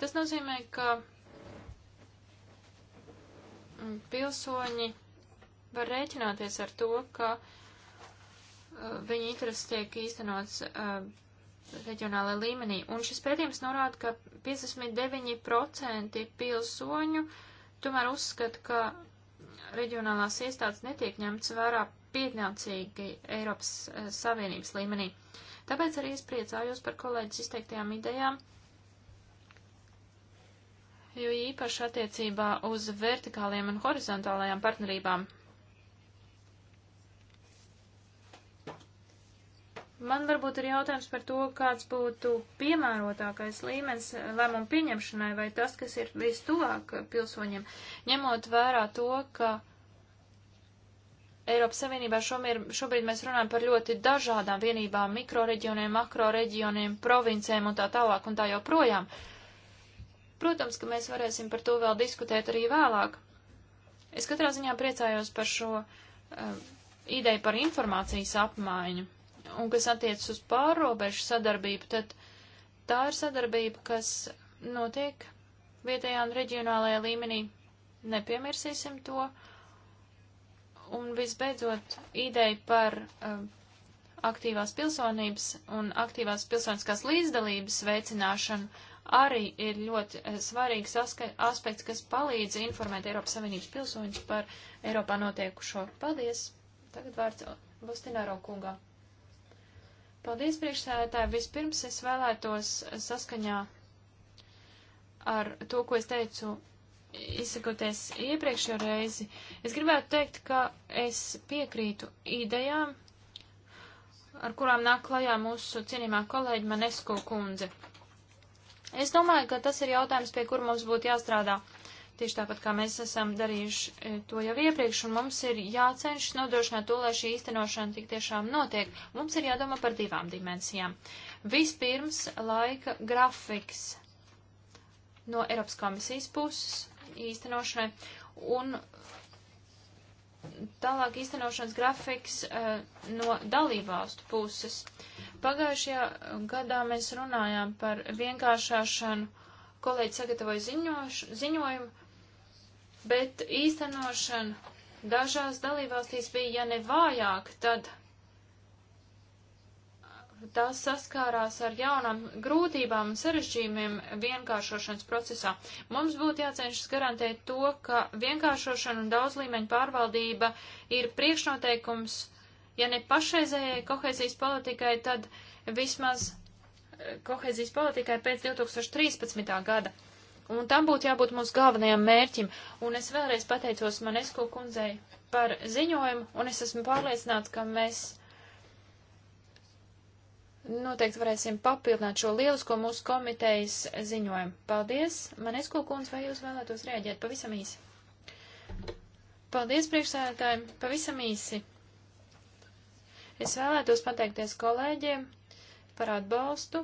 Tas nozīmē, ka mm, pilsoņi var rēķināties ar to, ka uh, viņa intereses tiek īstenots uh, reģionālajā līmenī. Un šis pētījums norāda, ka 59% pilsoņu tomēr uzskata, ka reģionālās iestādes netiek ņemts vērā pietnācīgi Eiropas uh, Savienības līmenī. Tāpēc arī es priecājos par kolēģis izteiktajām idejām, jo īpaši attiecībā uz vertikāliem un horizontālajām partnerībām Man varbūt ir jautājums par to, kāds būtu piemērotākais līmenis lēmumu pieņemšanai vai tas, kas ir vistuvāk pilsoņiem, ņemot vērā to, ka Eiropas Savienībā šomir, šobrīd mēs runājam par ļoti dažādām vienībām, mikroreģioniem, makroreģioniem, provincēm un tā tālāk un tā joprojām. Protams, ka mēs varēsim par to vēl diskutēt arī vēlāk. Es katrā ziņā priecājos par šo uh, ideju par informācijas apmaiņu. Un kas attiec uz pārrobežu sadarbību, tad tā ir sadarbība, kas notiek vietējā un reģionālajā līmenī. Nepiemirsīsim to. Un visbeidzot, ideja par uh, aktīvās pilsonības un aktīvās pilsoniskās līdzdalības veicināšanu arī ir ļoti eh, svarīgs aspekts, kas palīdz informēt Eiropas Savienības pilsoņus par Eiropā notiekušo. Paldies! Tagad vārds Bostināro kungam. Paldies, priekšsēdētāji. Vispirms es vēlētos saskaņā ar to, ko es teicu, izsakoties iepriekšējo reizi, es gribētu teikt, ka es piekrītu idejām, ar kurām nāk klajā mūsu cienījumā kolēģi Manesko kundze. Es domāju, ka tas ir jautājums, pie kur mums būtu jāstrādā Tieši tāpat kā mēs esam darījuši e, to jau iepriekš, un mums ir jācenšas nodrošināt to, lai šī īstenošana tik tiešām notiek. Mums ir jādomā par divām dimensijām. Vispirms laika grafiks no Eiropas komisijas puses īstenošanai, un tālāk īstenošanas grafiks e, no dalībvalstu puses. Pagājušajā gadā mēs runājām par vienkāršāšanu kolēģi sagatavoja ziņoš, ziņojumu, bet īstenošana dažās dalībvalstīs bija, ja ne vājāk, tad tās saskārās ar jaunām grūtībām un sarežģījumiem vienkāršošanas procesā. Mums būtu jācenšas garantēt to, ka vienkāršošana un daudzlīmeņa pārvaldība ir priekšnoteikums, ja ne pašreizējai kohēzijas politikai, tad vismaz eh, kohēzijas politikai pēc 2013. gada. Un tam būtu jābūt mūsu galvenajam mērķim. Un es vēlreiz pateicos Manesko kundzei par ziņojumu, un es esmu pārliecināts, ka mēs noteikti varēsim papildināt šo lielisko mūsu komitejas ziņojumu. Paldies, Manesko kundze, vai jūs vēlētos rēģēt pavisam īsi? Paldies, priekšsēdētāji, pavisam īsi. Es vēlētos pateikties kolēģiem par atbalstu.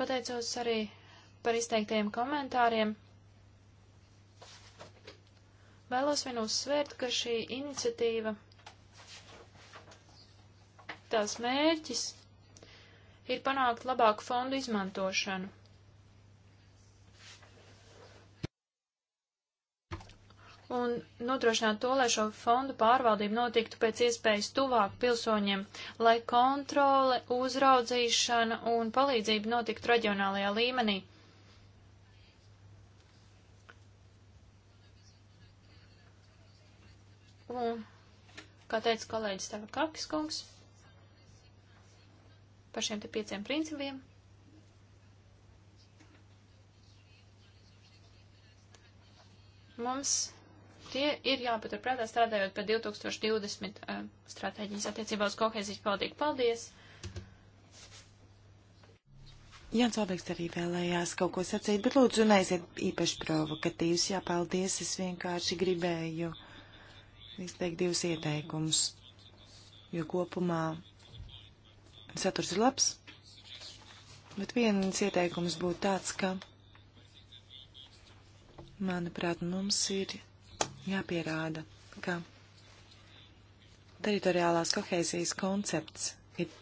Pateicos arī par izteiktajiem komentāriem. Vēlos vien uzsvērt, ka šī iniciatīva, tās mērķis ir panākt labāku fondu izmantošanu. un nodrošināt to, lai šo fondu pārvaldību notiktu pēc iespējas tuvāk pilsoņiem, lai kontrole, uzraudzīšana un palīdzība notiktu reģionālajā līmenī. Un, kā teica kolēģis Tava Kakis kungs, par šiem te pieciem principiem. Mums tie ir jāpaturprātā strādājot pie 2020 uh, eh, stratēģijas attiecībā uz kohēzijas politiku. Paldies! Jānis Albeks arī vēlējās kaut ko sacīt, bet lūdzu, neiziet īpaši provokatīvs. Jā, paldies, es vienkārši gribēju. Uh, izteikt divus ieteikumus, jo kopumā saturs ir labs, bet viens ieteikums būtu tāds, ka, manuprāt, mums ir jāpierāda, ka teritoriālās kohēzijas koncepts ir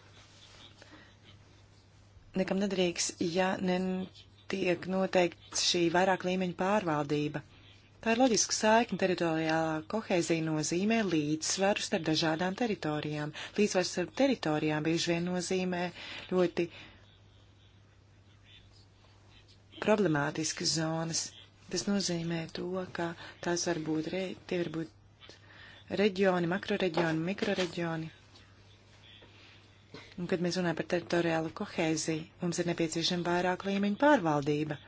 nekam nedrīkst, ja netiek noteikts šī vairāk līmeņu pārvaldība. Tā ir loģiska saikne teritoriālā kohēzija nozīmē līdzsvaru starp dažādām teritorijām. Līdzsvars starp teritorijām bieži vien nozīmē ļoti problemātiskas zonas. Tas nozīmē to, ka tās var būt, re, tie var būt reģioni, makroreģioni, mikroreģioni. Un, kad mēs runājam par teritoriālu kohēziju, mums ir nepieciešama vairāk līmeņu pārvaldība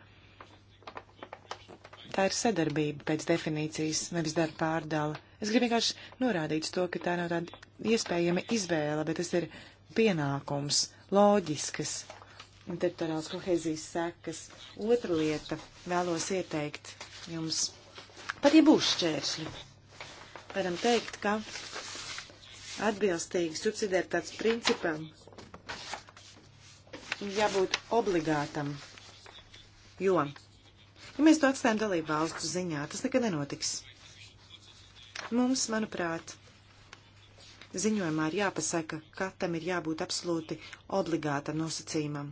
tā ir sadarbība pēc definīcijas, nevis darba pārdala. Es gribu vienkārši norādīt to, ka tā nav tāda iespējama izvēle, bet tas ir pienākums, loģiskas un teritoriāls kohezijas sekas. Otra lieta vēlos ieteikt jums, pat ja būs šķēršļi, varam teikt, ka atbilstīgi subsidiaritātes principam jābūt obligātam, jo Ja mēs to atstājam dalību valstu ziņā, tas nekad nenotiks. Mums, manuprāt, ziņojumā ir jāpasaka, ka tam ir jābūt absolūti obligātam nosacījumam,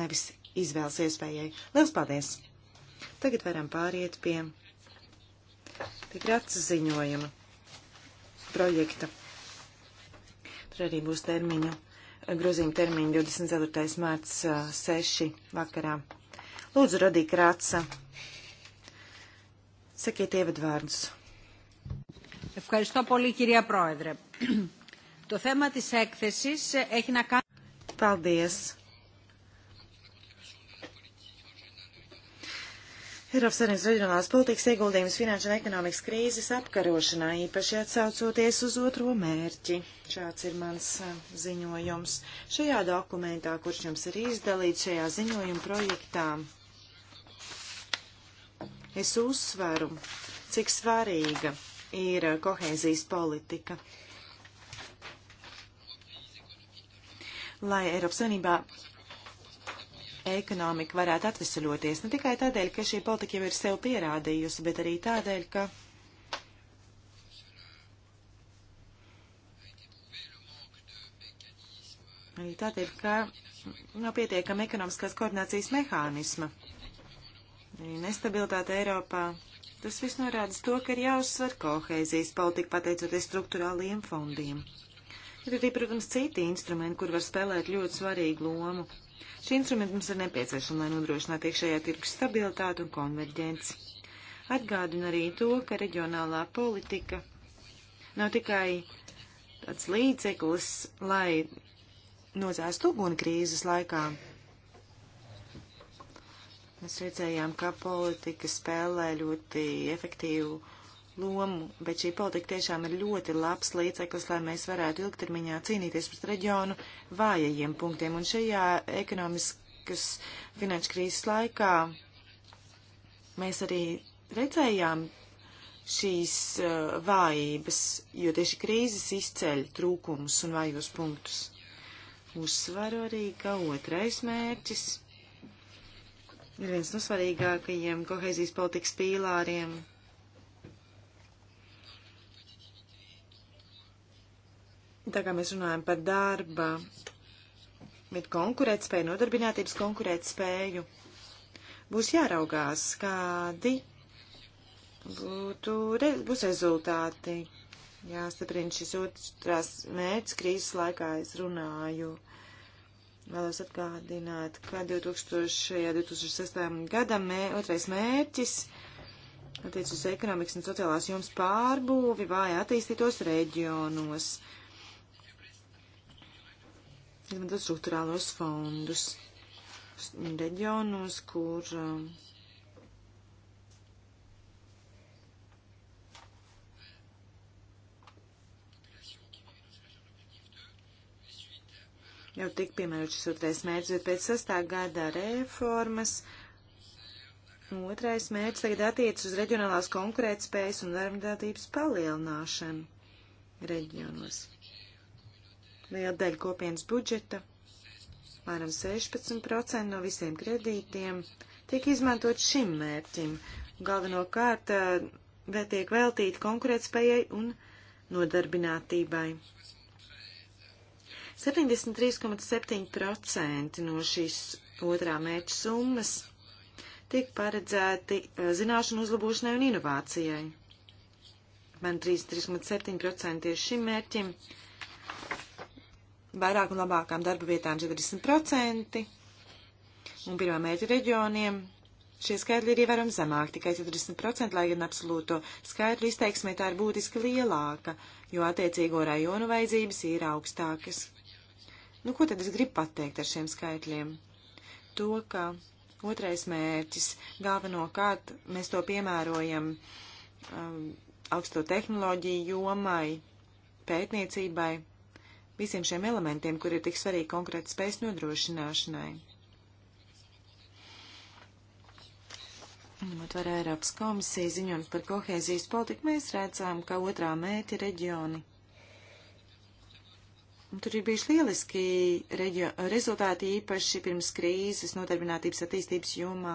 nevis izvēles iespējai. Lielas paldies! Tagad varam pāriet pie Tikrāts ziņojuma projekta. Tur arī būs termiņu, grozījuma termiņu 24. mārts 6 vakarā. Lūdzu, radīja krāca. Sakiet ievadvārdus. Ευχαριστώ πολύ, κυρία Πρόεδρε. Το θέμα της έκθεσης έχει να κάνει... Paldies. Eiropas Savienības reģionālās politikas ieguldījums finanšu un ekonomikas krīzes apkarošanā, īpaši atsaucoties uz otro mērķi. Šāds ir mans ziņojums. Šajā dokumentā, kurš jums ir izdalīts šajā ziņojuma projektā, es uzsveru, cik svarīga ir kohēzijas politika. Lai Eiropas Savienībā ekonomika varētu atvesaļoties, ne tikai tādēļ, ka šī politika jau ir sev pierādījusi, bet arī tādēļ, ka arī tādēļ, ka nav pietiekama ekonomiskās koordinācijas mehānisma arī nestabilitāte Eiropā. Tas viss norāda to, ka ir jāuzsver kohēzijas politika pateicoties struktūrāliem fondiem. Ir arī, protams, citi instrumenti, kur var spēlēt ļoti svarīgu lomu. Šie instrumenti mums ir nepieciešami, lai nodrošinātu iekšējā tirgus stabilitāti un konverģenci. Atgādina arī to, ka reģionālā politika nav tikai tāds līdzeklis, lai nozēst uguni krīzes laikā. Mēs redzējām, ka politika spēlē ļoti efektīvu lomu, bet šī politika tiešām ir ļoti labs līdzeklis, lai mēs varētu ilgtermiņā cīnīties pret reģionu vājajiem punktiem. Un šajā ekonomiskas finanšu krīzes laikā mēs arī redzējām šīs uh, vājības, jo tieši krīzes izceļ trūkumus un vājos punktus. Uzsvaru arī, ka otrais mērķis ir viens no svarīgākajiem kohēzijas politikas pīlāriem. Tā kā mēs runājam par darba, bet konkurētspēju, nodarbinātības konkurētspēju, būs jāraugās, kādi būtu, re, būs rezultāti. Jāstiprina šis otrās mērķis krīzes laikā es runāju Vēlos atgādināt, ka 2006. gada mē, otrais mērķis attiec uz ekonomikas un sociālās jums pārbūvi vai attīstītos reģionos. Izmantot struktūrālos fondus reģionos, kur uh, jau tik piemērot šis otrais mērķis, bet pēc sastā gadā reformas otrais mērķis tagad attiec uz reģionālās konkurētspējas un darbinātības palielināšanu reģionos. Liela daļa kopienas budžeta, apmēram 16% no visiem kredītiem, tiek izmantot šim mērķim. Galvenokārt, bet eh, tiek veltīti konkurētspējai un nodarbinātībai. 73,7% no šīs otrā mērķa summas tiek paredzēti eh, zināšanu uzlabošanai un inovācijai. Man 33,7% tieši šim mērķim, vairāk un labākām darba vietām 40%, un pirmā mērķa reģioniem šie skaitļi ir ievērojami zemāk, tikai 40%, lai gan absolūto skaitļu izteiksmē tā ir būtiski lielāka, jo attiecīgo rajonu vajadzības ir augstākas. Nu, ko tad es gribu pateikt ar šiem skaitļiem? To, ka otrais mērķis galvenokārt mēs to piemērojam um, augsto tehnoloģiju jomai, pētniecībai, visiem šiem elementiem, kur ir tik svarīgi konkrēti spējas nodrošināšanai. Ņemot vērā Eiropas komisijas ziņojums par kohēzijas politiku, mēs redzam, ka otrā mēķa reģioni Tur ir bijuši lieliski reģio, rezultāti īpaši pirms krīzes nodarbinātības attīstības jomā.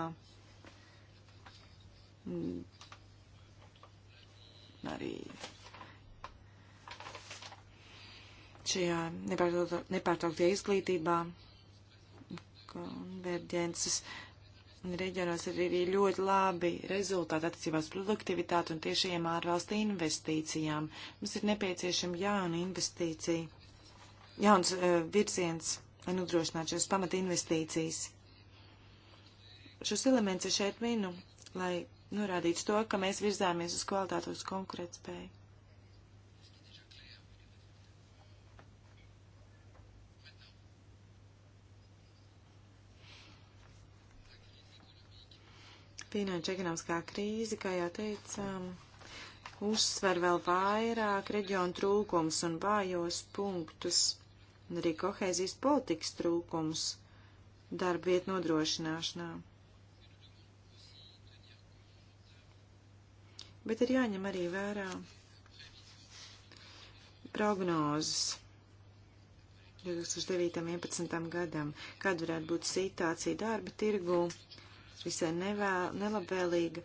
Mm. Arī šajā nepārtrauktajā izglītībā konverģences reģionos ir arī ļoti labi rezultāti attiecībās produktivitāti un tiešajām ārvalstu investīcijām. Mums ir nepieciešama jauna investīcija jauns uh, virziens, lai nodrošinātu šos pamata investīcijas. Šos elements es šeit minu, lai norādītu to, ka mēs virzāmies uz kvalitātu, uz konkurētspēju. Finanšu ekonomiskā krīze, kā jau teicām, uzsver vēl vairāk reģionu trūkums un vājos punktus un arī kohēzijas politikas trūkums darbvietu nodrošināšanā. Bet ir jāņem arī vērā prognozes 2009.11. gadam, kad varētu būt situācija darba tirgu, visai nevēl, nelabvēlīga,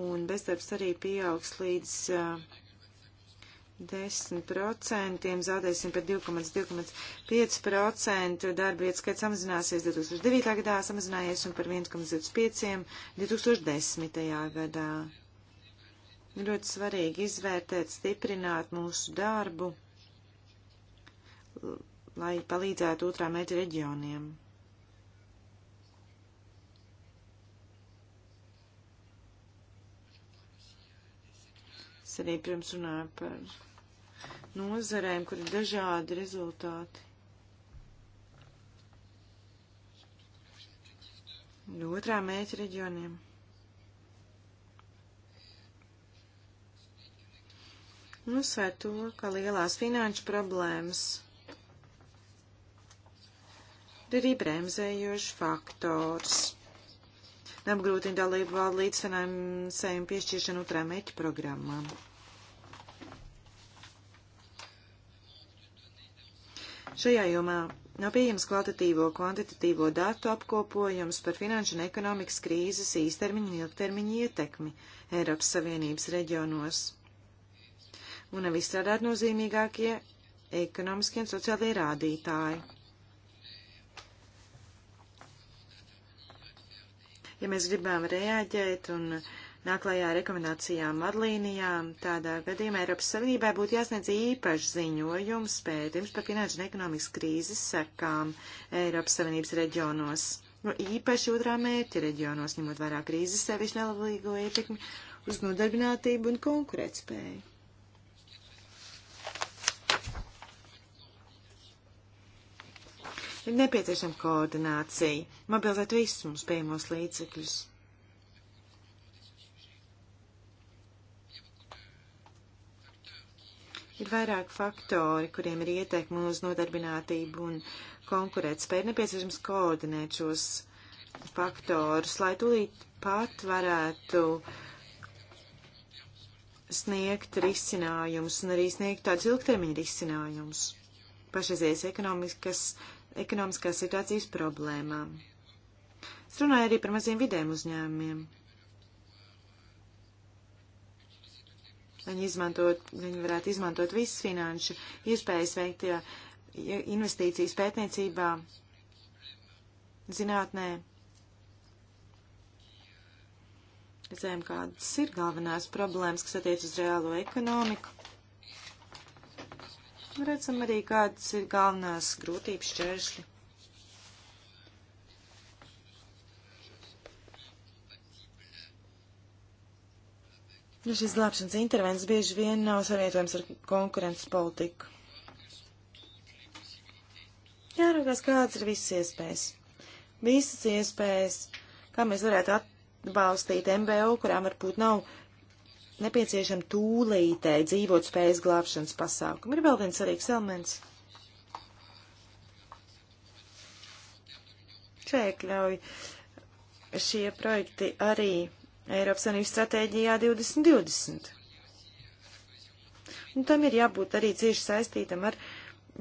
un bezdarbs arī pieaugs līdz uh, 10% zaudēsim par 2,2,5% darba vietas skaits samazināsies 2009. gadā, samazinājies un par 1,25% 2010. gadā. Ļoti svarīgi izvērtēt, stiprināt mūsu darbu, lai palīdzētu otrā mērķa reģioniem. Es arī pirms runāju par nozarēm, kur ir dažādi rezultāti. Otrā mērķa reģioniem. Uzsver to, ka lielās finanšu problēmas ir arī bremzējošs faktors neapgrūtina dalību valdu līdzfinansējumu piešķiršanu otrā meķa programmām. Šajā jomā nav pieejams kvalitatīvo kvantitatīvo datu apkopojums par finanšu un ekonomikas krīzes īstermiņu un ilgtermiņu ietekmi Eiropas Savienības reģionos. Un nav izstrādāt nozīmīgākie ekonomiskie un sociālie rādītāji. Ja mēs gribam reaģēt un nāklājā rekomendācijām vadlīnijām, tādā gadījumā Eiropas Savienībai būtu jāsniedz īpašs ziņojums pētījums par finanšu un ekonomikas krīzes sekām Eiropas Savienības reģionos. Nu, īpaši otrā mērķa reģionos, ņemot vērā krīzes sevišķi nelabvēlīgo ietekmi uz nodarbinātību un konkurētspēju. Ir nepieciešama koordinācija, mobilizēt visus mums pieejamos līdzekļus. Ir vairāk faktori, kuriem ir ieteikumi uz nodarbinātību un konkurētspēju. Nepieciešams koordinēt šos faktorus, lai tūlīt pat varētu sniegt risinājumus un arī sniegt tādus ilgtermiņa risinājumus. Pašreizies ekonomikas ekonomiskās situācijas problēmām. Es runāju arī par maziem vidiem uzņēmumiem. Viņi, izmantot, viņi varētu izmantot visas finanšu iespējas veikt investīcijas pētniecībā, zinātnē. Redzējām, kādas ir galvenās problēmas, kas attiec uz reālo ekonomiku. Redzam arī, kādas ir galvenās grūtības čēršļi. Jo nu, ja šis glābšanas intervents bieži vien nav savietojams ar konkurences politiku. Jāraugās, kādas ir visas iespējas. Visas iespējas, kā mēs varētu atbalstīt MBO, kurām varbūt nav nepieciešama tūlītēji dzīvot spējas glābšanas pasākumi. Ir vēl viens svarīgs elements. Šai iekļauj šie projekti arī Eiropas Savienības stratēģijā 2020. Un tam ir jābūt arī cieši saistītam ar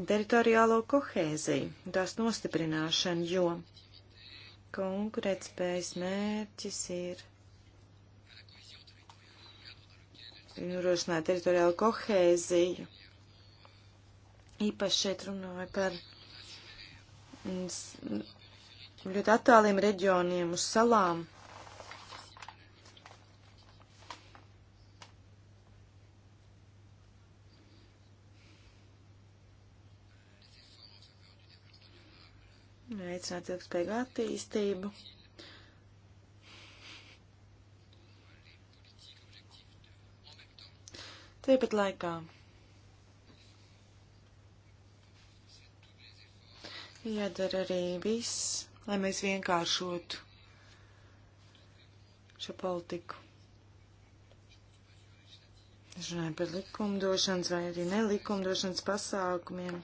teritoriālo kohēziju, tās nostiprināšanu, jo konkurētspējas mērķis ir norošināt teritoriālu kohēziju. Īpaši šeit runāju par ļoti attāliem reģioniem uz salām. Veicināt ilgspējīgu attīstību. Tāpat laikā jādara arī viss, lai mēs vienkāršotu šo politiku. Es runāju par likumdošanas vai arī nelikumdošanas pasākumiem.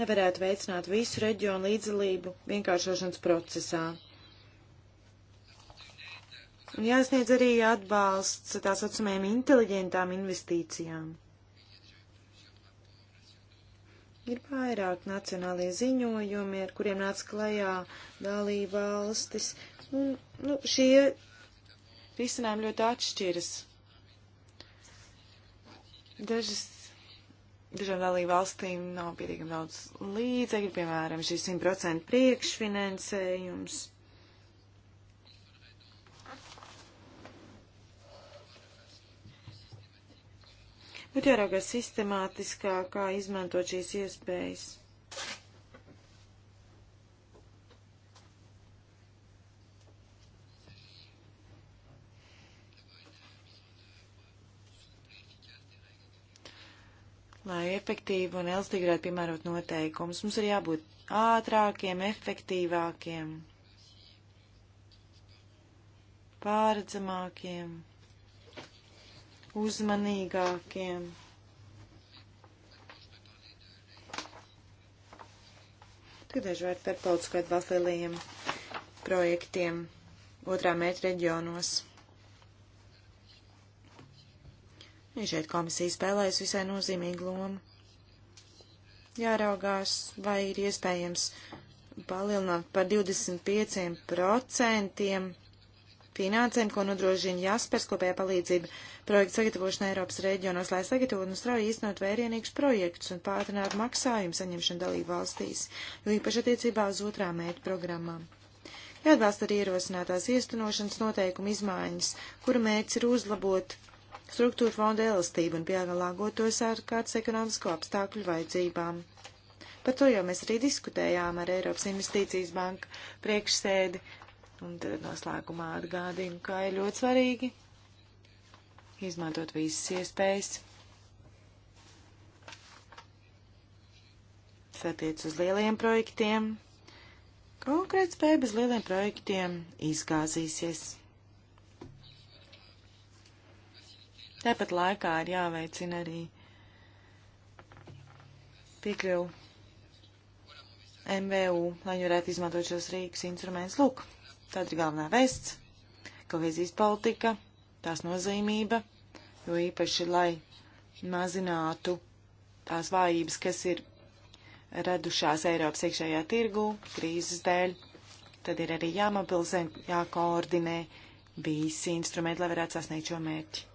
Nevarētu veicināt visu reģionu līdzdalību vienkāršošanas procesā. Un jāsniedz arī atbalsts tā saucamajām inteliģentām investīcijām. Ir vairāk nacionālie ziņojumi, ar kuriem nāca klajā dalība valstis, un nu, šie risinājumi ļoti atšķiras. Dažas, dažām dalību valstīm nav pietiekami daudz līdzekļu, piemēram, šis 100% priekšfinansējums. Būtu jāraugā sistemātiskāk, kā izmantot šīs iespējas. Lai efektīvi un elastīgi varētu piemērot noteikumus, mums ir jābūt ātrākiem, efektīvākiem, pāredzamākiem uzmanīgākiem. Tagad daži vārdi par politisku atbalstu lielajiem projektiem otrā mērķa reģionos. Un šeit komisija spēlējas visai nozīmīgu lomu. Jāraugās, vai ir iespējams palielināt par 25% finansēm, ko nodrošina Jaspers kopējā palīdzība projektu sagatavošana Eiropas reģionos, lai sagatavotu un strauji īstenot vērienīgus projektus un pātrinātu maksājumu saņemšanu dalību valstīs, jo īpaši attiecībā uz otrā mērķa programmām. Jāatbalsta arī ierosinātās iestanošanas noteikuma izmaiņas, kura mērķis ir uzlabot struktūra fonda elastību un pielāgot tos ārkārtas ekonomisko apstākļu vajadzībām. Par to jau mēs arī diskutējām ar Eiropas Investīcijas banku priekšsēdi Un tad noslēgumā atgādinu, ka ir ļoti svarīgi izmantot visas iespējas. Satiec uz lieliem projektiem. Konkrēts spēja bez lieliem projektiem izgāzīsies. Tāpat laikā ir jāveicina arī piekļuvu MVU, lai viņi varētu izmantot šos rīkus instrumentus. Lūk, Tad ir galvenā vēsts, kohēzijas politika, tās nozīmība, jo īpaši, lai mazinātu tās vājības, kas ir radušās Eiropas iekšējā tirgū krīzes dēļ, tad ir arī jāmobilizē, jākoordinē visi instrumenti, lai varētu sasniegt šo mērķi.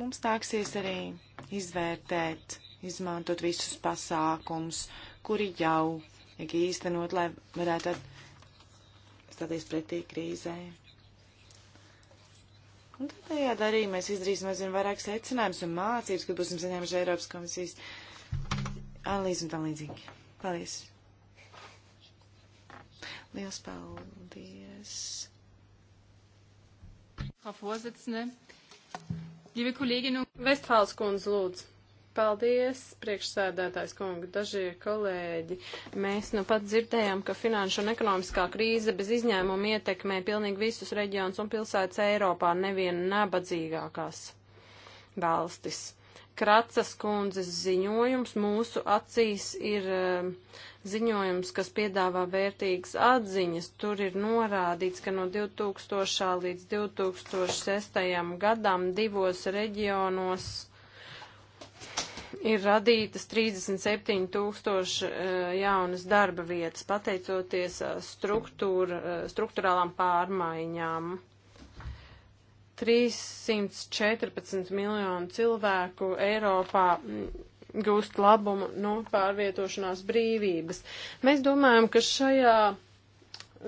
Mums nāksies arī izvērtēt, izmantot visus pasākums, kuri jau ir īstenot, lai varētu stāties pretī krīzē. Un tādējādi arī mēs izdarīsim aizvien vairāk secinājumus un mācības, kad būsim saņēmuši Eiropas komisijas analīzi un tam līdzīgi. Paldies! Liels paldies! Frau Vorsitzende, liebe Kolleginnen und Westfalskons lūdzu. Paldies, priekšsēdētājs kungi, dažie kolēģi. Mēs nu pat dzirdējām, ka finanšu un ekonomiskā krīze bez izņēmuma ietekmē pilnīgi visus reģionus un pilsētas Eiropā, nevienu nabadzīgākās valstis. Kracas kundzes ziņojums mūsu acīs ir eh, ziņojums, kas piedāvā vērtīgas atziņas. Tur ir norādīts, ka no 2000. līdz 2006. gadam divos reģionos ir radītas 37 tūkstoši eh, jaunas darba vietas, pateicoties eh, eh, struktūrālām pārmaiņām. 314 miljonu cilvēku Eiropā mm, gūst labumu no pārvietošanās brīvības. Mēs domājam, ka šajā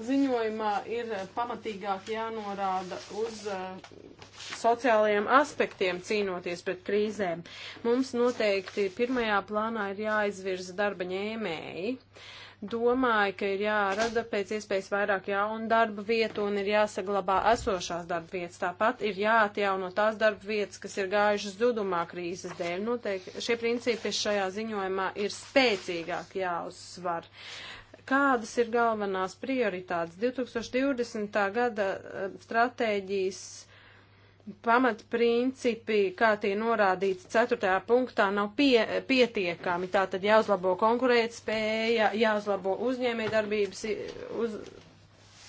ziņojumā ir pamatīgāk jānorāda uz eh, sociālajiem aspektiem cīnoties pret krīzēm. Mums noteikti pirmajā plānā ir jāizvirza darba ņēmēji. Domāju, ka ir jārada pēc iespējas vairāk jaunu darba vietu un ir jāsaglabā esošās darba vietas. Tāpat ir jāatjauno tās darba vietas, kas ir gājušas zudumā krīzes dēļ. Noteikti šie principi šajā ziņojumā ir spēcīgāk jāuzsver. Uh, Kādas ir galvenās prioritātes? 2020. gada eh, stratēģijas pamatprincipi, kā tie norādīts 4. punktā, nav pie, pietiekami. Tā tad jāuzlabo konkurētspēja, jāuzlabo uzņēmējdarbības uz,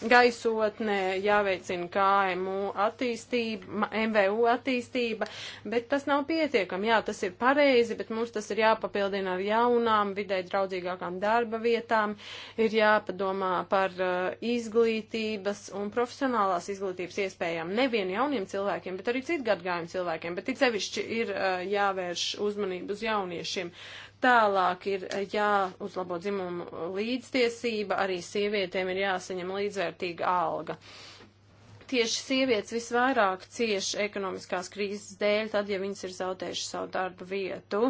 gaisotnē, jāveicina KMU attīstība, MVU attīstība, bet tas nav pietiekami. Jā, tas ir pareizi, bet mums tas ir jāpapildina ar jaunām, vidē draudzīgākām darba vietām, ir jāpadomā par uh, izglītības un profesionālās izglītības iespējām nevien jauniem cilvēkiem, bet arī citgadgājiem cilvēkiem, bet it sevišķi ir uh, jāvērš uzmanību uz jauniešiem. Uh, Tālāk ir eh, jāuzlabo dzimumu līdztiesība, arī sievietēm ir jāsaņem līdzvērtīga alga tieši sievietes visvairāk cieši ekonomiskās krīzes dēļ, tad, ja viņas ir zaudējušas savu darbu vietu.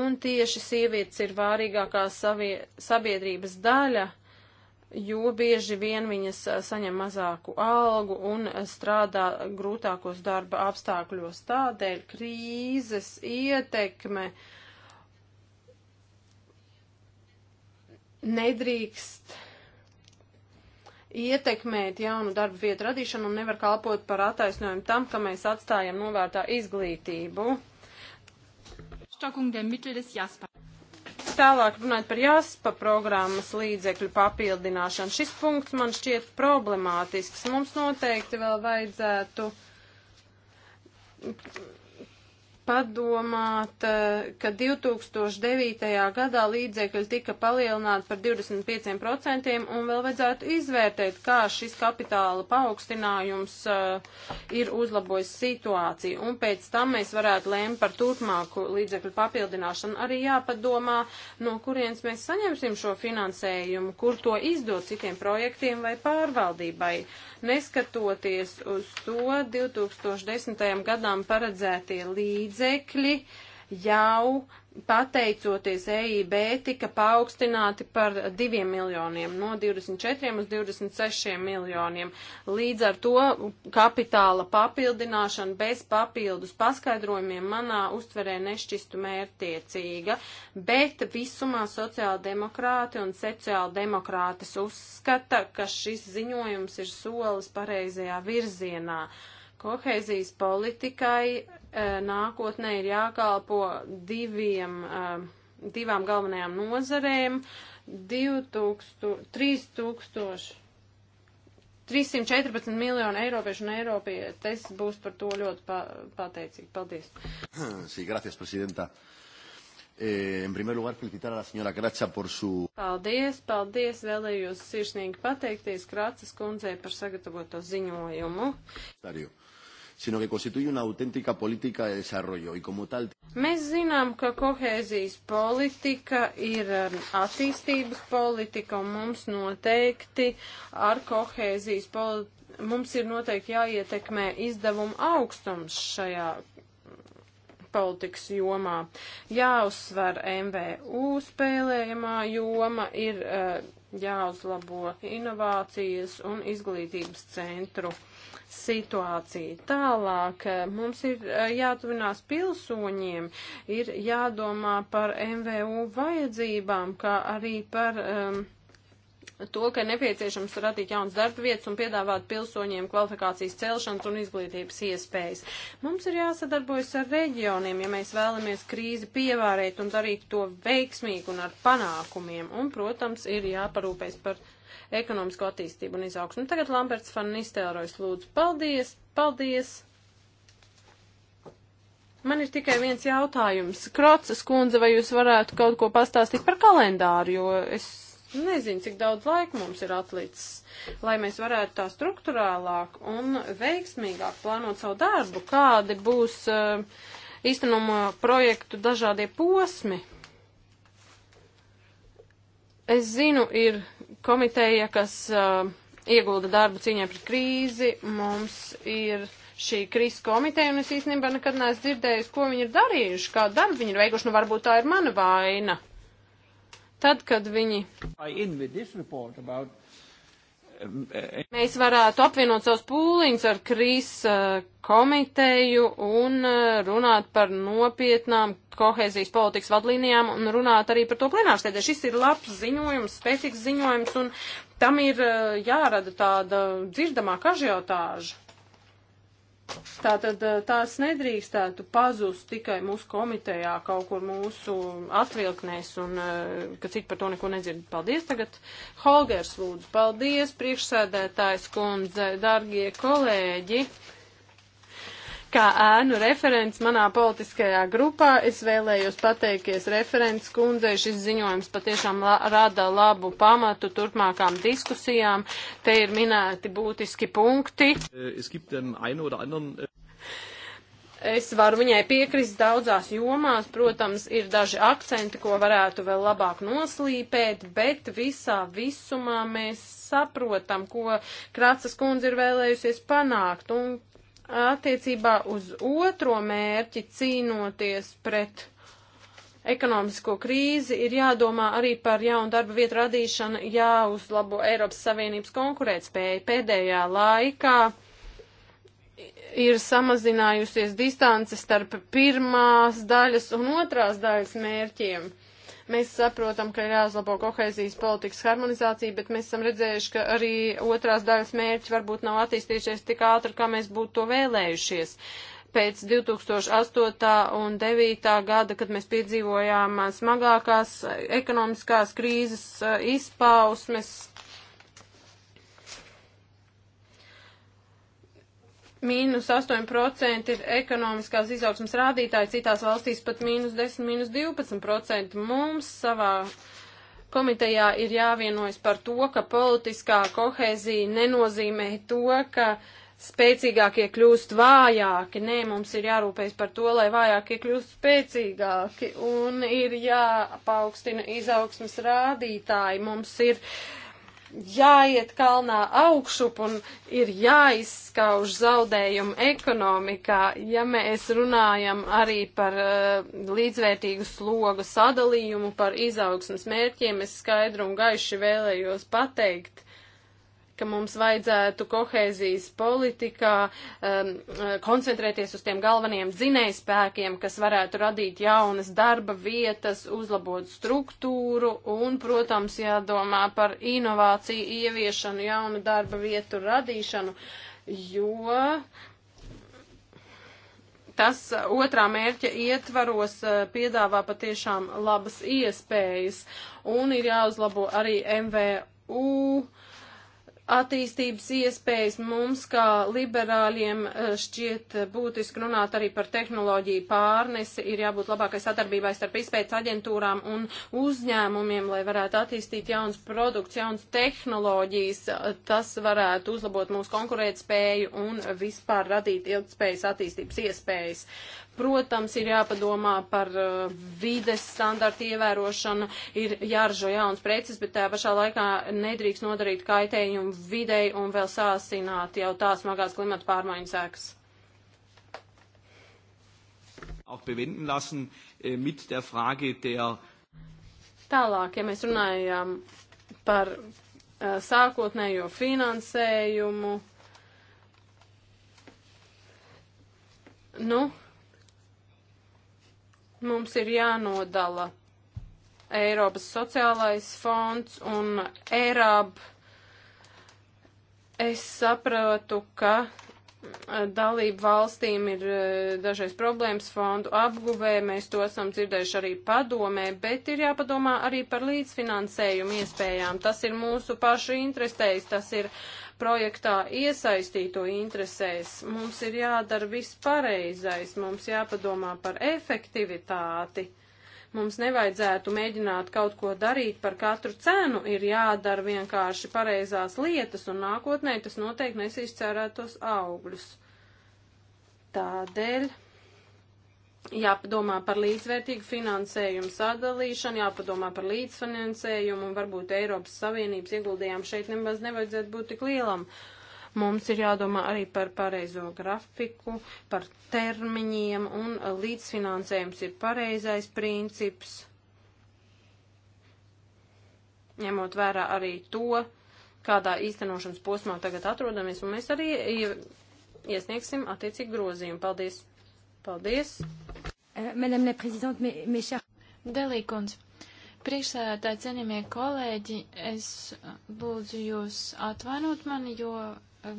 Un tieši sievietes ir vārīgākā savie, sabiedrības daļa, jo bieži vien viņas eh, saņem mazāku algu un eh, strādā grūtākos darba apstākļos. Tādēļ krīzes ietekme uh, nedrīkst ietekmēt jaunu darbu vietu radīšanu un nevar kalpot par attaisnojumu tam, ka mēs atstājam novērtā izglītību. Tālāk runājot par JASPA programmas līdzekļu papildināšanu. Šis punkts man šķiet problemātisks. Mums noteikti vēl vajadzētu padomāt, eh, ka 2009. gadā līdzekļi tika palielināti par 25% un vēl vajadzētu izvērtēt, kā šis kapitāla paaugstinājums eh, ir uzlabojis situāciju. Un pēc tam mēs varētu lēmt par turpmāku līdzekļu papildināšanu. Arī jāpadomā, no kurienes mēs saņemsim šo finansējumu, kur to izdot citiem projektiem vai pārvaldībai. Neskatoties uz to, 2010. gadām paredzētie līdzekļi jau pateicoties EIB, tika paaugstināti par 2 miljoniem, no 24 uz 26 miljoniem. Līdz ar to kapitāla papildināšana bez papildus paskaidrojumiem manā uztverē nešķistu mērtiecīga, bet visumā sociāldemokrāti un sociāldemokrātes uzskata, ka šis ziņojums ir solis pareizajā virzienā kohēzijas politikai Eh, nākotnē ir jākalpo diviem, eh, divām galvenajām nozarēm - 3000. 314 miljonu eiropiešu un eiropietes būs par to ļoti pa pateicīgi. Paldies. [CLEARS THROAT] Sí, gracias, presidenta. Eh, en primer lugar, felicitar a la señora Gracha por su... Paldies, paldies, vēlējos sirsnīgi pateikties Krācas kundzei par sagatavoto ziņojumu. Darīju sino que constituye una auténtica política de desarrollo y como tal. Mēs zinām, ka kohēzijas politika ir um, attīstības politika un mums noteikti ar kohēzijas politiku mums ir noteikti jāietekmē izdevumu augstums šajā politikas jomā. Jāuzsver MVU spēlējumā joma ir uh, jāuzlabo inovācijas un izglītības centru situācija. Tālāk eh, mums ir eh, jātuvinās pilsoņiem, ir jādomā par MVU vajadzībām, kā arī par um, to, ka nepieciešams radīt jaunas darba vietas un piedāvāt pilsoņiem kvalifikācijas celšanas un izglītības iespējas. Mums ir jāsadarbojas ar reģioniem, ja mēs vēlamies krīzi pievārēt un darīt to veiksmīgi un ar panākumiem. Un, protams, ir jāparūpēs par ekonomisko attīstību un izaugsmu. Tagad Lamberts van Nistelrojas lūdzu. Paldies! Paldies! Man ir tikai viens jautājums. Krocas kundze, vai jūs varētu kaut ko pastāstīt par kalendāru, jo es Nezinu, cik daudz laika mums ir atlicis, lai mēs varētu tā struktūrālāk un veiksmīgāk plānot savu darbu, kādi būs uh, eh, īstenuma projektu dažādie posmi. Es zinu, ir komiteja, kas uh, iegulda darbu cīņā pret krīzi, mums ir šī krīzes komiteja, un es īstenībā nekad neesmu dzirdējis, ko viņi ir darījuši, kādu darbu viņi ir veikuši, nu varbūt tā ir mana vaina. Tad, kad viņi. Um, uh, Mēs varētu apvienot savus pūliņus ar krīs uh, komiteju un uh, runāt par nopietnām kohēzijas politikas vadlīnijām un runāt arī par to plenārsēdē. Šis ir labs ziņojums, spēcīgs ziņojums un tam ir jārada tāda dzirdamā kažiotāža. Tātad eh, tās nedrīkstētu pazust tikai mūsu komitejā kaut kur mūsu atvilknēs un eh, ka cik par to neko nedzird. Paldies tagad. Holgers lūdzu, paldies, priekšsēdētājs kundze, dargie kolēģi. Kā ēnu referents manā politiskajā grupā es vēlējos pateikties referents kundzei. Šis ziņojums patiešām la rada labu pamatu turpmākām diskusijām. Te ir minēti būtiski punkti. Äh, äh, es varu viņai piekrist daudzās jomās, protams, ir daži akcenti, ko varētu vēl labāk noslīpēt, bet visā visumā mēs saprotam, ko Krācas kundze ir vēlējusies panākt un attiecībā uz otro mērķi cīnoties pret ekonomisko krīzi, ir jādomā arī par jaunu darba vietu radīšanu, jāuzlabo Eiropas Savienības konkurētspēja pēdējā laikā. Ir samazinājusies distance starp pirmās daļas un otrās daļas mērķiem. Uh, Mēs saprotam, ka ir jāuzlabo kohēzijas politikas harmonizācija, bet mēs esam redzējuši, ka arī otrās daļas mērķi varbūt nav attīstījušies tik ātri, kā mēs būtu to vēlējušies pēc 2008. un 2009. gada, kad mēs piedzīvojām smagākās ekonomiskās krīzes izpausmes, mīnus 8% ir ekonomiskās izaugsmas rādītāji, citās valstīs pat mīnus 10, mīnus 12%. Mums savā komitejā ir jāvienojas par to, ka politiskā kohēzija nenozīmē to, ka spēcīgākie kļūst vājāki. Nē, mums ir jārūpējas par to, lai vājākie kļūst spēcīgāki un ir jāpaukstina izaugsmas rādītāji. Mums ir uh, jāiet kalnā augšup un ir jāizskauž zaudējumu ekonomikā, ja mēs runājam arī par uh, līdzvērtīgu slogu sadalījumu, par izaugsmas mērķiem, es skaidru un gaiši vēlējos pateikt, ka mums vajadzētu kohēzijas politikā um, uh, koncentrēties uz tiem galvenajiem dzinējspēkiem, kas varētu radīt jaunas darba vietas, uzlabot struktūru un, protams, jādomā par inovāciju ieviešanu, jaunu darba vietu radīšanu, jo tas otrā mērķa ietvaros uh, piedāvā patiešām labas iespējas un ir jāuzlabo arī MVU. Uh, attīstības iespējas. Mums, kā liberāļiem, eh, šķiet eh, būtiski runāt arī par tehnoloģiju pārnesi. Ir jābūt labākai sadarbībai starp izpētes aģentūrām un uzņēmumiem, lai varētu attīstīt jaunas produkts, jaunas tehnoloģijas. Tas varētu uzlabot mūsu konkurētspēju un vispār radīt ilgspējas attīstības iespējas. Protams, ir jāpadomā par uh, vides standartu ievērošanu, ir jāražo jauns preces, bet tajā pašā laikā nedrīkst nodarīt kaitējumu videi un vēl sāsināt jau tās smagās klimata pārmaiņas ēkas. Auch bewenden lassen eh, mit der Frage der. Tālāk, ja mēs runājam par uh, sākotnējo finansējumu, nu, Mums ir jānodala Eiropas sociālais fonds un ERAB. Es sapratu, ka eh, dalību valstīm ir eh, dažreiz problēmas fondu apguvē, mēs to esam dzirdējuši arī padomē, bet ir jāpadomā arī par līdzfinansējumu iespējām. Tas ir mūsu pašu interesēs, tas ir uh, projektā iesaistīto interesēs. Mums ir jādara viss pareizais, mums jāpadomā par efektivitāti. Mums nevajadzētu mēģināt kaut ko darīt par katru cenu, ir jādara vienkārši pareizās lietas, un nākotnē tas noteikti nesīs cerētos augļus. Tādēļ jāpadomā par līdzvērtīgu finansējumu sadalīšanu, jāpadomā par līdzfinansējumu un varbūt Eiropas Savienības ieguldījumu šeit nemaz nevajadzētu būt tik lielam. Mums ir jādomā arī par pareizo grafiku, par termiņiem un līdzfinansējums ir pareizais princips, ņemot vērā arī to, kādā īstenošanas posmā tagad atrodamies, un mēs arī iesniegsim attiecīgi grozījumu. Paldies! Paldies! Eh, madame la Présidente, mes chers. Delīkons, priekšsēdētāji, cienījamie kolēģi, es lūdzu jūs atvainot mani, jo eh,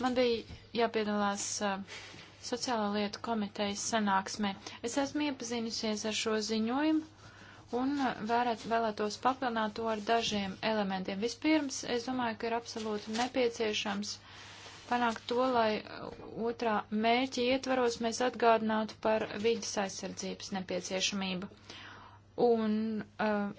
man bija jāpiedalās eh, sociālo lietu komitejas sanāksmē. Es esmu iepazinusies ar šo ziņojumu un vērēt, vēlētos papilnāt to ar dažiem elementiem. Vispirms, es domāju, ka ir absolūti nepieciešams uh, panākt to, lai uh, otrā mērķa ietvaros mēs atgādinātu par vidas aizsardzības nepieciešamību. Un uh,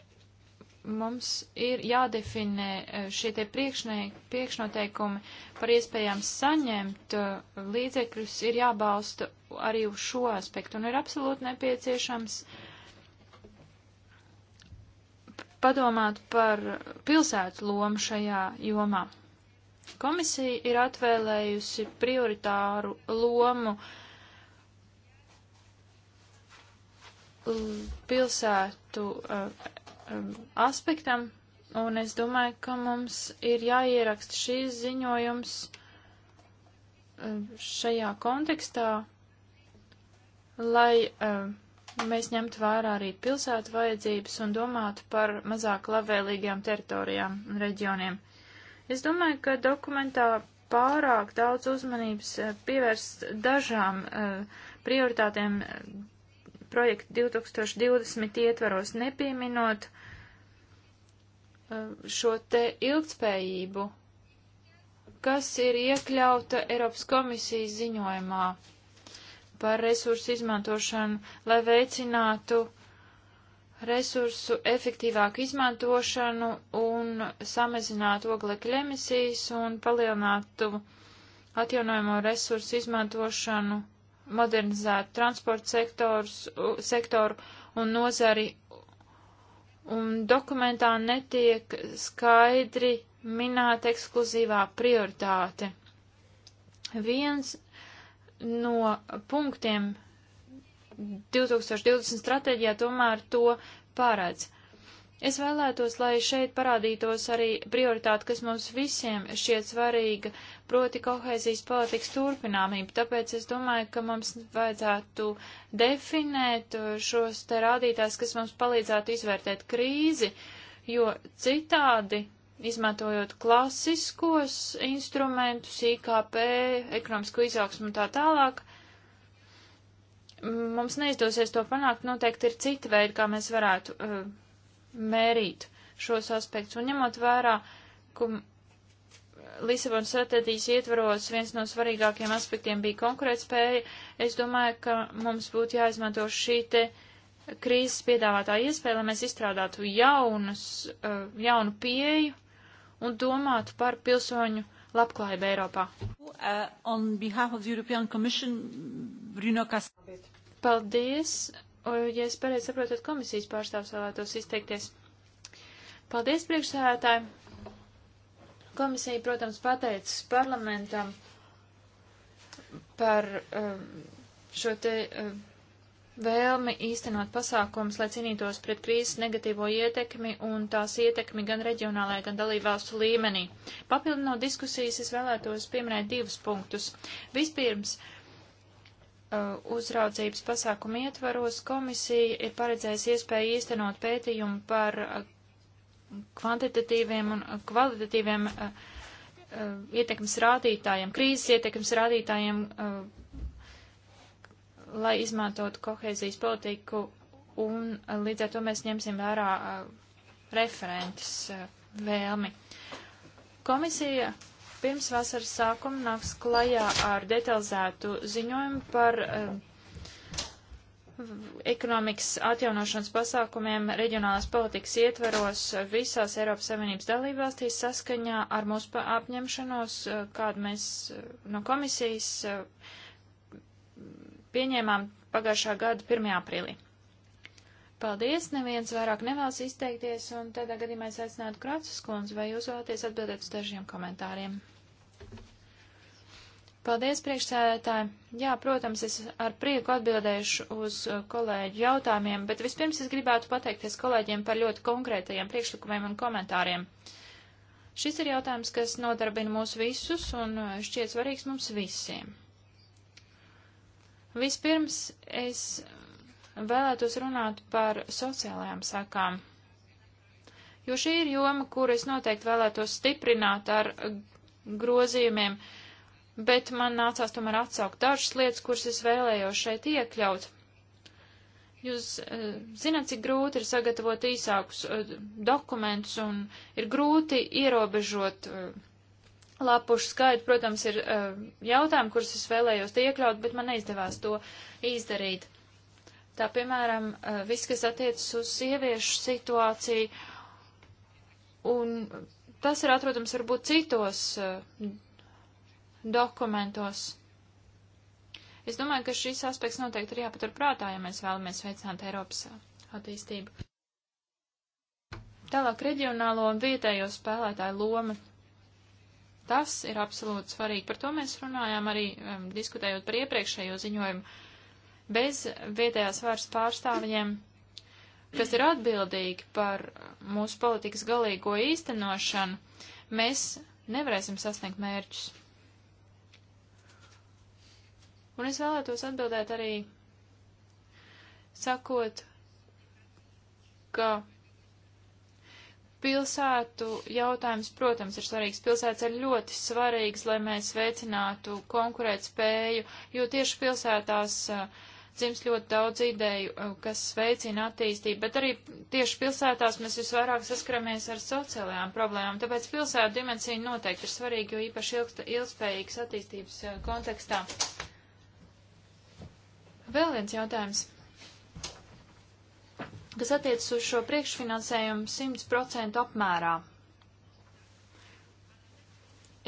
mums ir jādefinē uh, šie te priekšnoteikumi par iespējām saņemt uh, līdzekļus, ir jābalsta arī uz šo aspektu un ir absolūti nepieciešams padomāt par pilsētu lomu šajā jomā. Komisija ir atvēlējusi prioritāru lomu pilsētu uh, um, aspektam, un es domāju, ka mums ir jāieraksta šīs ziņojums šajā kontekstā, lai uh, mēs ņemtu vērā arī pilsētu vajadzības un domātu par mazāk labvēlīgām teritorijām un reģioniem. Es domāju, ka dokumentā pārāk daudz uzmanības eh, pievērst dažām uh, prioritātēm eh, projektu 2020 ietvaros, nepieminot uh, šo te ilgtspējību, kas ir iekļauta Eiropas komisijas ziņojumā par resursu izmantošanu, lai veicinātu uh, resursu efektīvāku izmantošanu un samazinātu oglekļa emisijas un palielinātu atjaunojamo resursu izmantošanu, modernizētu transporta sektors, sektoru un nozari. Un dokumentā netiek skaidri minēta ekskluzīvā prioritāte. Viens no punktiem 2020 stratēģijā tomēr to pārēdz. Es vēlētos, lai šeit parādītos arī prioritāte, kas mums visiem šķiet svarīga, proti kohēzijas politikas turpināmība. Tāpēc es domāju, ka mums vajadzētu definēt šos te rādītājs, kas mums palīdzētu izvērtēt krīzi, jo citādi, izmantojot klasiskos instrumentus, IKP, ekonomisko izaugsmu un tā tālāk, mums neizdosies to panākt, noteikti ir citi veidi, kā mēs varētu uh, mērīt šos aspektus. Un ņemot vērā, ka Lisabonas stratēģijas ietvaros viens no svarīgākiem aspektiem bija konkurētspēja, es domāju, ka mums būtu jāizmanto šī te krīzes piedāvātā iespēja, lai mēs izstrādātu jaunus, uh, jaunu pieju un domātu par pilsoņu labklājību Eiropā. Uh, Bruno Castaldo. Paldies! Ja es pareizi saprotu, tad komisijas pārstāvs vēlētos izteikties. Paldies, priekšsēdētāji! Komisija, protams, pateicis parlamentam par um, šo te um, vēlmi īstenot pasākums, lai cīnītos pret krīzes negatīvo ietekmi un tās ietekmi gan reģionālajā, gan dalībvalstu līmenī. Papildinot diskusijas, es vēlētos pieminēt divus punktus. Vispirms, uh, Uh, uzraudzības pasākumu ietvaros komisija ir paredzējusi iespēju īstenot pētījumu par uh, kvantitatīviem un uh, kvalitatīviem ietekmes rādītājiem, krīzes ietekmes rādītājiem, lai izmantotu kohēzijas politiku, un līdz ar to mēs ņemsim vērā referentes vēlmi. Komisija pirms vasaras sākuma nāks klajā ar detalizētu ziņojumu par um, ekonomikas atjaunošanas pasākumiem reģionālās politikas ietveros visās Eiropas Savienības dalībvalstīs saskaņā ar mūsu apņemšanos, eh, kādu mēs eh, no komisijas pieņēmām pagājušā gada 1. aprīlī. Paldies, neviens vairāk nevēlas izteikties, un tādā gadījumā es aicinātu Kratsas kundzi, vai jūs vēlaties atbildēt uz dažiem komentāriem? Paldies, priekšsēdētāji. Jā, protams, es ar prieku atbildēšu uz uh, kolēģu jautājumiem, bet vispirms es gribētu pateikties kolēģiem par ļoti konkrētajiem priekšlikumiem un komentāriem. Šis ir jautājums, kas nodarbina mūs visus un uh, šķiet svarīgs mums visiem. Vispirms es vēlētos runāt par sociālajām sakām, jo šī ir joma, kur es noteikti vēlētos stiprināt ar uh, grozījumiem. Uh, bet man nācās tomēr atsaukt dažas lietas, kuras es vēlējos šeit iekļaut. Jūs uh, zināt, cik grūti ir sagatavot īsākus uh, dokumentus un ir grūti ierobežot uh, lapušu skaitu. Protams, ir uh, jautājumi, kurus es vēlējos iekļaut, bet man neizdevās to izdarīt. Tā piemēram, uh, viss, kas attiecas uz sieviešu situāciju, un tas ir atrodams varbūt citos uh, dokumentos. Es domāju, ka šis aspekts noteikti ir jāpatur prātā, ja mēs vēlamies veicināt Eiropas attīstību. Tālāk reģionālo un vietējo spēlētāju loma. Tas ir absolūti svarīgi. Par to mēs runājām arī um, diskutējot par iepriekšējo ziņojumu. Bez vietējās varas pārstāvjiem, kas ir atbildīgi par mūsu politikas galīgo īstenošanu, mēs nevarēsim sasniegt mērķus. Un es vēlētos atbildēt arī sakot, ka pilsētu jautājums, protams, ir svarīgs. Pilsētas ir ļoti svarīgs, lai mēs veicinātu konkurēt spēju, jo tieši pilsētās uh, dzims ļoti daudz ideju, uh, kas veicina attīstību, bet arī tieši pilsētās mēs visvairāk saskaramies ar sociālajām problēmām, tāpēc pilsētu dimensija noteikti ir svarīga, jo īpaši ilgspējīgas attīstības uh, kontekstā. Vēl viens jautājums, kas attiecas uz šo priekšfinansējumu 100% apmērā.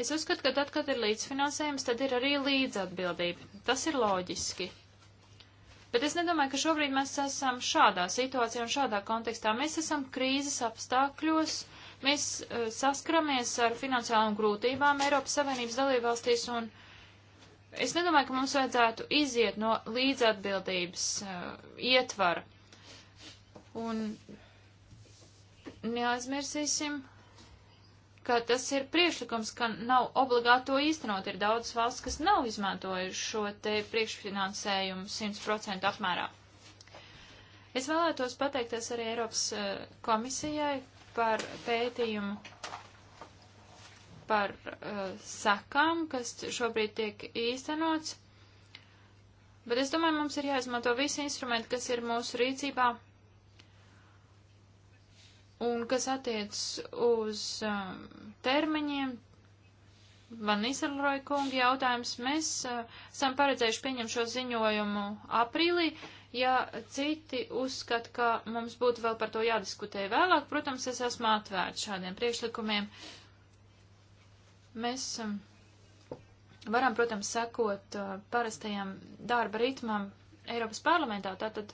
Es uzskatu, ka tad, kad ir līdzfinansējums, tad ir arī līdzatbildība. Tas ir loģiski. Bet es nedomāju, ka šobrīd mēs esam šādā situācijā un šādā kontekstā. Mēs esam krīzes apstākļos, mēs uh, saskaramies ar finansiālām grūtībām Eiropas Savienības dalībvalstīs, un Es nedomāju, ka mums vajadzētu iziet no līdzatbildības uh, ietvara. Un neaizmirsīsim, ka tas ir priekšlikums, ka nav obligāti to īstenot. Ir daudz valsts, kas nav izmantojuši šo te priekšfinansējumu 100% apmērā. Es vēlētos pateikties arī Eiropas uh, komisijai par pētījumu par uh, sakām, kas šobrīd tiek īstenots. Bet es domāju, mums ir jāizmanto visi instrumenti, kas ir mūsu rīcībā un kas attiec uz uh, termiņiem. Van Niselroja kungi jautājums. Mēs uh, esam paredzējuši pieņemt šo ziņojumu aprīlī. Ja citi uzskata, ka mums būtu vēl par to jādiskutē vēlāk, protams, es esmu atvērts šādiem priekšlikumiem. Uh, Mēs um, varam, protams, sekot uh, parastajam darba ritmam Eiropas parlamentā, tātad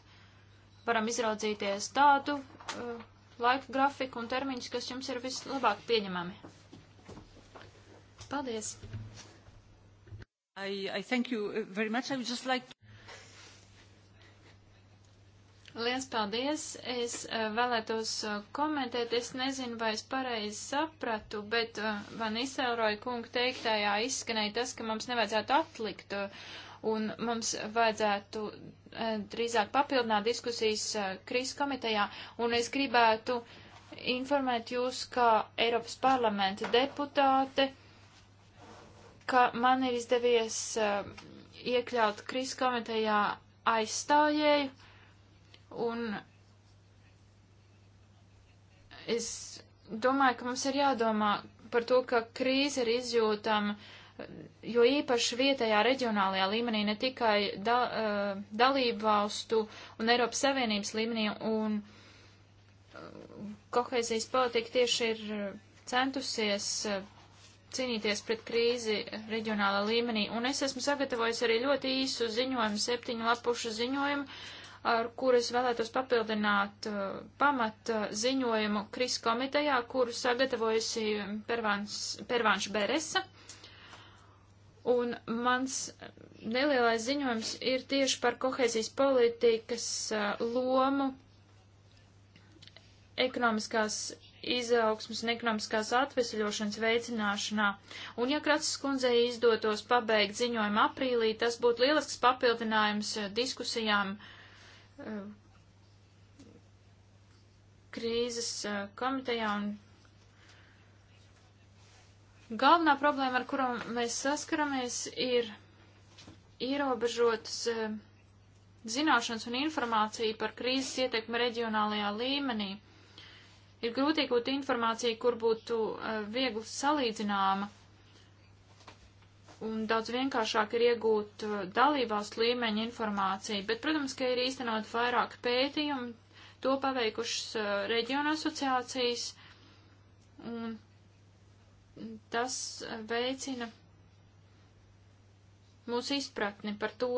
varam izraudzīties tādu uh, laika grafiku un termiņus, kas jums ir vislabāk pieņemami. Paldies! I, I thank you very much. I would just like to... Liels paldies! Es eh, vēlētos eh, komentēt, es nezinu, vai es pareizi sapratu, bet eh, Van Iselroja kunga teiktajā izskanēja tas, ka mums nevajadzētu atlikt un mums vajadzētu drīzāk papildināt diskusijas krīzes komitejā. Un es gribētu informēt jūs, kā Eiropas parlamenta deputāte, ka man ir izdevies iekļaut krīzes komitejā aizstājēju Un es domāju, ka mums ir jādomā par to, ka krīze ir izjūtama, jo īpaši vietējā reģionālajā līmenī, ne tikai da, eh, dalību valstu un Eiropas Savienības līmenī, un eh, kohēzijas politika tieši ir centusies eh, cīnīties pret krīzi reģionālā līmenī, un es esmu sagatavojis arī ļoti īsu ziņojumu, septiņu lapušu ziņojumu, uh, ar kuru es vēlētos papildināt uh, pamat uh, ziņojumu Kris komitejā, kuru sagatavojusi Pervāns, Pervāns Beresa. Un mans nelielais ziņojums ir tieši par kohēzijas politikas uh, lomu ekonomiskās izaugsmas un ekonomiskās atvesļošanas veicināšanā, un ja Kratsas kundzei izdotos pabeigt ziņojumu aprīlī, tas būtu lielisks papildinājums uh, diskusijām krīzes komitejā un galvenā problēma, ar kuru mēs saskaramies, ir ierobežotas zināšanas un informācija par krīzes ietekmi reģionālajā līmenī. Ir grūti iegūt informāciju, kur būtu viegli salīdzināma un daudz vienkāršāk ir iegūt uh, dalībvalstu līmeņa informāciju, bet, protams, ka ir īstenot vairāk pētījumu, to paveikušas uh, reģiona asociācijas, un tas uh, veicina mūsu izpratni par to,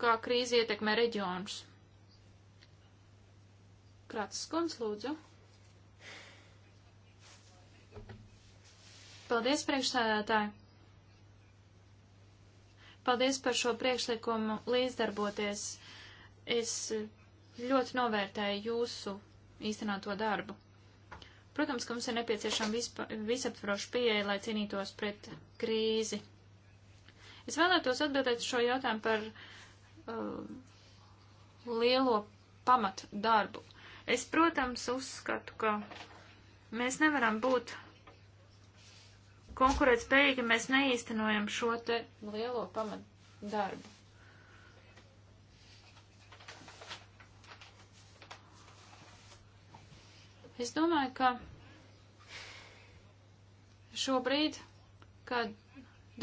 kā krīze ietekmē reģionus. Krācis Kunds, lūdzu. Paldies, priekšsēdētāji! paldies par šo priekšlikumu līdzdarboties. Es ļoti novērtēju jūsu īstenāto darbu. Protams, ka mums ir nepieciešama visaptvaroša pieeja, lai cīnītos pret krīzi. Es vēlētos atbildēt šo jautājumu par uh, lielo pamatu darbu. Es, protams, uzskatu, ka mēs nevaram būt konkurētspējīgi mēs neīstenojam šo te lielo pamatu darbu. Es domāju, ka šobrīd, kad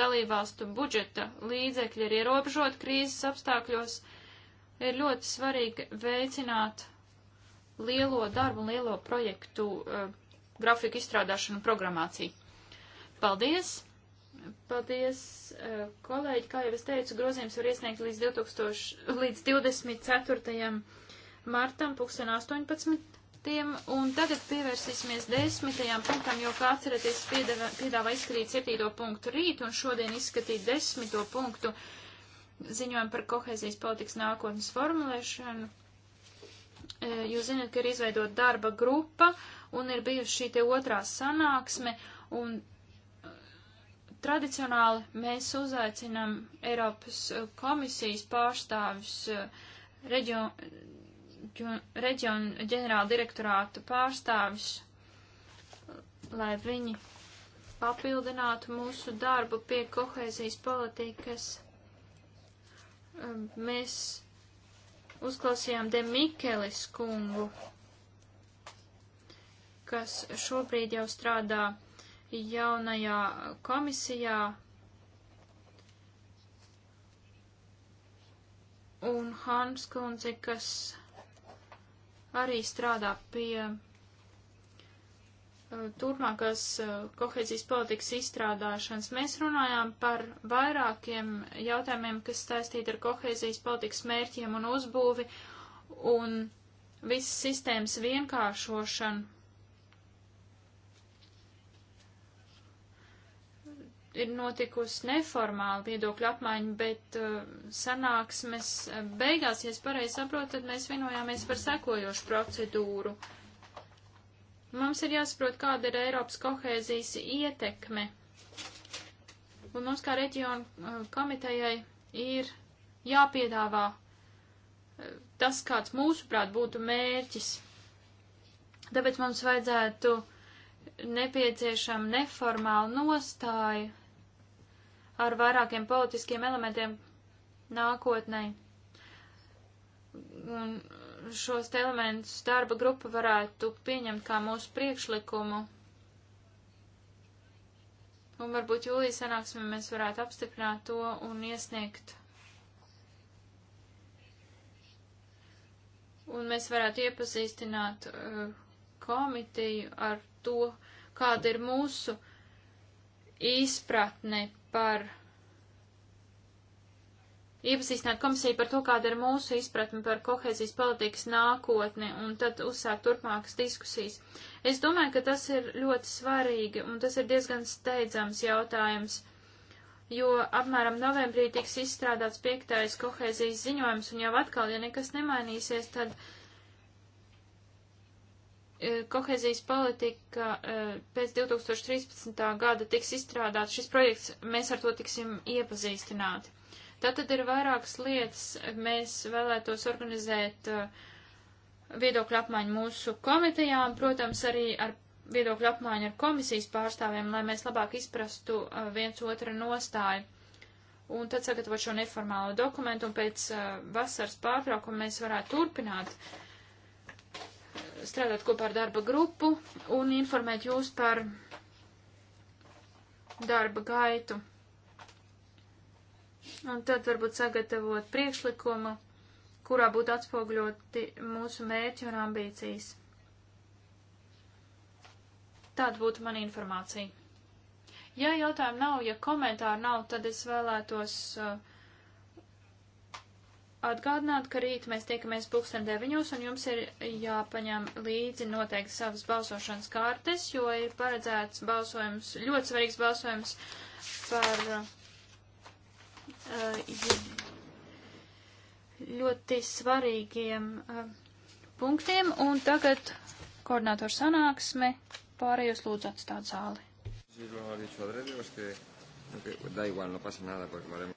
dalībvalstu budžeta līdzekļi ir ierobežot krīzes apstākļos, ir ļoti svarīgi veicināt lielo darbu un lielo projektu uh, grafiku izstrādāšanu un programmāciju. Paldies! Paldies, eh, kolēģi! Kā jau es teicu, grozījums var iesniegt līdz, 2000, līdz 24. martam 2018. Un tagad pievērsīsimies desmitajām punktām, jo, kā atceraties, piedāvā, piedāvā izskatīt septīto punktu rīt un šodien izskatīt desmito punktu ziņojumu par kohēzijas politikas nākotnes formulēšanu. Eh, jūs zināt, ka ir izveidot darba grupa un ir bijusi šī te otrā sanāksme, un Tradicionāli mēs uzaicinam Eiropas uh, komisijas pārstāvis uh, reģionu reģion, ģenerāla direktorāta pārstāvis, uh, lai viņi papildinātu mūsu darbu pie kohēzijas politikas. Mēs uzklausījām De Mikelis kungu, kas šobrīd jau strādā jaunajā komisijā. Un Hans Kunze, kas arī strādā pie uh, turpmākās uh, kohēzijas politikas izstrādāšanas. Mēs runājām par vairākiem jautājumiem, kas saistīti ar kohēzijas politikas mērķiem un uzbūvi un visas sistēmas vienkāršošanu. ir notikusi neformāla viedokļa apmaiņa, bet uh, sanāksmes uh, beigās, ja es pareizi saprotu, tad mēs vienojāmies par sekojošu procedūru. Mums ir jāsaprot, kāda ir Eiropas kohēzijas ietekme. Un mums kā reģionu uh, komitejai ir jāpiedāvā uh, tas, kāds mūsuprāt būtu mērķis. Tāpēc mums vajadzētu nepieciešama neformāla nostāja ar vairākiem politiskiem elementiem nākotnē. Un šos elementus darba grupa varētu pieņemt kā mūsu priekšlikumu. Un varbūt jūlijas sanāksmē mēs varētu apstiprināt to un iesniegt. Un mēs varētu iepazīstināt uh, komiteju ar to, kāda ir mūsu izpratni par iepazīstināt komisiju par to, kāda ir mūsu izpratme par kohēzijas politikas nākotni un tad uzsākt turpmākas diskusijas. Es domāju, ka tas ir ļoti svarīgi un tas ir diezgan steidzams jautājums, jo apmēram novembrī tiks izstrādāts piektais kohēzijas ziņojums un jau atkal, ja nekas nemainīsies, tad Eh, kohezijas politika eh, pēc 2013. gada tiks izstrādāts šis projekts, mēs ar to tiksim iepazīstināti. Tātad ir vairākas lietas, mēs vēlētos organizēt eh, viedokļu apmaiņu mūsu komitejām, protams, arī ar viedokļu apmaiņu ar komisijas pārstāvjiem, lai mēs labāk izprastu viens otra nostāju. Un tad sagatavot šo neformālo dokumentu, un pēc vasaras pārtraukuma mēs varētu turpināt uh, strādāt kopā ar darba grupu un informēt jūs par darba gaitu. Un tad varbūt sagatavot priekšlikumu, kurā būtu atspogļoti mūsu mērķi un ambīcijas. Tāda būtu mana informācija. Ja jautājumu nav, ja komentāru nav, tad es vēlētos uh, atgādināt, ka rīt mēs tiekamies pulksten deviņos un jums ir jāpaņem līdzi noteikti savas balsošanas kārtes, jo ir paredzēts balsojums, ļoti svarīgs balsojums par uh, ļoti svarīgiem uh, punktiem. Un tagad koordinātoru sanāksme pārējos lūdzu atstāt zāli. Sí, lo ha dicho Adrede, es que, que da igual, no pasa nada, porque lo haremos.